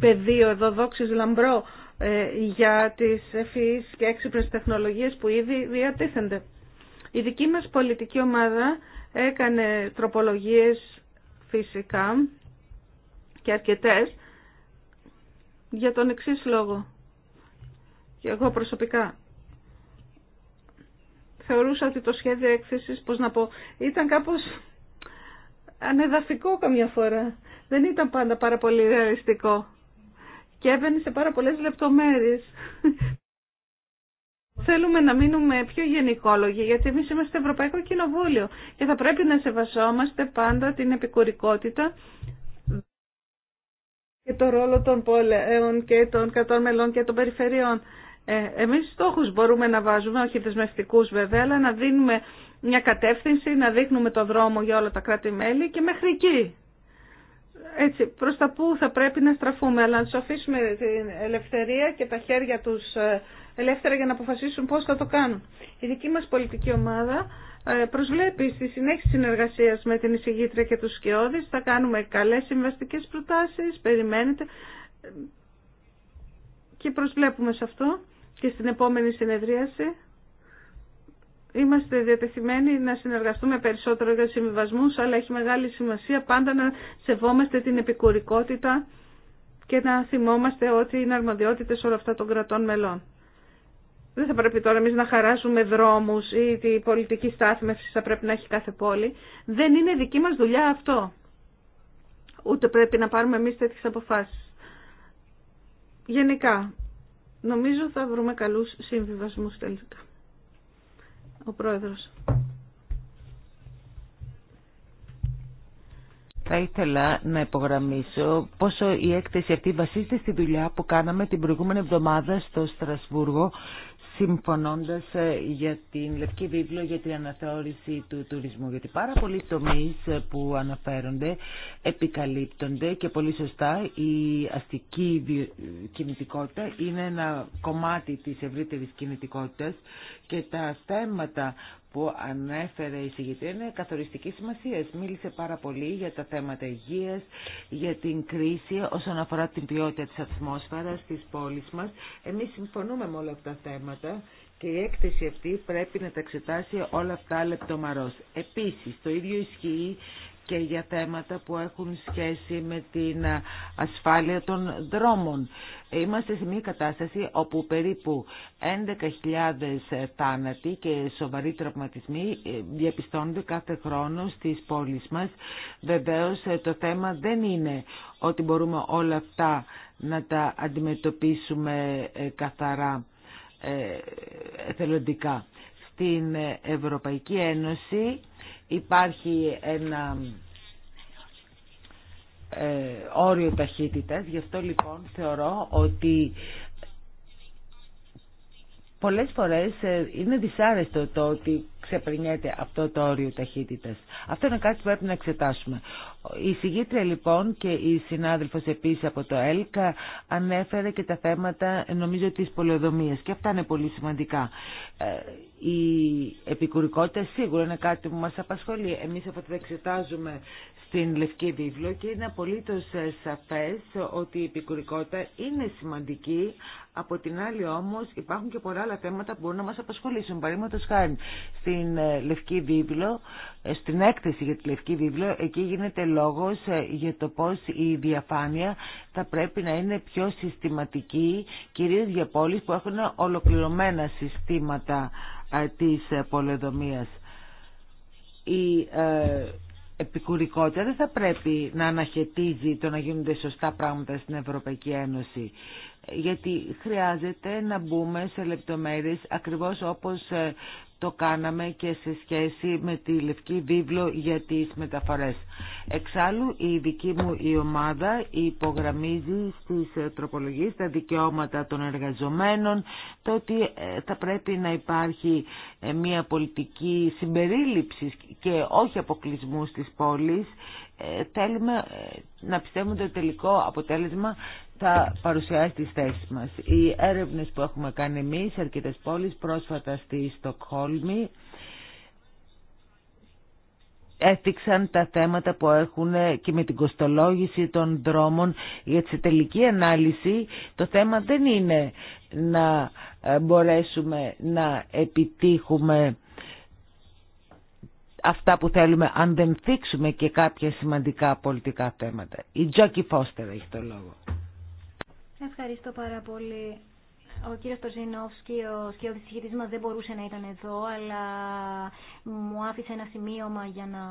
Speaker 2: πεδίο εδώ δόξης λαμπρό ε, για τις ευφυείς και έξυπνες τεχνολογίες που ήδη διατίθενται. Η δική μας πολιτική ομάδα έκανε τροπολογίες φυσικά και αρκετές για τον εξή λόγο. Και εγώ προσωπικά θεωρούσα ότι το σχέδιο έκθεσης, πώς να πω, ήταν κάπως ανεδαφικό καμιά φορά δεν ήταν πάντα πάρα πολύ ρεαλιστικό και έβαινε σε πάρα πολλές λεπτομέρειες. Θέλουμε να μείνουμε πιο γενικόλογοι, γιατί εμείς είμαστε Ευρωπαϊκό Κοινοβούλιο και θα πρέπει να σεβασόμαστε πάντα την επικουρικότητα και το ρόλο των πόλεων και των κρατών μελών και των περιφερειών. Ε, εμείς στόχους μπορούμε να βάζουμε, όχι δεσμευτικού βέβαια, αλλά να δίνουμε μια κατεύθυνση, να δείχνουμε το δρόμο για όλα τα κράτη-μέλη και μέχρι εκεί έτσι, προς τα που θα πρέπει να στραφούμε, αλλά να τους αφήσουμε την ελευθερία και τα χέρια τους ε, ελεύθερα για να αποφασίσουν πώς θα το κάνουν. Η δική μας πολιτική ομάδα ε, προσβλέπει στη συνέχιση συνεργασίας με την εισηγήτρια και τους σκιώδεις, θα κάνουμε καλές συμβαστικές προτάσεις, περιμένετε ε, και προσβλέπουμε σε αυτό και στην επόμενη συνεδρίαση Είμαστε διατεθειμένοι να συνεργαστούμε περισσότερο για συμβιβασμού, αλλά έχει μεγάλη σημασία πάντα να σεβόμαστε την επικουρικότητα και να θυμόμαστε ότι είναι αρμοδιότητες όλα αυτά των κρατών μελών. Δεν θα πρέπει τώρα εμεί να χαράσουμε δρόμου ή τη πολιτική στάθμευση θα πρέπει να έχει κάθε πόλη. Δεν είναι δική μα δουλειά αυτό. Ούτε πρέπει να πάρουμε εμεί τέτοιε αποφάσει. Γενικά, νομίζω θα βρούμε καλούς συμβιβασμούς τελικά ο Πρόεδρος.
Speaker 4: Θα ήθελα να υπογραμμίσω πόσο η έκθεση αυτή βασίζεται στη δουλειά που κάναμε την προηγούμενη εβδομάδα στο Στρασβούργο συμφωνώντας ε, για την Λευκή Βίβλο για την αναθεώρηση του τουρισμού. Γιατί πάρα πολλοί τομείς ε, που αναφέρονται επικαλύπτονται και πολύ σωστά η αστική κινητικότητα είναι ένα κομμάτι της ευρύτερης κινητικότητας και τα θέματα που ανέφερε η συγκεκριμένη είναι καθοριστική σημασία. Μίλησε πάρα πολύ για τα θέματα υγεία για την κρίση όσον αφορά την ποιότητα της ατμόσφαιρας τη πόλη μας. Εμείς συμφωνούμε με όλα αυτά τα θέματα και η έκθεση αυτή πρέπει να τα εξετάσει όλα αυτά λεπτομαρώς. Επίσης, το ίδιο ισχύει και για θέματα που έχουν σχέση με την ασφάλεια των δρόμων. Είμαστε σε μια κατάσταση όπου περίπου 11.000 θάνατοι και σοβαροί τραυματισμοί ε, διαπιστώνονται κάθε χρόνο στις πόλεις μας. Βεβαίως ε, το θέμα δεν είναι ότι μπορούμε όλα αυτά να τα αντιμετωπίσουμε ε, καθαρά εθελοντικά στην Ευρωπαϊκή Ένωση υπάρχει ένα ε, όριο ταχύτητας. Γι' αυτό λοιπόν θεωρώ ότι πολλές φορές ε, είναι δυσάρεστο το ότι ξεπερνιέται αυτό το όριο ταχύτητας. Αυτό είναι κάτι που πρέπει να εξετάσουμε. Η συγγήτρια λοιπόν και η συνάδελφος επίσης από το ΕΛΚΑ ανέφερε και τα θέματα νομίζω της πολεοδομίας και αυτά είναι πολύ σημαντικά. Ε, η επικουρικότητα σίγουρα είναι κάτι που μας απασχολεί. Εμείς αυτό το εξετάζουμε στην Λευκή Βίβλο και είναι απολύτως ε, σαφές ότι η επικουρικότητα είναι σημαντική από την άλλη όμως υπάρχουν και πολλά άλλα θέματα που μπορούν να μα απασχολήσουν. χάρη, στην ε, Λευκή Βίβλο, ε, στην έκθεση για τη Λευκή Βίβλο, εκεί γίνεται λόγος ε, για το πώς η διαφάνεια θα πρέπει να είναι πιο συστηματική, κυρίως για πόλεις που έχουν ολοκληρωμένα συστήματα της πολεδομίας. Η επικουρικότητα δεν θα πρέπει να αναχαιτίζει το να γίνονται σωστά πράγματα στην Ευρωπαϊκή Ένωση γιατί χρειάζεται να μπούμε σε λεπτομέρειες ακριβώς όπως το κάναμε και σε σχέση με τη Λευκή Βίβλο για τις μεταφορές. Εξάλλου η δική μου η ομάδα υπογραμμίζει στις τροπολογίες τα δικαιώματα των εργαζομένων, το ότι ε, θα πρέπει να υπάρχει ε, μια πολιτική συμπερίληψης και όχι αποκλεισμού στις πόλεις. Ε, θέλουμε να πιστεύουμε το τελικό αποτέλεσμα θα παρουσιάσει τις θέσεις μας. Οι έρευνες που έχουμε κάνει εμείς σε αρκετές πόλεις, πρόσφατα στη Στοκχόλμη, έφτιαξαν τα θέματα που έχουν και με την κοστολόγηση των δρόμων για τη τελική ανάλυση το θέμα δεν είναι να ε, μπορέσουμε να επιτύχουμε αυτά που θέλουμε αν δεν θίξουμε και κάποια σημαντικά πολιτικά θέματα. Η Τζόκι Φώστερ έχει το λόγο.
Speaker 3: Ευχαριστώ πάρα πολύ. Ο κύριος Τοζινόφσκι, ο σκιώδης μας δεν μπορούσε να ήταν εδώ, αλλά μου άφησε ένα σημείωμα για να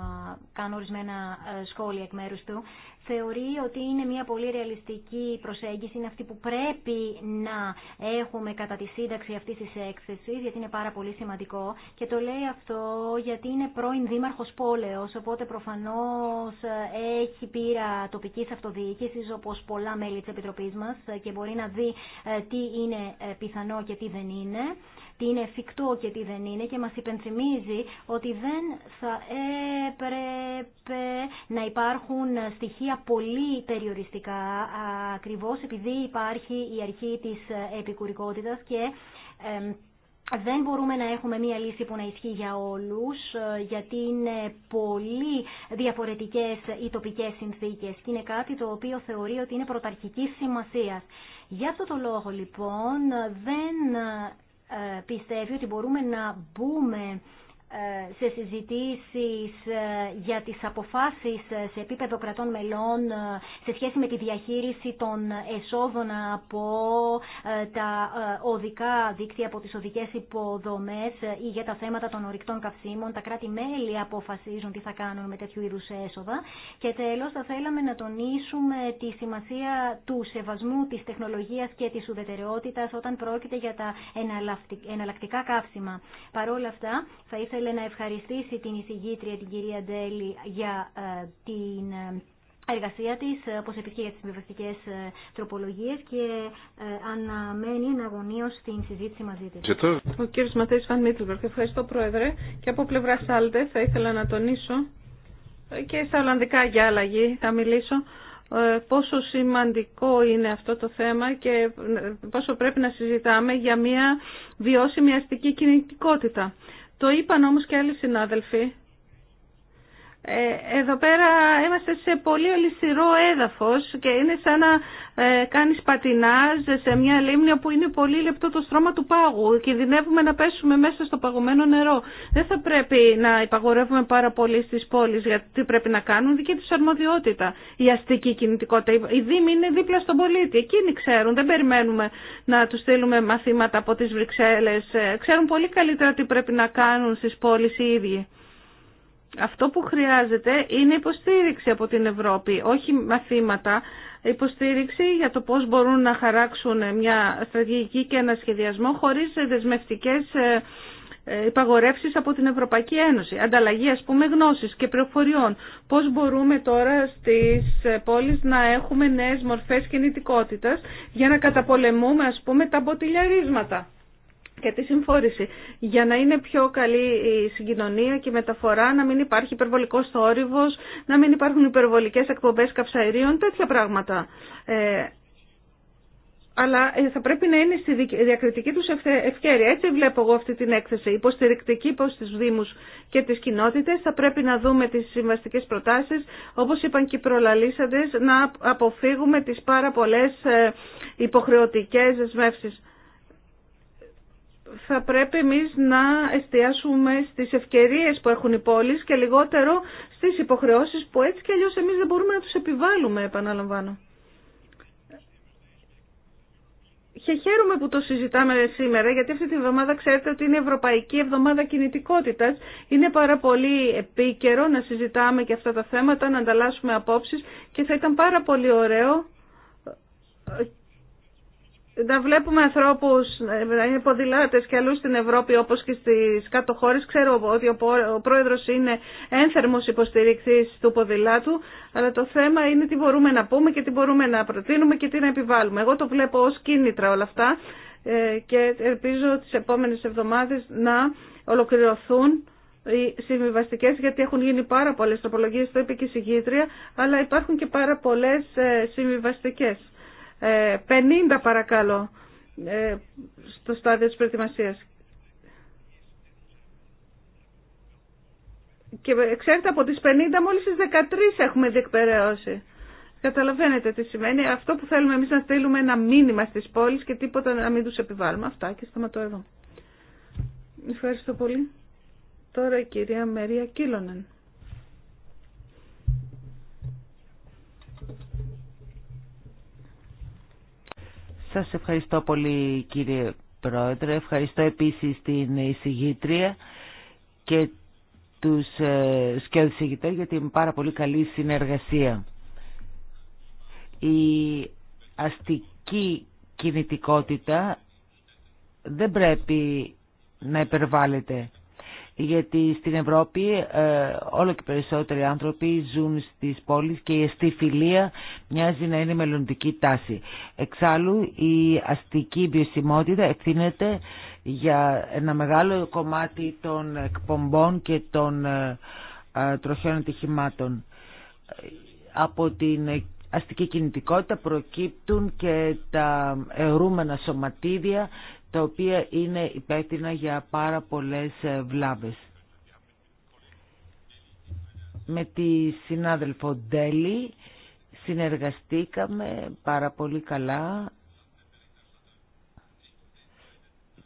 Speaker 3: κάνω ορισμένα ε, σχόλια εκ μέρους του θεωρεί ότι είναι μια πολύ ρεαλιστική προσέγγιση, είναι αυτή που πρέπει να έχουμε κατά τη σύνταξη αυτή τη έκθεση, γιατί είναι πάρα πολύ σημαντικό. Και το λέει αυτό γιατί είναι πρώην δήμαρχο πόλεο, οπότε προφανώ ε, έχει πείρα τοπική αυτοδιοίκηση, όπω πολλά μέλη τη Επιτροπή μα, ε, και μπορεί να δει ε, τι είναι πιθανό και τι δεν είναι τι είναι εφικτό και τι δεν είναι και μας υπενθυμίζει ότι δεν θα έπρεπε να υπάρχουν στοιχεία πολύ περιοριστικά ακριβώς επειδή υπάρχει η αρχή της επικουρικότητας και δεν μπορούμε να έχουμε μία λύση που να ισχύει για όλους, γιατί είναι πολύ διαφορετικές οι τοπικές συνθήκες και είναι κάτι το οποίο θεωρεί ότι είναι πρωταρχική σημασίας. Για αυτό το λόγο λοιπόν δεν ε, πιστεύει ότι μπορούμε να μπούμε ε, σε συζητήσεις ε, για τις αποφάσεις ε, σε επίπεδο κρατών μελών σε σχέση με τη διαχείριση των εσόδων από τα οδικά δίκτυα, από τις οδικές υποδομές ή για τα θέματα των ορυκτών καυσίμων. Τα κράτη-μέλη αποφασίζουν τι θα κάνουν με τέτοιου είδους έσοδα. Και τέλος θα θέλαμε να τονίσουμε τη σημασία του σεβασμού της τεχνολογίας και της ουδετεραιότητας όταν πρόκειται για τα εναλλακτικά καύσιμα. Παρόλα αυτά, θα ήθελε να ευχαριστήσει την εισηγήτρια την κυρία Ντέλη για ε, την ε, εργασία της, ε, όπως επίσης και για τις συμβιβαστικές τροπολογίες και αναμένει αγωνίως την συζήτηση μαζί της.
Speaker 2: Ο κύριος Ματέης Φαν Μίτλβερκ, ευχαριστώ Πρόεδρε. Και από πλευρά Σάλτε θα ήθελα να τονίσω και στα Ολλανδικά για αλλαγή θα μιλήσω πόσο σημαντικό είναι αυτό το θέμα και πόσο πρέπει να συζητάμε για μια βιώσιμη αστική κινητικότητα. Το είπαν όμως και άλλοι συνάδελφοι ε, εδώ πέρα είμαστε σε πολύ αλυσιρό έδαφος και είναι σαν να ε, κάνεις πατινάζ σε μια λίμνη που είναι πολύ λεπτό το στρώμα του πάγου. και Κινδυνεύουμε να πέσουμε μέσα στο παγωμένο νερό. Δεν θα πρέπει να υπαγορεύουμε πάρα πολύ στις πόλεις γιατί πρέπει να κάνουν δική τους αρμοδιότητα η αστική κινητικότητα. Οι δήμοι είναι δίπλα στον πολίτη. Εκείνοι ξέρουν. Δεν περιμένουμε να τους στείλουμε μαθήματα από τις Βρυξέλλες. Ε, ξέρουν πολύ καλύτερα τι πρέπει να κάνουν στις πόλεις οι ίδιοι. Αυτό που χρειάζεται είναι υποστήριξη από την Ευρώπη, όχι μαθήματα, υποστήριξη για το πώς μπορούν να χαράξουν μια στρατηγική και ένα σχεδιασμό χωρίς δεσμευτικές ε, ε, υπαγορεύσεις από την Ευρωπαϊκή Ένωση. Ανταλλαγή ας πούμε γνώσης και πληροφοριών. Πώς μπορούμε τώρα στις πόλεις να έχουμε νέες μορφές κινητικότητας για να καταπολεμούμε ας πούμε τα μποτιλιαρίσματα και τη συμφόρηση. Για να είναι πιο καλή η συγκοινωνία και η μεταφορά, να μην υπάρχει υπερβολικό θόρυβο, να μην υπάρχουν υπερβολικέ εκπομπέ καυσαερίων, τέτοια πράγματα. Ε, αλλά ε, θα πρέπει να είναι στη διακριτική του ευκαιρία. Έτσι βλέπω εγώ αυτή την έκθεση. Υποστηρικτική προ του δήμου και τι κοινότητε, Θα πρέπει να δούμε τι συμβαστικέ προτάσει, όπω είπαν και οι προλαλήσαντε, να αποφύγουμε τι πάρα πολλέ ε, υποχρεωτικέ δεσμεύσει θα πρέπει εμείς να εστιάσουμε στις ευκαιρίες που έχουν οι πόλεις και λιγότερο στις υποχρεώσεις που έτσι και αλλιώς εμείς δεν μπορούμε να τους επιβάλλουμε, επαναλαμβάνω. Και χαίρομαι που το συζητάμε σήμερα, γιατί αυτή τη βδομάδα ξέρετε ότι είναι Ευρωπαϊκή Εβδομάδα Κινητικότητας. Είναι πάρα πολύ επίκαιρο να συζητάμε και αυτά τα θέματα, να ανταλλάσσουμε απόψεις και θα ήταν πάρα πολύ ωραίο να βλέπουμε ανθρώπους να είναι ποδηλάτε και αλλού στην Ευρώπη όπω και στι κάτω χώρε, Ξέρω ότι ο πρόεδρο είναι ένθερμος υποστηρικτή του ποδηλάτου, αλλά το θέμα είναι τι μπορούμε να πούμε και τι μπορούμε να προτείνουμε και τι να επιβάλλουμε. Εγώ το βλέπω ω κίνητρα όλα αυτά ε, και ελπίζω τις επόμενες εβδομάδες να ολοκληρωθούν οι συμβιβαστικέ, γιατί έχουν γίνει πάρα πολλέ τροπολογίε, το είπε και η συγκήτρια, αλλά υπάρχουν και πάρα πολλέ ε, συμβιβαστικέ. 50 ε, παρακαλώ ε, στο στάδιο της προετοιμασίας. Και ξέρετε από τις 50 μόλις τις 13 έχουμε διεκπαιρεώσει. Καταλαβαίνετε τι σημαίνει. Αυτό που θέλουμε εμείς να στείλουμε ένα μήνυμα στις πόλεις και τίποτα να μην τους επιβάλλουμε. Αυτά και σταματώ εδώ. Ευχαριστώ πολύ. Τώρα η κυρία Μερία Κίλωνεν.
Speaker 4: Σας ευχαριστώ πολύ κύριε Πρόεδρε. Ευχαριστώ επίσης την εισηγήτρια και τους ε, σκέδους για την πάρα πολύ καλή συνεργασία. Η αστική κινητικότητα δεν πρέπει να υπερβάλλεται γιατί στην Ευρώπη ε, όλο και περισσότεροι άνθρωποι ζουν στις πόλεις και η αισθηφιλία μοιάζει να είναι μελλοντική τάση. Εξάλλου η αστική βιωσιμότητα ευθύνεται για ένα μεγάλο κομμάτι των εκπομπών και των ε, ε, ατυχημάτων. Από την αστική κινητικότητα προκύπτουν και τα αιρούμενα σωματίδια τα οποία είναι υπεύθυνα για πάρα πολλές ε, βλάβες. Με τη συνάδελφο Ντέλη συνεργαστήκαμε πάρα πολύ καλά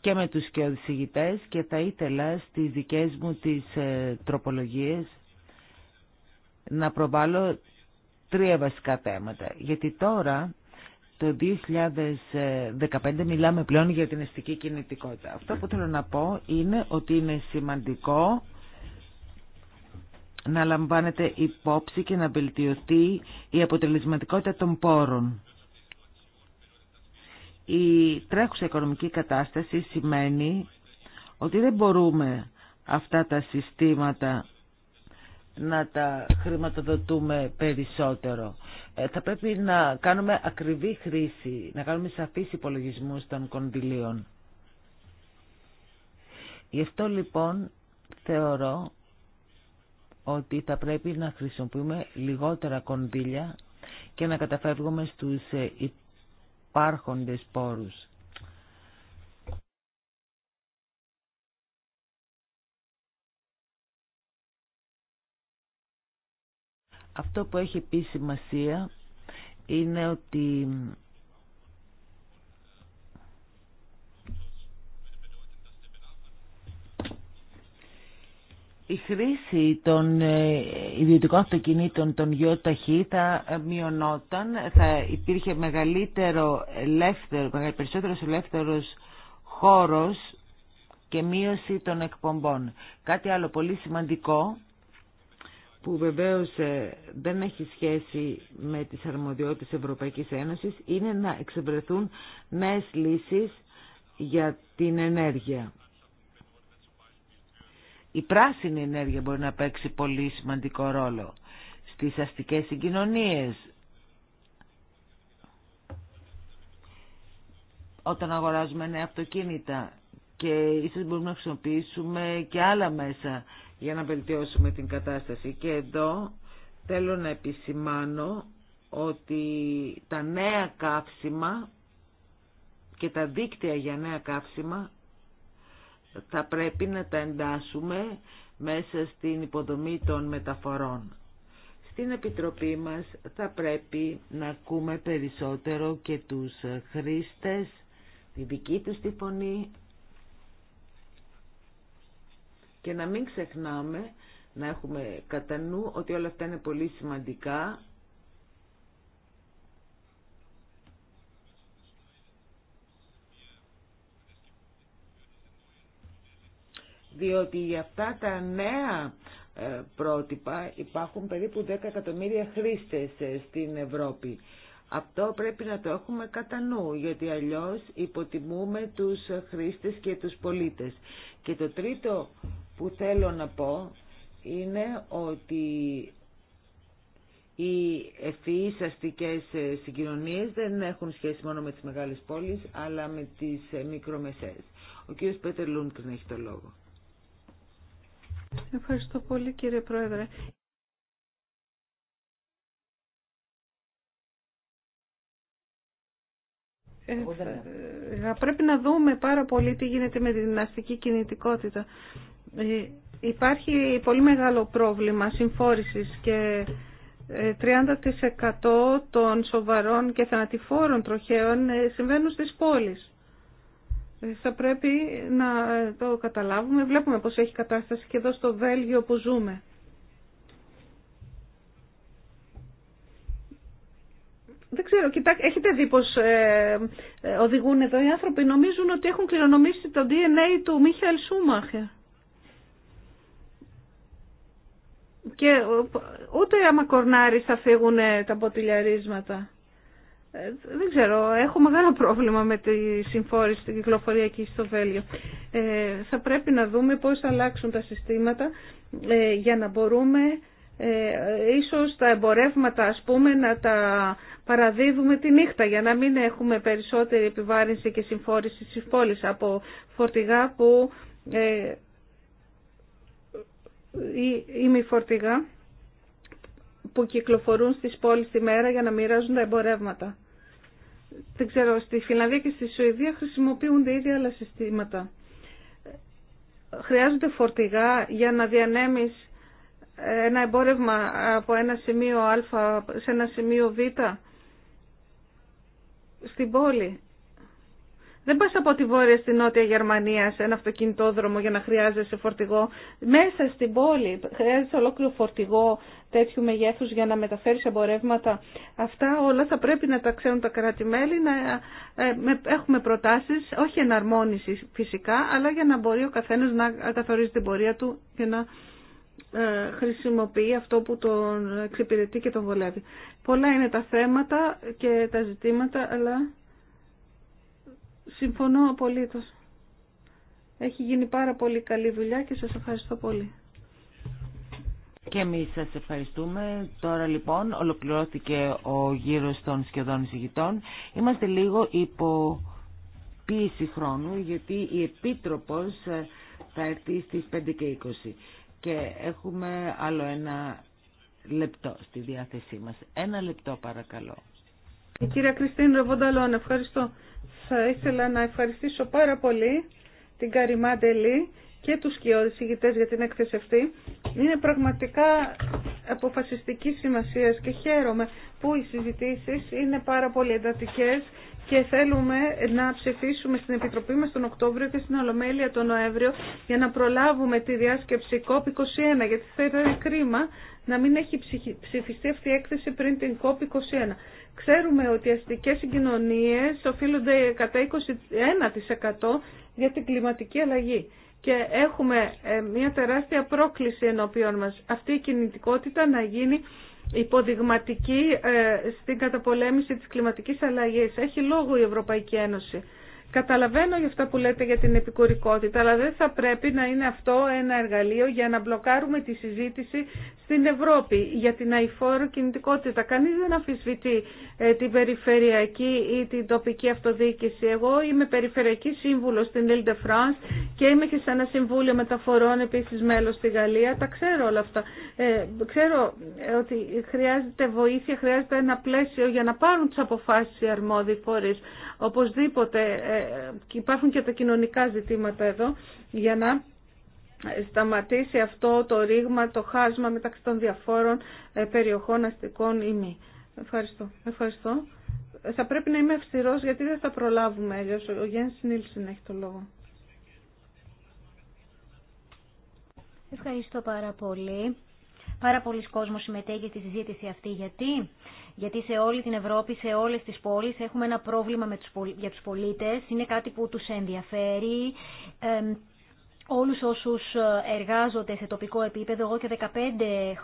Speaker 4: και με τους και και θα ήθελα στις δικές μου τις ε, τροπολογίες να προβάλλω τρία βασικά θέματα. Γιατί τώρα το 2015 μιλάμε πλέον για την αισθητική κινητικότητα. Αυτό που θέλω να πω είναι ότι είναι σημαντικό να λαμβάνεται υπόψη και να βελτιωθεί η αποτελεσματικότητα των πόρων. Η τρέχουσα οικονομική κατάσταση σημαίνει ότι δεν μπορούμε αυτά τα συστήματα να τα χρηματοδοτούμε περισσότερο. Ε, θα πρέπει να κάνουμε ακριβή χρήση, να κάνουμε σαφείς υπολογισμούς των κονδυλίων. Γι' αυτό λοιπόν θεωρώ ότι θα πρέπει να χρησιμοποιούμε λιγότερα κονδύλια και να καταφεύγουμε στους ε, υπάρχοντες πόρους. Αυτό που έχει πει σημασία είναι ότι Η χρήση των ε, ιδιωτικών αυτοκινήτων των ΙΟΤΑΧΗ θα μειωνόταν, θα υπήρχε μεγαλύτερο ελεύθερο, περισσότερος ελεύθερος χώρος και μείωση των εκπομπών. Κάτι άλλο πολύ σημαντικό που βεβαίως ε, δεν έχει σχέση με τις αρμοδιότητες Ευρωπαϊκής Ένωσης είναι να εξευρεθούν νέες λύσεις για την ενέργεια. Η πράσινη ενέργεια μπορεί να παίξει πολύ σημαντικό ρόλο στις αστικές συγκοινωνίες. Όταν αγοράζουμε νέα αυτοκίνητα και ίσως μπορούμε να χρησιμοποιήσουμε και άλλα μέσα για να βελτιώσουμε την κατάσταση. Και εδώ θέλω να επισημάνω ότι τα νέα καύσιμα και τα δίκτυα για νέα καύσιμα θα πρέπει να τα εντάσσουμε μέσα στην υποδομή των μεταφορών. Στην Επιτροπή μας θα πρέπει να ακούμε περισσότερο και τους χρήστες, τη δική τους τη φωνή, και να μην ξεχνάμε να έχουμε κατά νου ότι όλα αυτά είναι πολύ σημαντικά διότι για αυτά τα νέα ε, πρότυπα υπάρχουν περίπου 10 εκατομμύρια χρήστες ε, στην Ευρώπη. Αυτό πρέπει να το έχουμε κατά νου, γιατί αλλιώς υποτιμούμε τους χρήστες και τους πολίτες. Και το τρίτο που θέλω να πω είναι ότι οι ευφυείς αστικές ε, συγκοινωνίες δεν έχουν σχέση μόνο με τις μεγάλες πόλεις, αλλά με τις ε, μικρομεσαίες. Ο κύριος Πέτερ να έχει το λόγο.
Speaker 2: Ευχαριστώ πολύ κύριε Πρόεδρε.
Speaker 4: Ε,
Speaker 2: πρέπει να δούμε πάρα πολύ τι γίνεται με την αστική κινητικότητα. Ε, υπάρχει πολύ μεγάλο πρόβλημα συμφόρησης και 30% ε, των σοβαρών και θανατηφόρων τροχαίων ε, συμβαίνουν στις πόλεις. Θα πρέπει να το καταλάβουμε. Βλέπουμε πως έχει κατάσταση και εδώ στο Βέλγιο που ζούμε. Δεν ξέρω, κοιτά, έχετε δει πως οδηγούν εδώ οι άνθρωποι. Νομίζουν ότι έχουν κληρονομήσει το DNA του Μίχαλ Σούμαχερ. και ε, ούτε άμα κορνάρεις θα φύγουν τα ποτηλιαρίσματα. Ε, δεν ξέρω, έχω μεγάλο πρόβλημα με τη συμφόρηση την κυκλοφορία εκεί στο Βέλιο. Ε, θα πρέπει να δούμε πώς θα αλλάξουν τα συστήματα για να μπορούμε ε, ίσως τα εμπορεύματα ας πούμε να τα παραδίδουμε τη νύχτα για να μην έχουμε περισσότερη επιβάρυνση και συμφόρηση στις πόλεις από φορτηγά που ή φορτηγά που κυκλοφορούν στις πόλεις τη μέρα για να μοιράζουν τα εμπορεύματα. Δεν ξέρω, στη Φιλανδία και στη Σουηδία χρησιμοποιούνται ίδια άλλα συστήματα. Χρειάζονται φορτηγά για να διανέμεις ένα εμπόρευμα από ένα σημείο Α σε ένα σημείο Β στην πόλη. Δεν πας από τη βόρεια στη νότια Γερμανία σε ένα αυτοκινητόδρομο για να χρειάζεσαι φορτηγό. Μέσα στην πόλη χρειάζεσαι ολόκληρο φορτηγό τέτοιου μεγέθου για να μεταφέρει εμπορεύματα. Αυτά όλα θα πρέπει να τα ξέρουν τα κράτη-μέλη, να ε, έχουμε προτάσει, όχι εναρμόνιση φυσικά, αλλά για να μπορεί ο καθένα να καθορίζει την πορεία του και να ε, χρησιμοποιεί αυτό που τον εξυπηρετεί και τον βολεύει. Πολλά είναι τα θέματα και τα ζητήματα, αλλά Συμφωνώ απολύτως. Έχει γίνει πάρα πολύ καλή δουλειά και σας ευχαριστώ
Speaker 4: πολύ. Και εμεί σα ευχαριστούμε. Τώρα λοιπόν ολοκληρώθηκε ο γύρος των σχεδόν εισηγητών. Είμαστε λίγο υπό πίεση χρόνου γιατί η Επίτροπος θα έρθει στις 5 και 20 και έχουμε άλλο ένα λεπτό στη διάθεσή μας. Ένα λεπτό παρακαλώ.
Speaker 2: Η κυρία Κριστίν
Speaker 4: Ρεβονταλών, ευχαριστώ. Θα ήθελα
Speaker 2: να ευχαριστήσω πάρα πολύ την Καριμά και τους κοιόδης ηγητές για την έκθεση αυτή. Είναι πραγματικά αποφασιστική σημασία και χαίρομαι που οι συζητήσει είναι πάρα πολύ εντατικέ και θέλουμε να ψηφίσουμε στην Επιτροπή μας τον Οκτώβριο και στην Ολομέλεια τον Νοέμβριο για να προλάβουμε τη διάσκεψη COP21 γιατί θα ήταν κρίμα να μην έχει ψηφιστεί αυτή η έκθεση πριν την COP21. Ξέρουμε ότι οι αστικές συγκοινωνίες οφείλονται κατά 21% για την κλιματική αλλαγή και έχουμε ε, μια τεράστια πρόκληση ενώπιον μας. Αυτή η κινητικότητα να γίνει υποδειγματική ε, στην καταπολέμηση της κλιματικής αλλαγής. Έχει λόγο η Ευρωπαϊκή Ένωση. Καταλαβαίνω για αυτά που λέτε για την επικουρικότητα, αλλά δεν θα πρέπει να είναι αυτό ένα εργαλείο για να μπλοκάρουμε τη συζήτηση στην Ευρώπη για την αηφόρο κινητικότητα. Κανείς δεν αμφισβητεί ε, την περιφερειακή ή την τοπική αυτοδιοίκηση. Εγώ είμαι περιφερειακή σύμβουλος στην Ile de France και είμαι και σε ένα συμβούλιο μεταφορών επίσης μέλος στη Γαλλία. Τα ξέρω όλα αυτά. Ε, ξέρω ε, ότι χρειάζεται βοήθεια, χρειάζεται ένα πλαίσιο για να πάρουν τις αποφάσεις οι αρμόδιοι Οπωσδήποτε ε, ε, υπάρχουν και τα κοινωνικά ζητήματα εδώ για να ε, σταματήσει αυτό το ρήγμα, το χάσμα μεταξύ των διαφόρων περιοχών αστικών ή μη. Ευχαριστώ. Ευχαριστώ. Θα πρέπει να είμαι αυστηρό γιατί δεν θα προλάβουμε αλλιώ.
Speaker 3: Ο Γιάννη Νίλσεν έχει το λόγο. Ευχαριστώ πάρα πολύ. Πάρα πολλοί κόσμος συμμετέχει στη συζήτηση αυτή. Γιατί? γιατί σε όλη την Ευρώπη, σε όλες τις πόλεις έχουμε ένα πρόβλημα με τους, για τους πολίτες, είναι κάτι που τους ενδιαφέρει. Ε, όλους όσους ε, εργάζονται σε τοπικό επίπεδο, εγώ και 15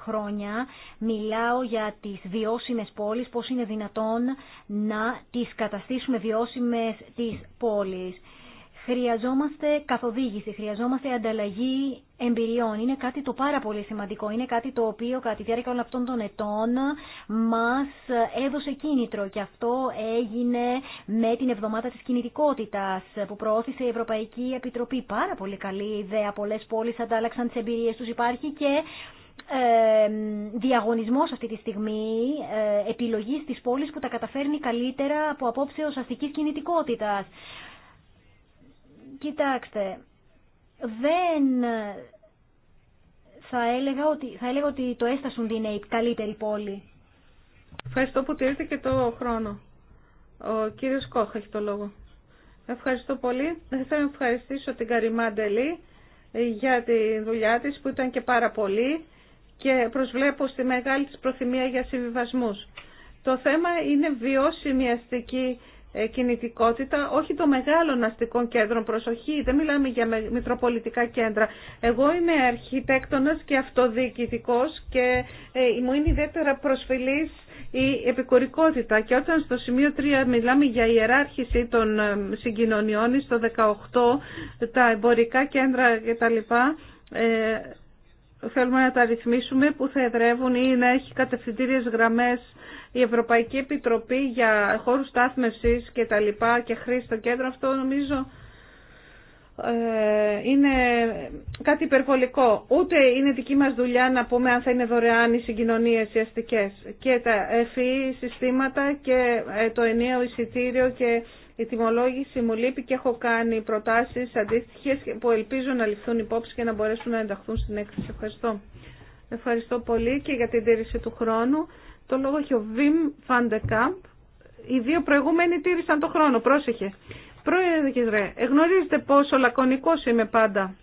Speaker 3: χρόνια μιλάω για τις βιώσιμες πόλεις, πώς είναι δυνατόν να τις καταστήσουμε βιώσιμες τις πόλεις. Χρειαζόμαστε καθοδήγηση, χρειαζόμαστε ανταλλαγή εμπειριών. Είναι κάτι το πάρα πολύ σημαντικό. Είναι κάτι το οποίο κατά τη διάρκεια όλων αυτών των ετών μας έδωσε κίνητρο και αυτό έγινε με την εβδομάδα της κινητικότητας που προώθησε η Ευρωπαϊκή Επιτροπή. Πάρα πολύ καλή ιδέα. Πολλές πόλεις αντάλλαξαν τις εμπειρίες τους. Υπάρχει και ε, διαγωνισμός αυτή τη στιγμή ε, επιλογής της πόλης που τα καταφέρνει καλύτερα από απόψεως αστικής κινητικότητας. Κοιτάξτε, δεν θα έλεγα ότι, θα έλεγα ότι το Έστασουντ είναι η καλύτερη πόλη. Ευχαριστώ που τηρείτε και το χρόνο. Ο κύριος Κόχ έχει το λόγο.
Speaker 2: Ευχαριστώ πολύ. Θα να ευχαριστήσω την Καριμάντελη για τη δουλειά της που ήταν και πάρα πολύ και προσβλέπω στη μεγάλη της προθυμία για συμβιβασμούς. Το θέμα είναι βιώσιμη αστική ε, κινητικότητα όχι των μεγάλων αστικών κέντρων. Προσοχή, δεν μιλάμε για μητροπολιτικά κέντρα. Εγώ είμαι αρχιτέκτονας και αυτοδιοικητικός και ε, μου είναι ιδιαίτερα προσφυλής η επικορικότητα και όταν στο σημείο 3 μιλάμε για ιεράρχηση των ε, συγκοινωνιών στο 18 τα εμπορικά κέντρα κτλ θέλουμε να τα ρυθμίσουμε που θα εδρεύουν ή να έχει κατευθυντήριες γραμμές η Ευρωπαϊκή Επιτροπή για χώρους στάθμευσης και τα λοιπά και χρήση στο κέντρο, αυτό νομίζω ε, είναι κάτι υπερβολικό. Ούτε είναι δική μας δουλειά να πούμε αν θα είναι δωρεάν οι συγκοινωνίες οι αστικές και τα ΕΦΗ e συστήματα και ε, το ενιαίο εισιτήριο και η τιμολόγηση μου λείπει και έχω κάνει προτάσεις αντίστοιχες που ελπίζω να ληφθούν υπόψη και να μπορέσουν να ενταχθούν στην έκθεση. Ευχαριστώ. Ευχαριστώ πολύ και για την τήρηση του χρόνου. Το λόγο έχει ο Βιμ Φαντεκάμπ. Οι δύο προηγούμενοι τήρησαν το χρόνο. Πρόσεχε. Πρόεδρε, γνωρίζετε πόσο λακωνικός είμαι πάντα.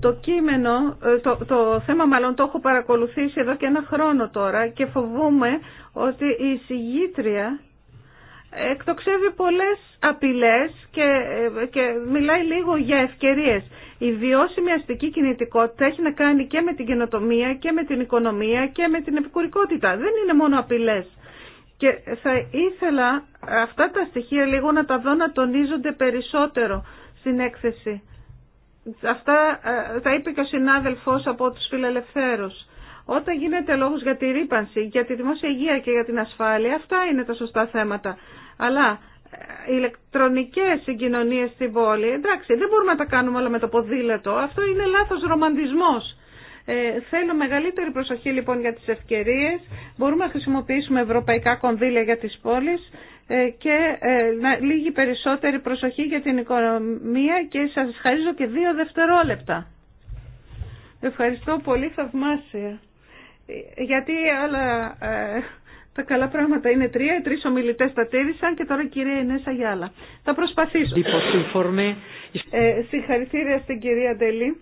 Speaker 2: Το κείμενο, ε, το, το θέμα μάλλον το έχω παρακολουθήσει εδώ και ένα χρόνο τώρα και φοβούμαι ότι η συγγήτρια εκτοξεύει πολλές απειλές και, ε, και μιλάει λίγο για ευκαιρίες. Η βιώσιμη αστική κινητικότητα έχει να κάνει και με την καινοτομία και με την οικονομία και με την επικουρικότητα. Δεν είναι μόνο απειλές. Και θα ήθελα αυτά τα στοιχεία λίγο να τα δω να τονίζονται περισσότερο στην έκθεση. Αυτά ε, τα είπε και ο συνάδελφος από τους φιλελευθέρους. Όταν γίνεται λόγος για τη ρήπανση, για τη δημόσια υγεία και για την ασφάλεια, αυτά είναι τα σωστά θέματα. Αλλά ηλεκτρονικές συγκοινωνίες στην πόλη. Εντάξει, δεν μπορούμε να τα κάνουμε όλα με το ποδήλατο. Αυτό είναι λάθος ρομαντισμός. Ε, θέλω μεγαλύτερη προσοχή λοιπόν για τις ευκαιρίες. Μπορούμε να χρησιμοποιήσουμε ευρωπαϊκά κονδύλια για τις πόλεις ε, και ε, να, λίγη περισσότερη προσοχή για την οικονομία και σας χαρίζω και δύο δευτερόλεπτα. Ευχαριστώ πολύ θαυμάσια. Ε, γιατί όλα ε, τα καλά πράγματα είναι τρία, οι τρεις ομιλητές τα τήρησαν και τώρα η κυρία για άλλα. Θα προσπαθήσω. Ε, συγχαρητήρια στην κυρία Ντελή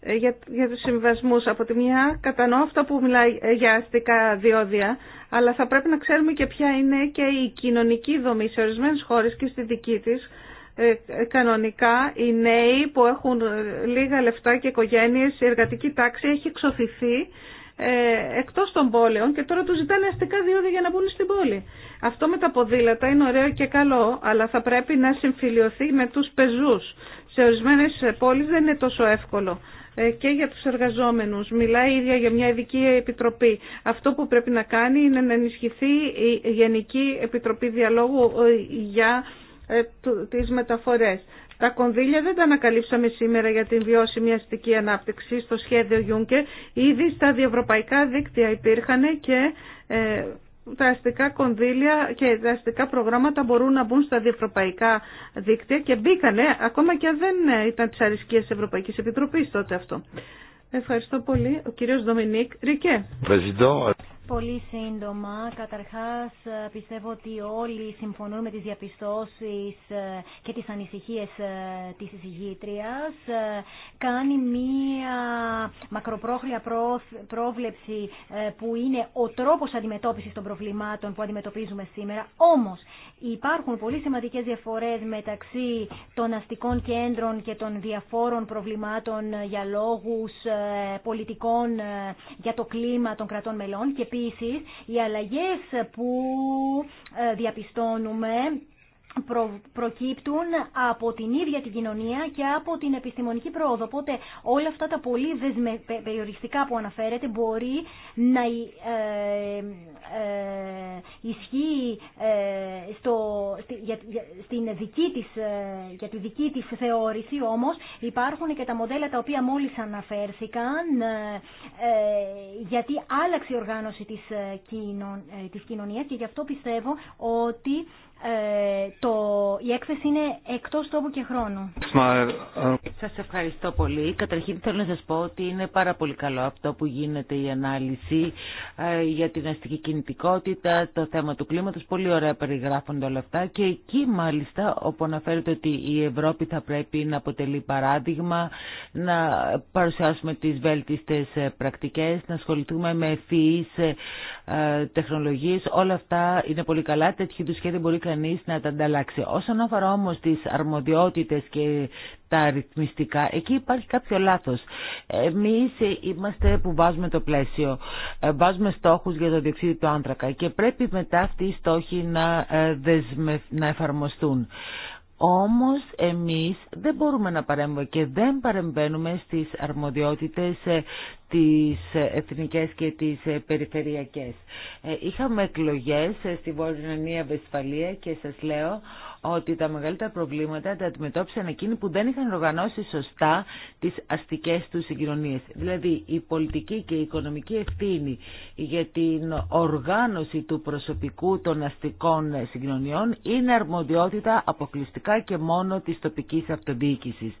Speaker 2: ε, για, για τους συμβασμούς. Από τη μια κατανοώ αυτό που μιλάει ε, για αστικά διόδια, αλλά θα πρέπει να ξέρουμε και ποια είναι και η κοινωνική δομή σε ορισμένες χώρες και στη δική της. Ε, κανονικά οι νέοι που έχουν λίγα λεφτά και οικογένειες, η εργατική τάξη έχει εξοφηθεί ε, εκτός των πόλεων και τώρα τους ζητάνε αστικά διόδια για να μπουν στην πόλη. Αυτό με τα ποδήλατα είναι ωραίο και καλό, αλλά θα πρέπει να συμφιλειωθεί με τους πεζούς. Σε ορισμένες πόλεις δεν είναι τόσο εύκολο ε, και για τους εργαζόμενους. Μιλάει η ίδια για μια ειδική επιτροπή. Αυτό που πρέπει να κάνει είναι να ενισχυθεί η Γενική Επιτροπή Διαλόγου ε, για ε, τις μεταφορές. Τα κονδύλια δεν τα ανακαλύψαμε σήμερα για την βιώσιμη αστική ανάπτυξη στο σχέδιο Juncker. Ήδη στα διευρωπαϊκά δίκτυα υπήρχαν και ε, τα αστικά κονδύλια και τα αστικά προγράμματα μπορούν να μπουν στα διευρωπαϊκά δίκτυα και μπήκανε, ακόμα και αν δεν ήταν της αρισκίας της Ευρωπαϊκής Επιτροπής τότε αυτό. Ευχαριστώ πολύ. Ο κύριος Δομινίκ Ρικέ.
Speaker 3: Πολύ σύντομα. Καταρχάς, ε, πιστεύω ότι όλοι συμφωνούμε με τις διαπιστώσεις ε, και τις ανησυχίες ε, της συζητήτριας. Κάνει μία μακροπρόχρια πρόβλεψη που είναι ο τρόπος αντιμετώπισης των προβλημάτων που αντιμετωπίζουμε σήμερα. Όμως, υπάρχουν πολύ σημαντικές διαφορές μεταξύ των αστικών κέντρων και των διαφόρων προβλημάτων για λόγους πολιτικών, για το κλίμα των κρατών μελών και Επίσης, οι αλλαγές που ε, διαπιστώνουμε προκύπτουν από την ίδια την κοινωνία και από την επιστημονική πρόοδο. Οπότε όλα αυτά τα πολύ περιοριστικά που αναφέρεται μπορεί να ε, ε, ισχύει ε, στο, για, στην δική της, ε, για τη δική της θεώρηση όμως υπάρχουν και τα μοντέλα τα οποία μόλις αναφέρθηκαν γιατί άλλαξε η οργάνωση της, κοινων, της κοινωνίας και γι' αυτό πιστεύω ότι ε, το, η έκθεση είναι εκτός τόπου και χρόνου.
Speaker 4: Σας ευχαριστώ πολύ. Καταρχήν θέλω να σας πω ότι είναι πάρα πολύ καλό αυτό που γίνεται η ανάλυση ε, για την αστική κινητικότητα, το θέμα του κλίματος. Πολύ ωραία περιγράφονται όλα αυτά και εκεί μάλιστα όπου αναφέρεται ότι η Ευρώπη θα πρέπει να αποτελεί παράδειγμα, να παρουσιάσουμε τις βέλτιστες ε, πρακτικές, να ασχοληθούμε με ευφυείς ε, τεχνολογίες, όλα αυτά είναι πολύ καλά, τέτοιου του σχέδια μπορεί κανείς να τα ανταλλάξει. Όσον αφορά όμως τις αρμοδιότητες και τα ρυθμιστικά, εκεί υπάρχει κάποιο λάθος. Εμείς είμαστε που βάζουμε το πλαίσιο, ε, βάζουμε στόχους για το διοξείδιο του άνθρακα και πρέπει μετά αυτοί οι στόχοι να, ε, να εφαρμοστούν. Όμως εμείς δεν μπορούμε να παρέμβουμε και δεν παρεμβαίνουμε στις αρμοδιότητες ε, τις εθνικές και τις ε, περιφερειακές. Ε, είχαμε εκλογές στη Βόρεια Βεσφαλία και σας λέω ότι τα μεγαλύτερα προβλήματα τα αντιμετώπισαν εκείνοι που δεν είχαν οργανώσει σωστά τις αστικές τους συγκοινωνίες. Δηλαδή η πολιτική και η οικονομική ευθύνη για την οργάνωση του προσωπικού των αστικών συγκοινωνιών είναι αρμοδιότητα αποκλειστικά και μόνο της τοπικής αυτοδιοίκησης.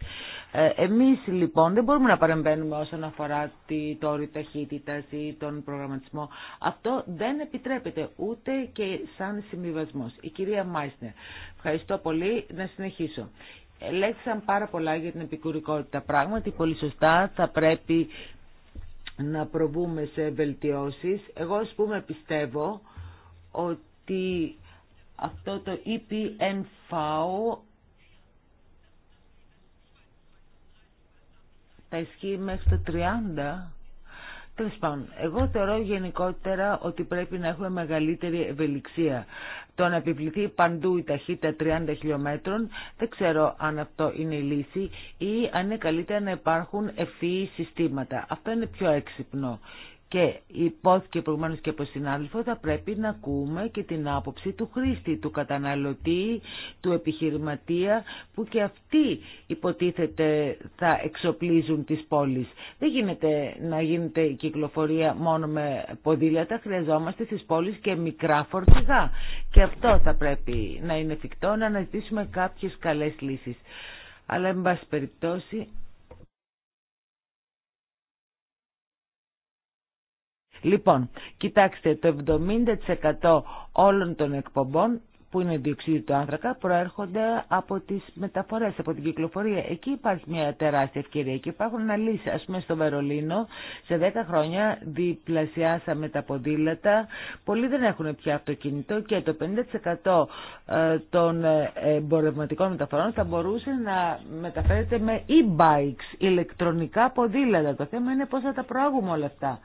Speaker 4: Ε, εμείς λοιπόν δεν μπορούμε να παρεμβαίνουμε όσον αφορά το όριο ταχύτητα ή τον προγραμματισμό. Αυτό δεν επιτρέπεται ούτε και σαν συμβιβασμό. Η κυρία Μάισνερ, ευχαριστώ πολύ να συνεχίσω. Λέξαν πάρα πολλά για την επικουρικότητα. Πράγματι, πολύ σωστά θα πρέπει να προβούμε σε βελτιώσεις. Εγώ, ας πούμε, πιστεύω ότι αυτό το EPNV θα ισχύει μέχρι το 30. Τέλο πάντων, εγώ θεωρώ γενικότερα ότι πρέπει να έχουμε μεγαλύτερη ευελιξία. Το να επιβληθεί παντού η ταχύτητα 30 χιλιόμετρων, δεν ξέρω αν αυτό είναι η λύση ή αν είναι καλύτερα να υπάρχουν ευφυή συστήματα. Αυτό είναι πιο έξυπνο και υπόθηκε προηγουμένως και από συνάδελφο, θα πρέπει να ακούμε και την άποψη του χρήστη, του καταναλωτή, του επιχειρηματία, που και αυτοί υποτίθεται θα εξοπλίζουν τις πόλεις. Δεν γίνεται να γίνεται η κυκλοφορία μόνο με ποδήλατα, χρειαζόμαστε στις πόλεις και μικρά φορτηγά. Και αυτό θα πρέπει να είναι εφικτό, να αναζητήσουμε κάποιες καλές λύσεις. Αλλά, εν περιπτώσει, Λοιπόν, κοιτάξτε, το 70% όλων των εκπομπών που είναι διοξείδιο του άνθρακα προέρχονται από τις μεταφορές, από την κυκλοφορία. Εκεί υπάρχει μια τεράστια ευκαιρία και υπάρχουν αναλύσεις. Ας πούμε στο Βερολίνο σε 10 χρόνια διπλασιάσαμε τα ποδήλατα. Πολλοί δεν έχουν πια αυτοκίνητο και το 50% ε, των ε, εμπορευματικών μεταφορών θα μπορούσε να μεταφέρεται με e-bikes, ηλεκτρονικά ποδήλατα. Το θέμα είναι πώς θα τα προάγουμε όλα αυτά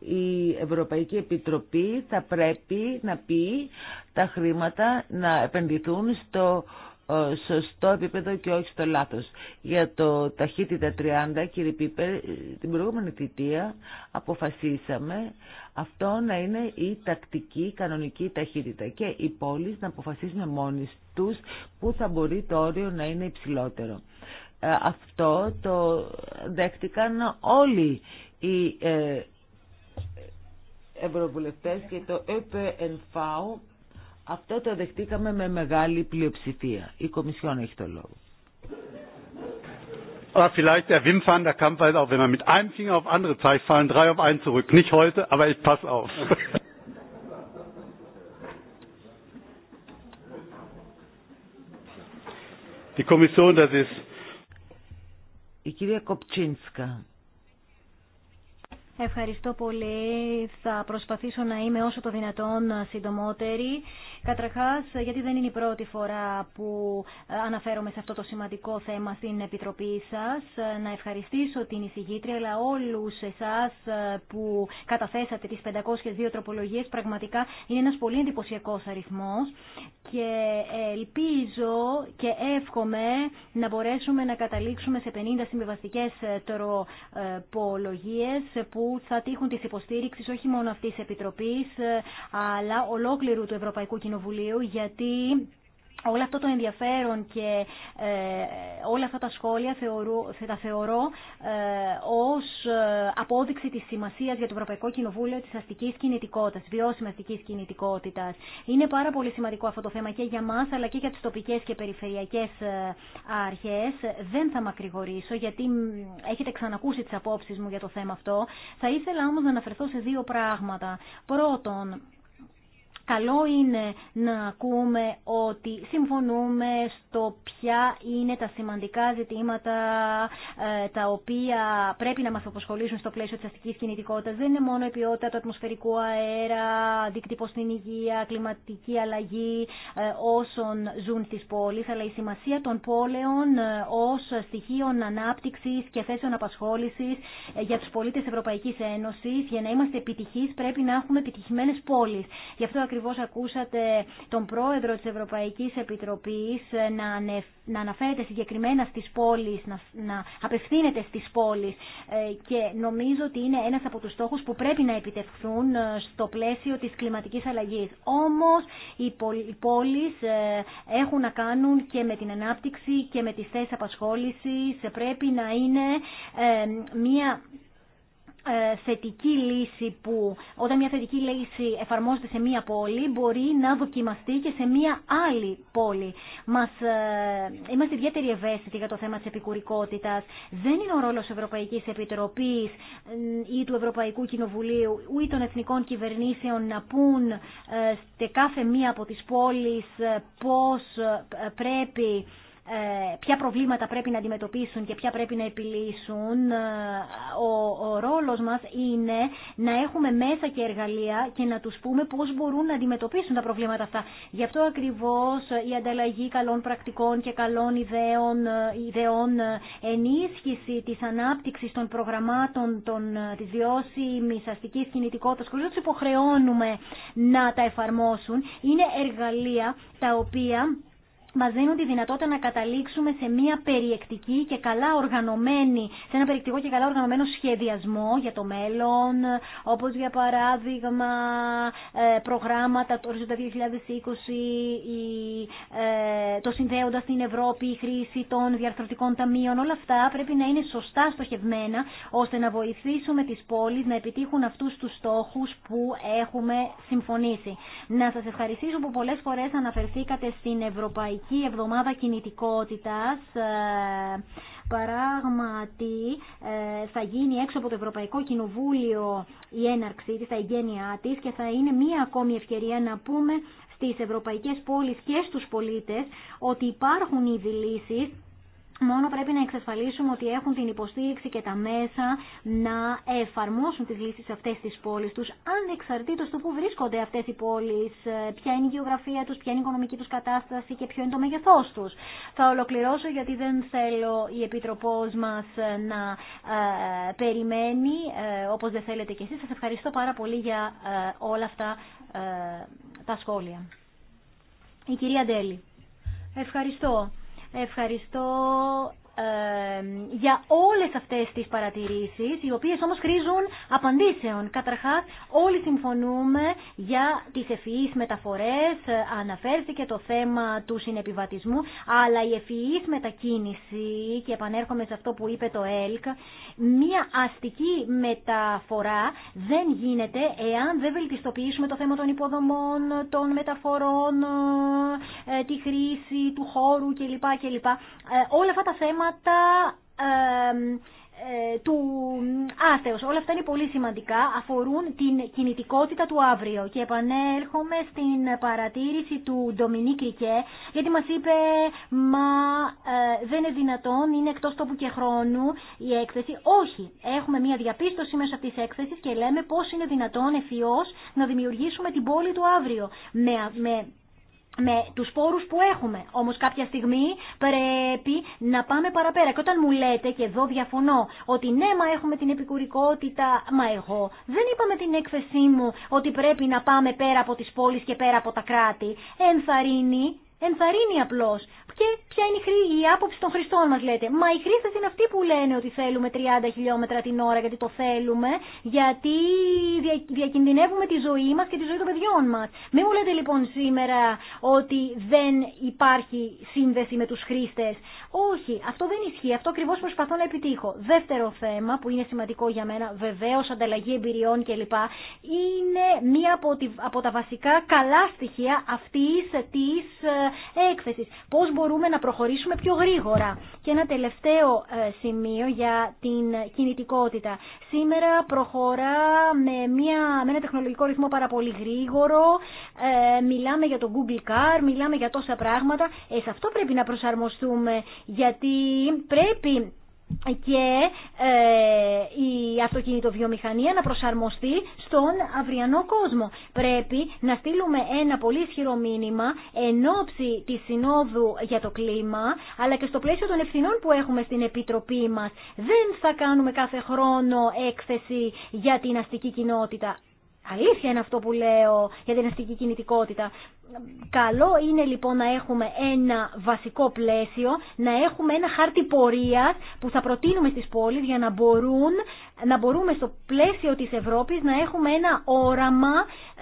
Speaker 4: η Ευρωπαϊκή Επιτροπή θα πρέπει να πει τα χρήματα να επενδυθούν στο ε, σωστό επίπεδο και όχι στο λάθος. Για το ταχύτητα 30, κύριε Πίπερ, την προηγούμενη θητεία αποφασίσαμε αυτό να είναι η τακτική κανονική ταχύτητα και οι πόλεις να αποφασίσουν μόνοι τους που θα μπορεί το όριο να είναι υψηλότερο. Ε, αυτό το δέχτηκαν όλοι οι ε, ευρωβουλευτές και το ΕΠΕΝΦΑ αυτό
Speaker 1: το δεχτήκαμε με μεγάλη πλειοψηφία. Η Κομισιόν έχει το λόγο. Aber vielleicht der Wim van der Kampf weiß auch, wenn man mit einem Finger auf andere zeigt, fallen drei auf einen zurück. Nicht heute, aber ich pass auf. Die Kommission, das ist. Η κυρία Κοπτσίνσκα.
Speaker 3: Ευχαριστώ πολύ. Θα προσπαθήσω να είμαι όσο το δυνατόν συντομότερη. Καταρχά, γιατί δεν είναι η πρώτη φορά που αναφέρομαι σε αυτό το σημαντικό θέμα στην Επιτροπή σα. Να ευχαριστήσω την εισηγήτρια, αλλά όλου εσά που καταθέσατε τι 502 τροπολογίε. Πραγματικά είναι ένα πολύ εντυπωσιακό αριθμό και ελπίζω και εύχομαι να μπορέσουμε να καταλήξουμε σε 50 συμβιβαστικέ τροπολογίε που θα τύχουν τη υποστήριξη όχι μόνο αυτή τη Επιτροπή, ε, αλλά ολόκληρου του Ευρωπαϊκού Κοινοβουλίου, γιατί Όλο αυτό το ενδιαφέρον και ε, όλα αυτά τα σχόλια θεωρώ, θα τα θεωρώ ε, ως ε, απόδειξη της σημασίας για το Ευρωπαϊκό Κοινοβούλιο της αστικής κινητικότητας, βιώσιμη αστικής κινητικότητας. Είναι πάρα πολύ σημαντικό αυτό το θέμα και για μας αλλά και για τις τοπικές και περιφερειακές ε, αρχές. Δεν θα μακρηγορήσω γιατί έχετε ξανακούσει τις απόψεις μου για το θέμα αυτό. Θα ήθελα όμως να αναφερθώ σε δύο πράγματα. Πρώτον, Καλό είναι να ακούμε ότι συμφωνούμε στο ποια είναι τα σημαντικά ζητήματα ε, τα οποία πρέπει να μας αποσχολήσουν στο πλαίσιο της αστικής κινητικότητας. Δεν είναι μόνο η ποιότητα του ατμοσφαιρικού αέρα, αντίκτυπο στην υγεία, κλιματική αλλαγή ε, όσων ζουν στις πόλεις, αλλά η σημασία των πόλεων ε, ως στοιχείων ανάπτυξης και θέσεων απασχόλησης για τους πολίτες Ευρωπαϊκής Ένωσης. Για να είμαστε επιτυχείς πρέπει να έχουμε επιτυχημένες πόλεις. Γι' αυτό ακριβώς ακούσατε τον πρόεδρο της Ευρωπαϊκής Επιτροπής να αναφέρεται συγκεκριμένα στις πόλεις, να απευθύνεται στις πόλεις ε, και νομίζω ότι είναι ένας από τους στόχους που πρέπει να επιτευχθούν ε, στο πλαίσιο της κλιματικής αλλαγής. Όμως οι πόλεις ε, έχουν να κάνουν και με την ανάπτυξη και με τις θέσεις απασχόλησης. Πρέπει να είναι μια ε, θετική λύση που όταν μια θετική λύση εφαρμόζεται σε μια πόλη μπορεί να δοκιμαστεί και σε μια άλλη πόλη. Μας, ε, είμαστε ιδιαίτερη ευαίσθητοι για το θέμα της επικουρικότητας. Δεν είναι ο ρόλος Ευρωπαϊκής Επιτροπής ε, ή του Ευρωπαϊκού Κοινοβουλίου ή των εθνικών κυβερνήσεων να πούν σε κάθε μία από τις πόλεις πώς πρέπει ε, ποια προβλήματα πρέπει να αντιμετωπίσουν και ποια πρέπει να επιλύσουν. Ε, ο, ο ρόλος μας είναι να έχουμε μέσα και εργαλεία και να τους πούμε πώς μπορούν να αντιμετωπίσουν τα προβλήματα αυτά. Γι' αυτό ακριβώς η ανταλλαγή καλών πρακτικών και καλών ε, ιδεών, ιδεών ενίσχυση της ανάπτυξης των προγραμμάτων των, της βιώσιμης αστικής κινητικότητας, χωρίς τους υποχρεώνουμε να τα εφαρμόσουν, είναι εργαλεία τα οποία μα δίνουν τη δυνατότητα να καταλήξουμε σε μια περιεκτική και καλά οργανωμένη, σε ένα περιεκτικό και καλά οργανωμένο σχεδιασμό για το μέλλον, όπω για παράδειγμα ε, προγράμματα το 2020, ε, το συνδέοντα στην Ευρώπη, η χρήση των διαρθρωτικών ταμείων, όλα αυτά πρέπει να είναι σωστά στοχευμένα, ώστε να βοηθήσουμε τις πόλεις να επιτύχουν αυτού του στόχου που έχουμε συμφωνήσει. Να σα ευχαριστήσω που πολλέ φορέ αναφερθήκατε στην Ευρωπαϊκή Ευρωπαϊκή Εβδομάδα Κινητικότητας ε, Παράγματι ε, θα γίνει έξω από το Ευρωπαϊκό Κοινοβούλιο η έναρξή της, τα εγγένειά της και θα είναι μία ακόμη ευκαιρία να πούμε στις ευρωπαϊκές πόλεις και στους πολίτες ότι υπάρχουν ήδη λύσεις Μόνο πρέπει να εξασφαλίσουμε ότι έχουν την υποστήριξη και τα μέσα να εφαρμόσουν τις λύσεις σε αυτές τις πόλεις τους, ανεξαρτήτως του που βρίσκονται αυτές οι πόλεις, ε, ποια είναι η γεωγραφία τους, ποια είναι η οικονομική τους κατάσταση και ποιο είναι το μέγεθός τους. Θα ολοκληρώσω γιατί δεν θέλω η Επιτροπός μας ε, να ε, περιμένει, όπως δεν θέλετε κι εσείς. Σας ευχαριστώ πάρα πολύ για όλα αυτά τα σχόλια. Η κυρία Ντέλη. Ευχαριστώ. Ευχαριστώ ε, για όλες αυτές τις παρατηρήσεις, οι οποίες όμως χρήζουν απαντήσεων. Καταρχάς, όλοι συμφωνούμε για τις ευφυείς μεταφορές, ε, αναφέρθηκε το θέμα του συνεπιβατισμού, αλλά η ευφυείς μετακίνηση, και επανέρχομαι σε αυτό που είπε το ΕΛΚ, μία αστική μεταφορά δεν γίνεται εάν δεν βελτιστοποιήσουμε το θέμα των υποδομών, των μεταφορών, ε, τη χρήση του χώρου κλπ. κλπ. Όλα αυτά τα θέματα θέματα ε, του άθεος. Όλα αυτά είναι πολύ σημαντικά, αφορούν την κινητικότητα του αύριο. Και επανέρχομαι στην παρατήρηση του Ντομινίκ Ρικέ, γιατί μας είπε, μα ε, δεν είναι δυνατόν, είναι εκτός τόπου και χρόνου η έκθεση. Όχι, έχουμε μια διαπίστωση μέσα αυτής της έκθεσης και λέμε πώς είναι δυνατόν εφιώς να δημιουργήσουμε την πόλη του αύριο. Με, με με τους πόρου που έχουμε. Όμως κάποια στιγμή πρέπει να πάμε παραπέρα. Και όταν μου λέτε, και εδώ διαφωνώ, ότι ναι, μα έχουμε την επικουρικότητα, μα εγώ δεν είπα την έκθεσή μου ότι πρέπει να πάμε πέρα από τις πόλεις και πέρα από τα κράτη. Ενθαρρύνει, ενθαρρύνει απλώς και ποια είναι η, άποψη των χρηστών μας λέτε. Μα οι χρήστες είναι αυτοί που λένε ότι θέλουμε 30 χιλιόμετρα την ώρα γιατί το θέλουμε, γιατί διακινδυνεύουμε τη ζωή μας και τη ζωή των παιδιών μας. Μην μου λέτε λοιπόν σήμερα ότι δεν υπάρχει σύνδεση με τους χρήστες. Όχι, αυτό δεν ισχύει, αυτό ακριβώς προσπαθώ να επιτύχω. Δεύτερο θέμα που είναι σημαντικό για μένα, βεβαίως ανταλλαγή εμπειριών κλπ. Είναι μία από, από τα βασικά καλά στοιχεία αυτής της ε, έκθεσης. Πώς μπορούμε να προχωρήσουμε πιο γρήγορα. Και ένα τελευταίο ε, σημείο για την κινητικότητα. Σήμερα προχωρά με, μια, με ένα τεχνολογικό ρυθμό πάρα πολύ γρήγορο, ε, μιλάμε για το Google Car, μιλάμε για τόσα πράγματα. Ε, σε αυτό πρέπει να προσαρμοστούμε, γιατί πρέπει και ε, η αυτοκινητοβιομηχανία να προσαρμοστεί στον αυριανό κόσμο. Πρέπει να στείλουμε ένα πολύ ισχυρό μήνυμα εν ώψη τη Συνόδου για το κλίμα, αλλά και στο πλαίσιο των ευθυνών που έχουμε στην Επιτροπή μας. Δεν θα κάνουμε κάθε χρόνο έκθεση για την αστική κοινότητα. Αλήθεια είναι αυτό που λέω για την αστική κινητικότητα. Καλό είναι λοιπόν να έχουμε ένα βασικό πλαίσιο, να έχουμε ένα χάρτη πορείας που θα προτείνουμε στις πόλεις για να, μπορούν, να μπορούμε στο πλαίσιο της Ευρώπης να έχουμε ένα όραμα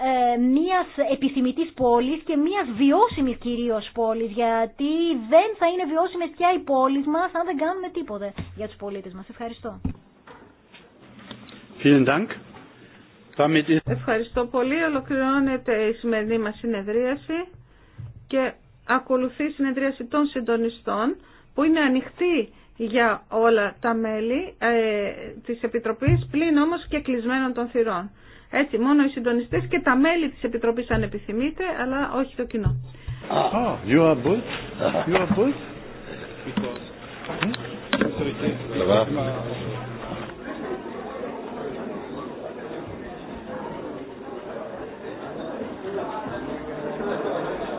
Speaker 3: ε, μιας επιθυμητής πόλης και μιας βιώσιμης κυρίως πόλης, γιατί δεν θα είναι βιώσιμη πια οι πόλεις μας αν δεν κάνουμε τίποτε για τους πολίτες μας. Ευχαριστώ.
Speaker 1: Vielen Dank.
Speaker 2: Ευχαριστώ πολύ. Ολοκληρώνεται η σημερινή μας συνεδρίαση και ακολουθεί η συνεδρίαση των συντονιστών που είναι ανοιχτή για όλα τα μέλη ε, της Επιτροπής πλην όμως και κλεισμένων των θυρών. Έτσι, μόνο οι συντονιστές και τα μέλη της Επιτροπής αν επιθυμείτε, αλλά όχι το κοινό.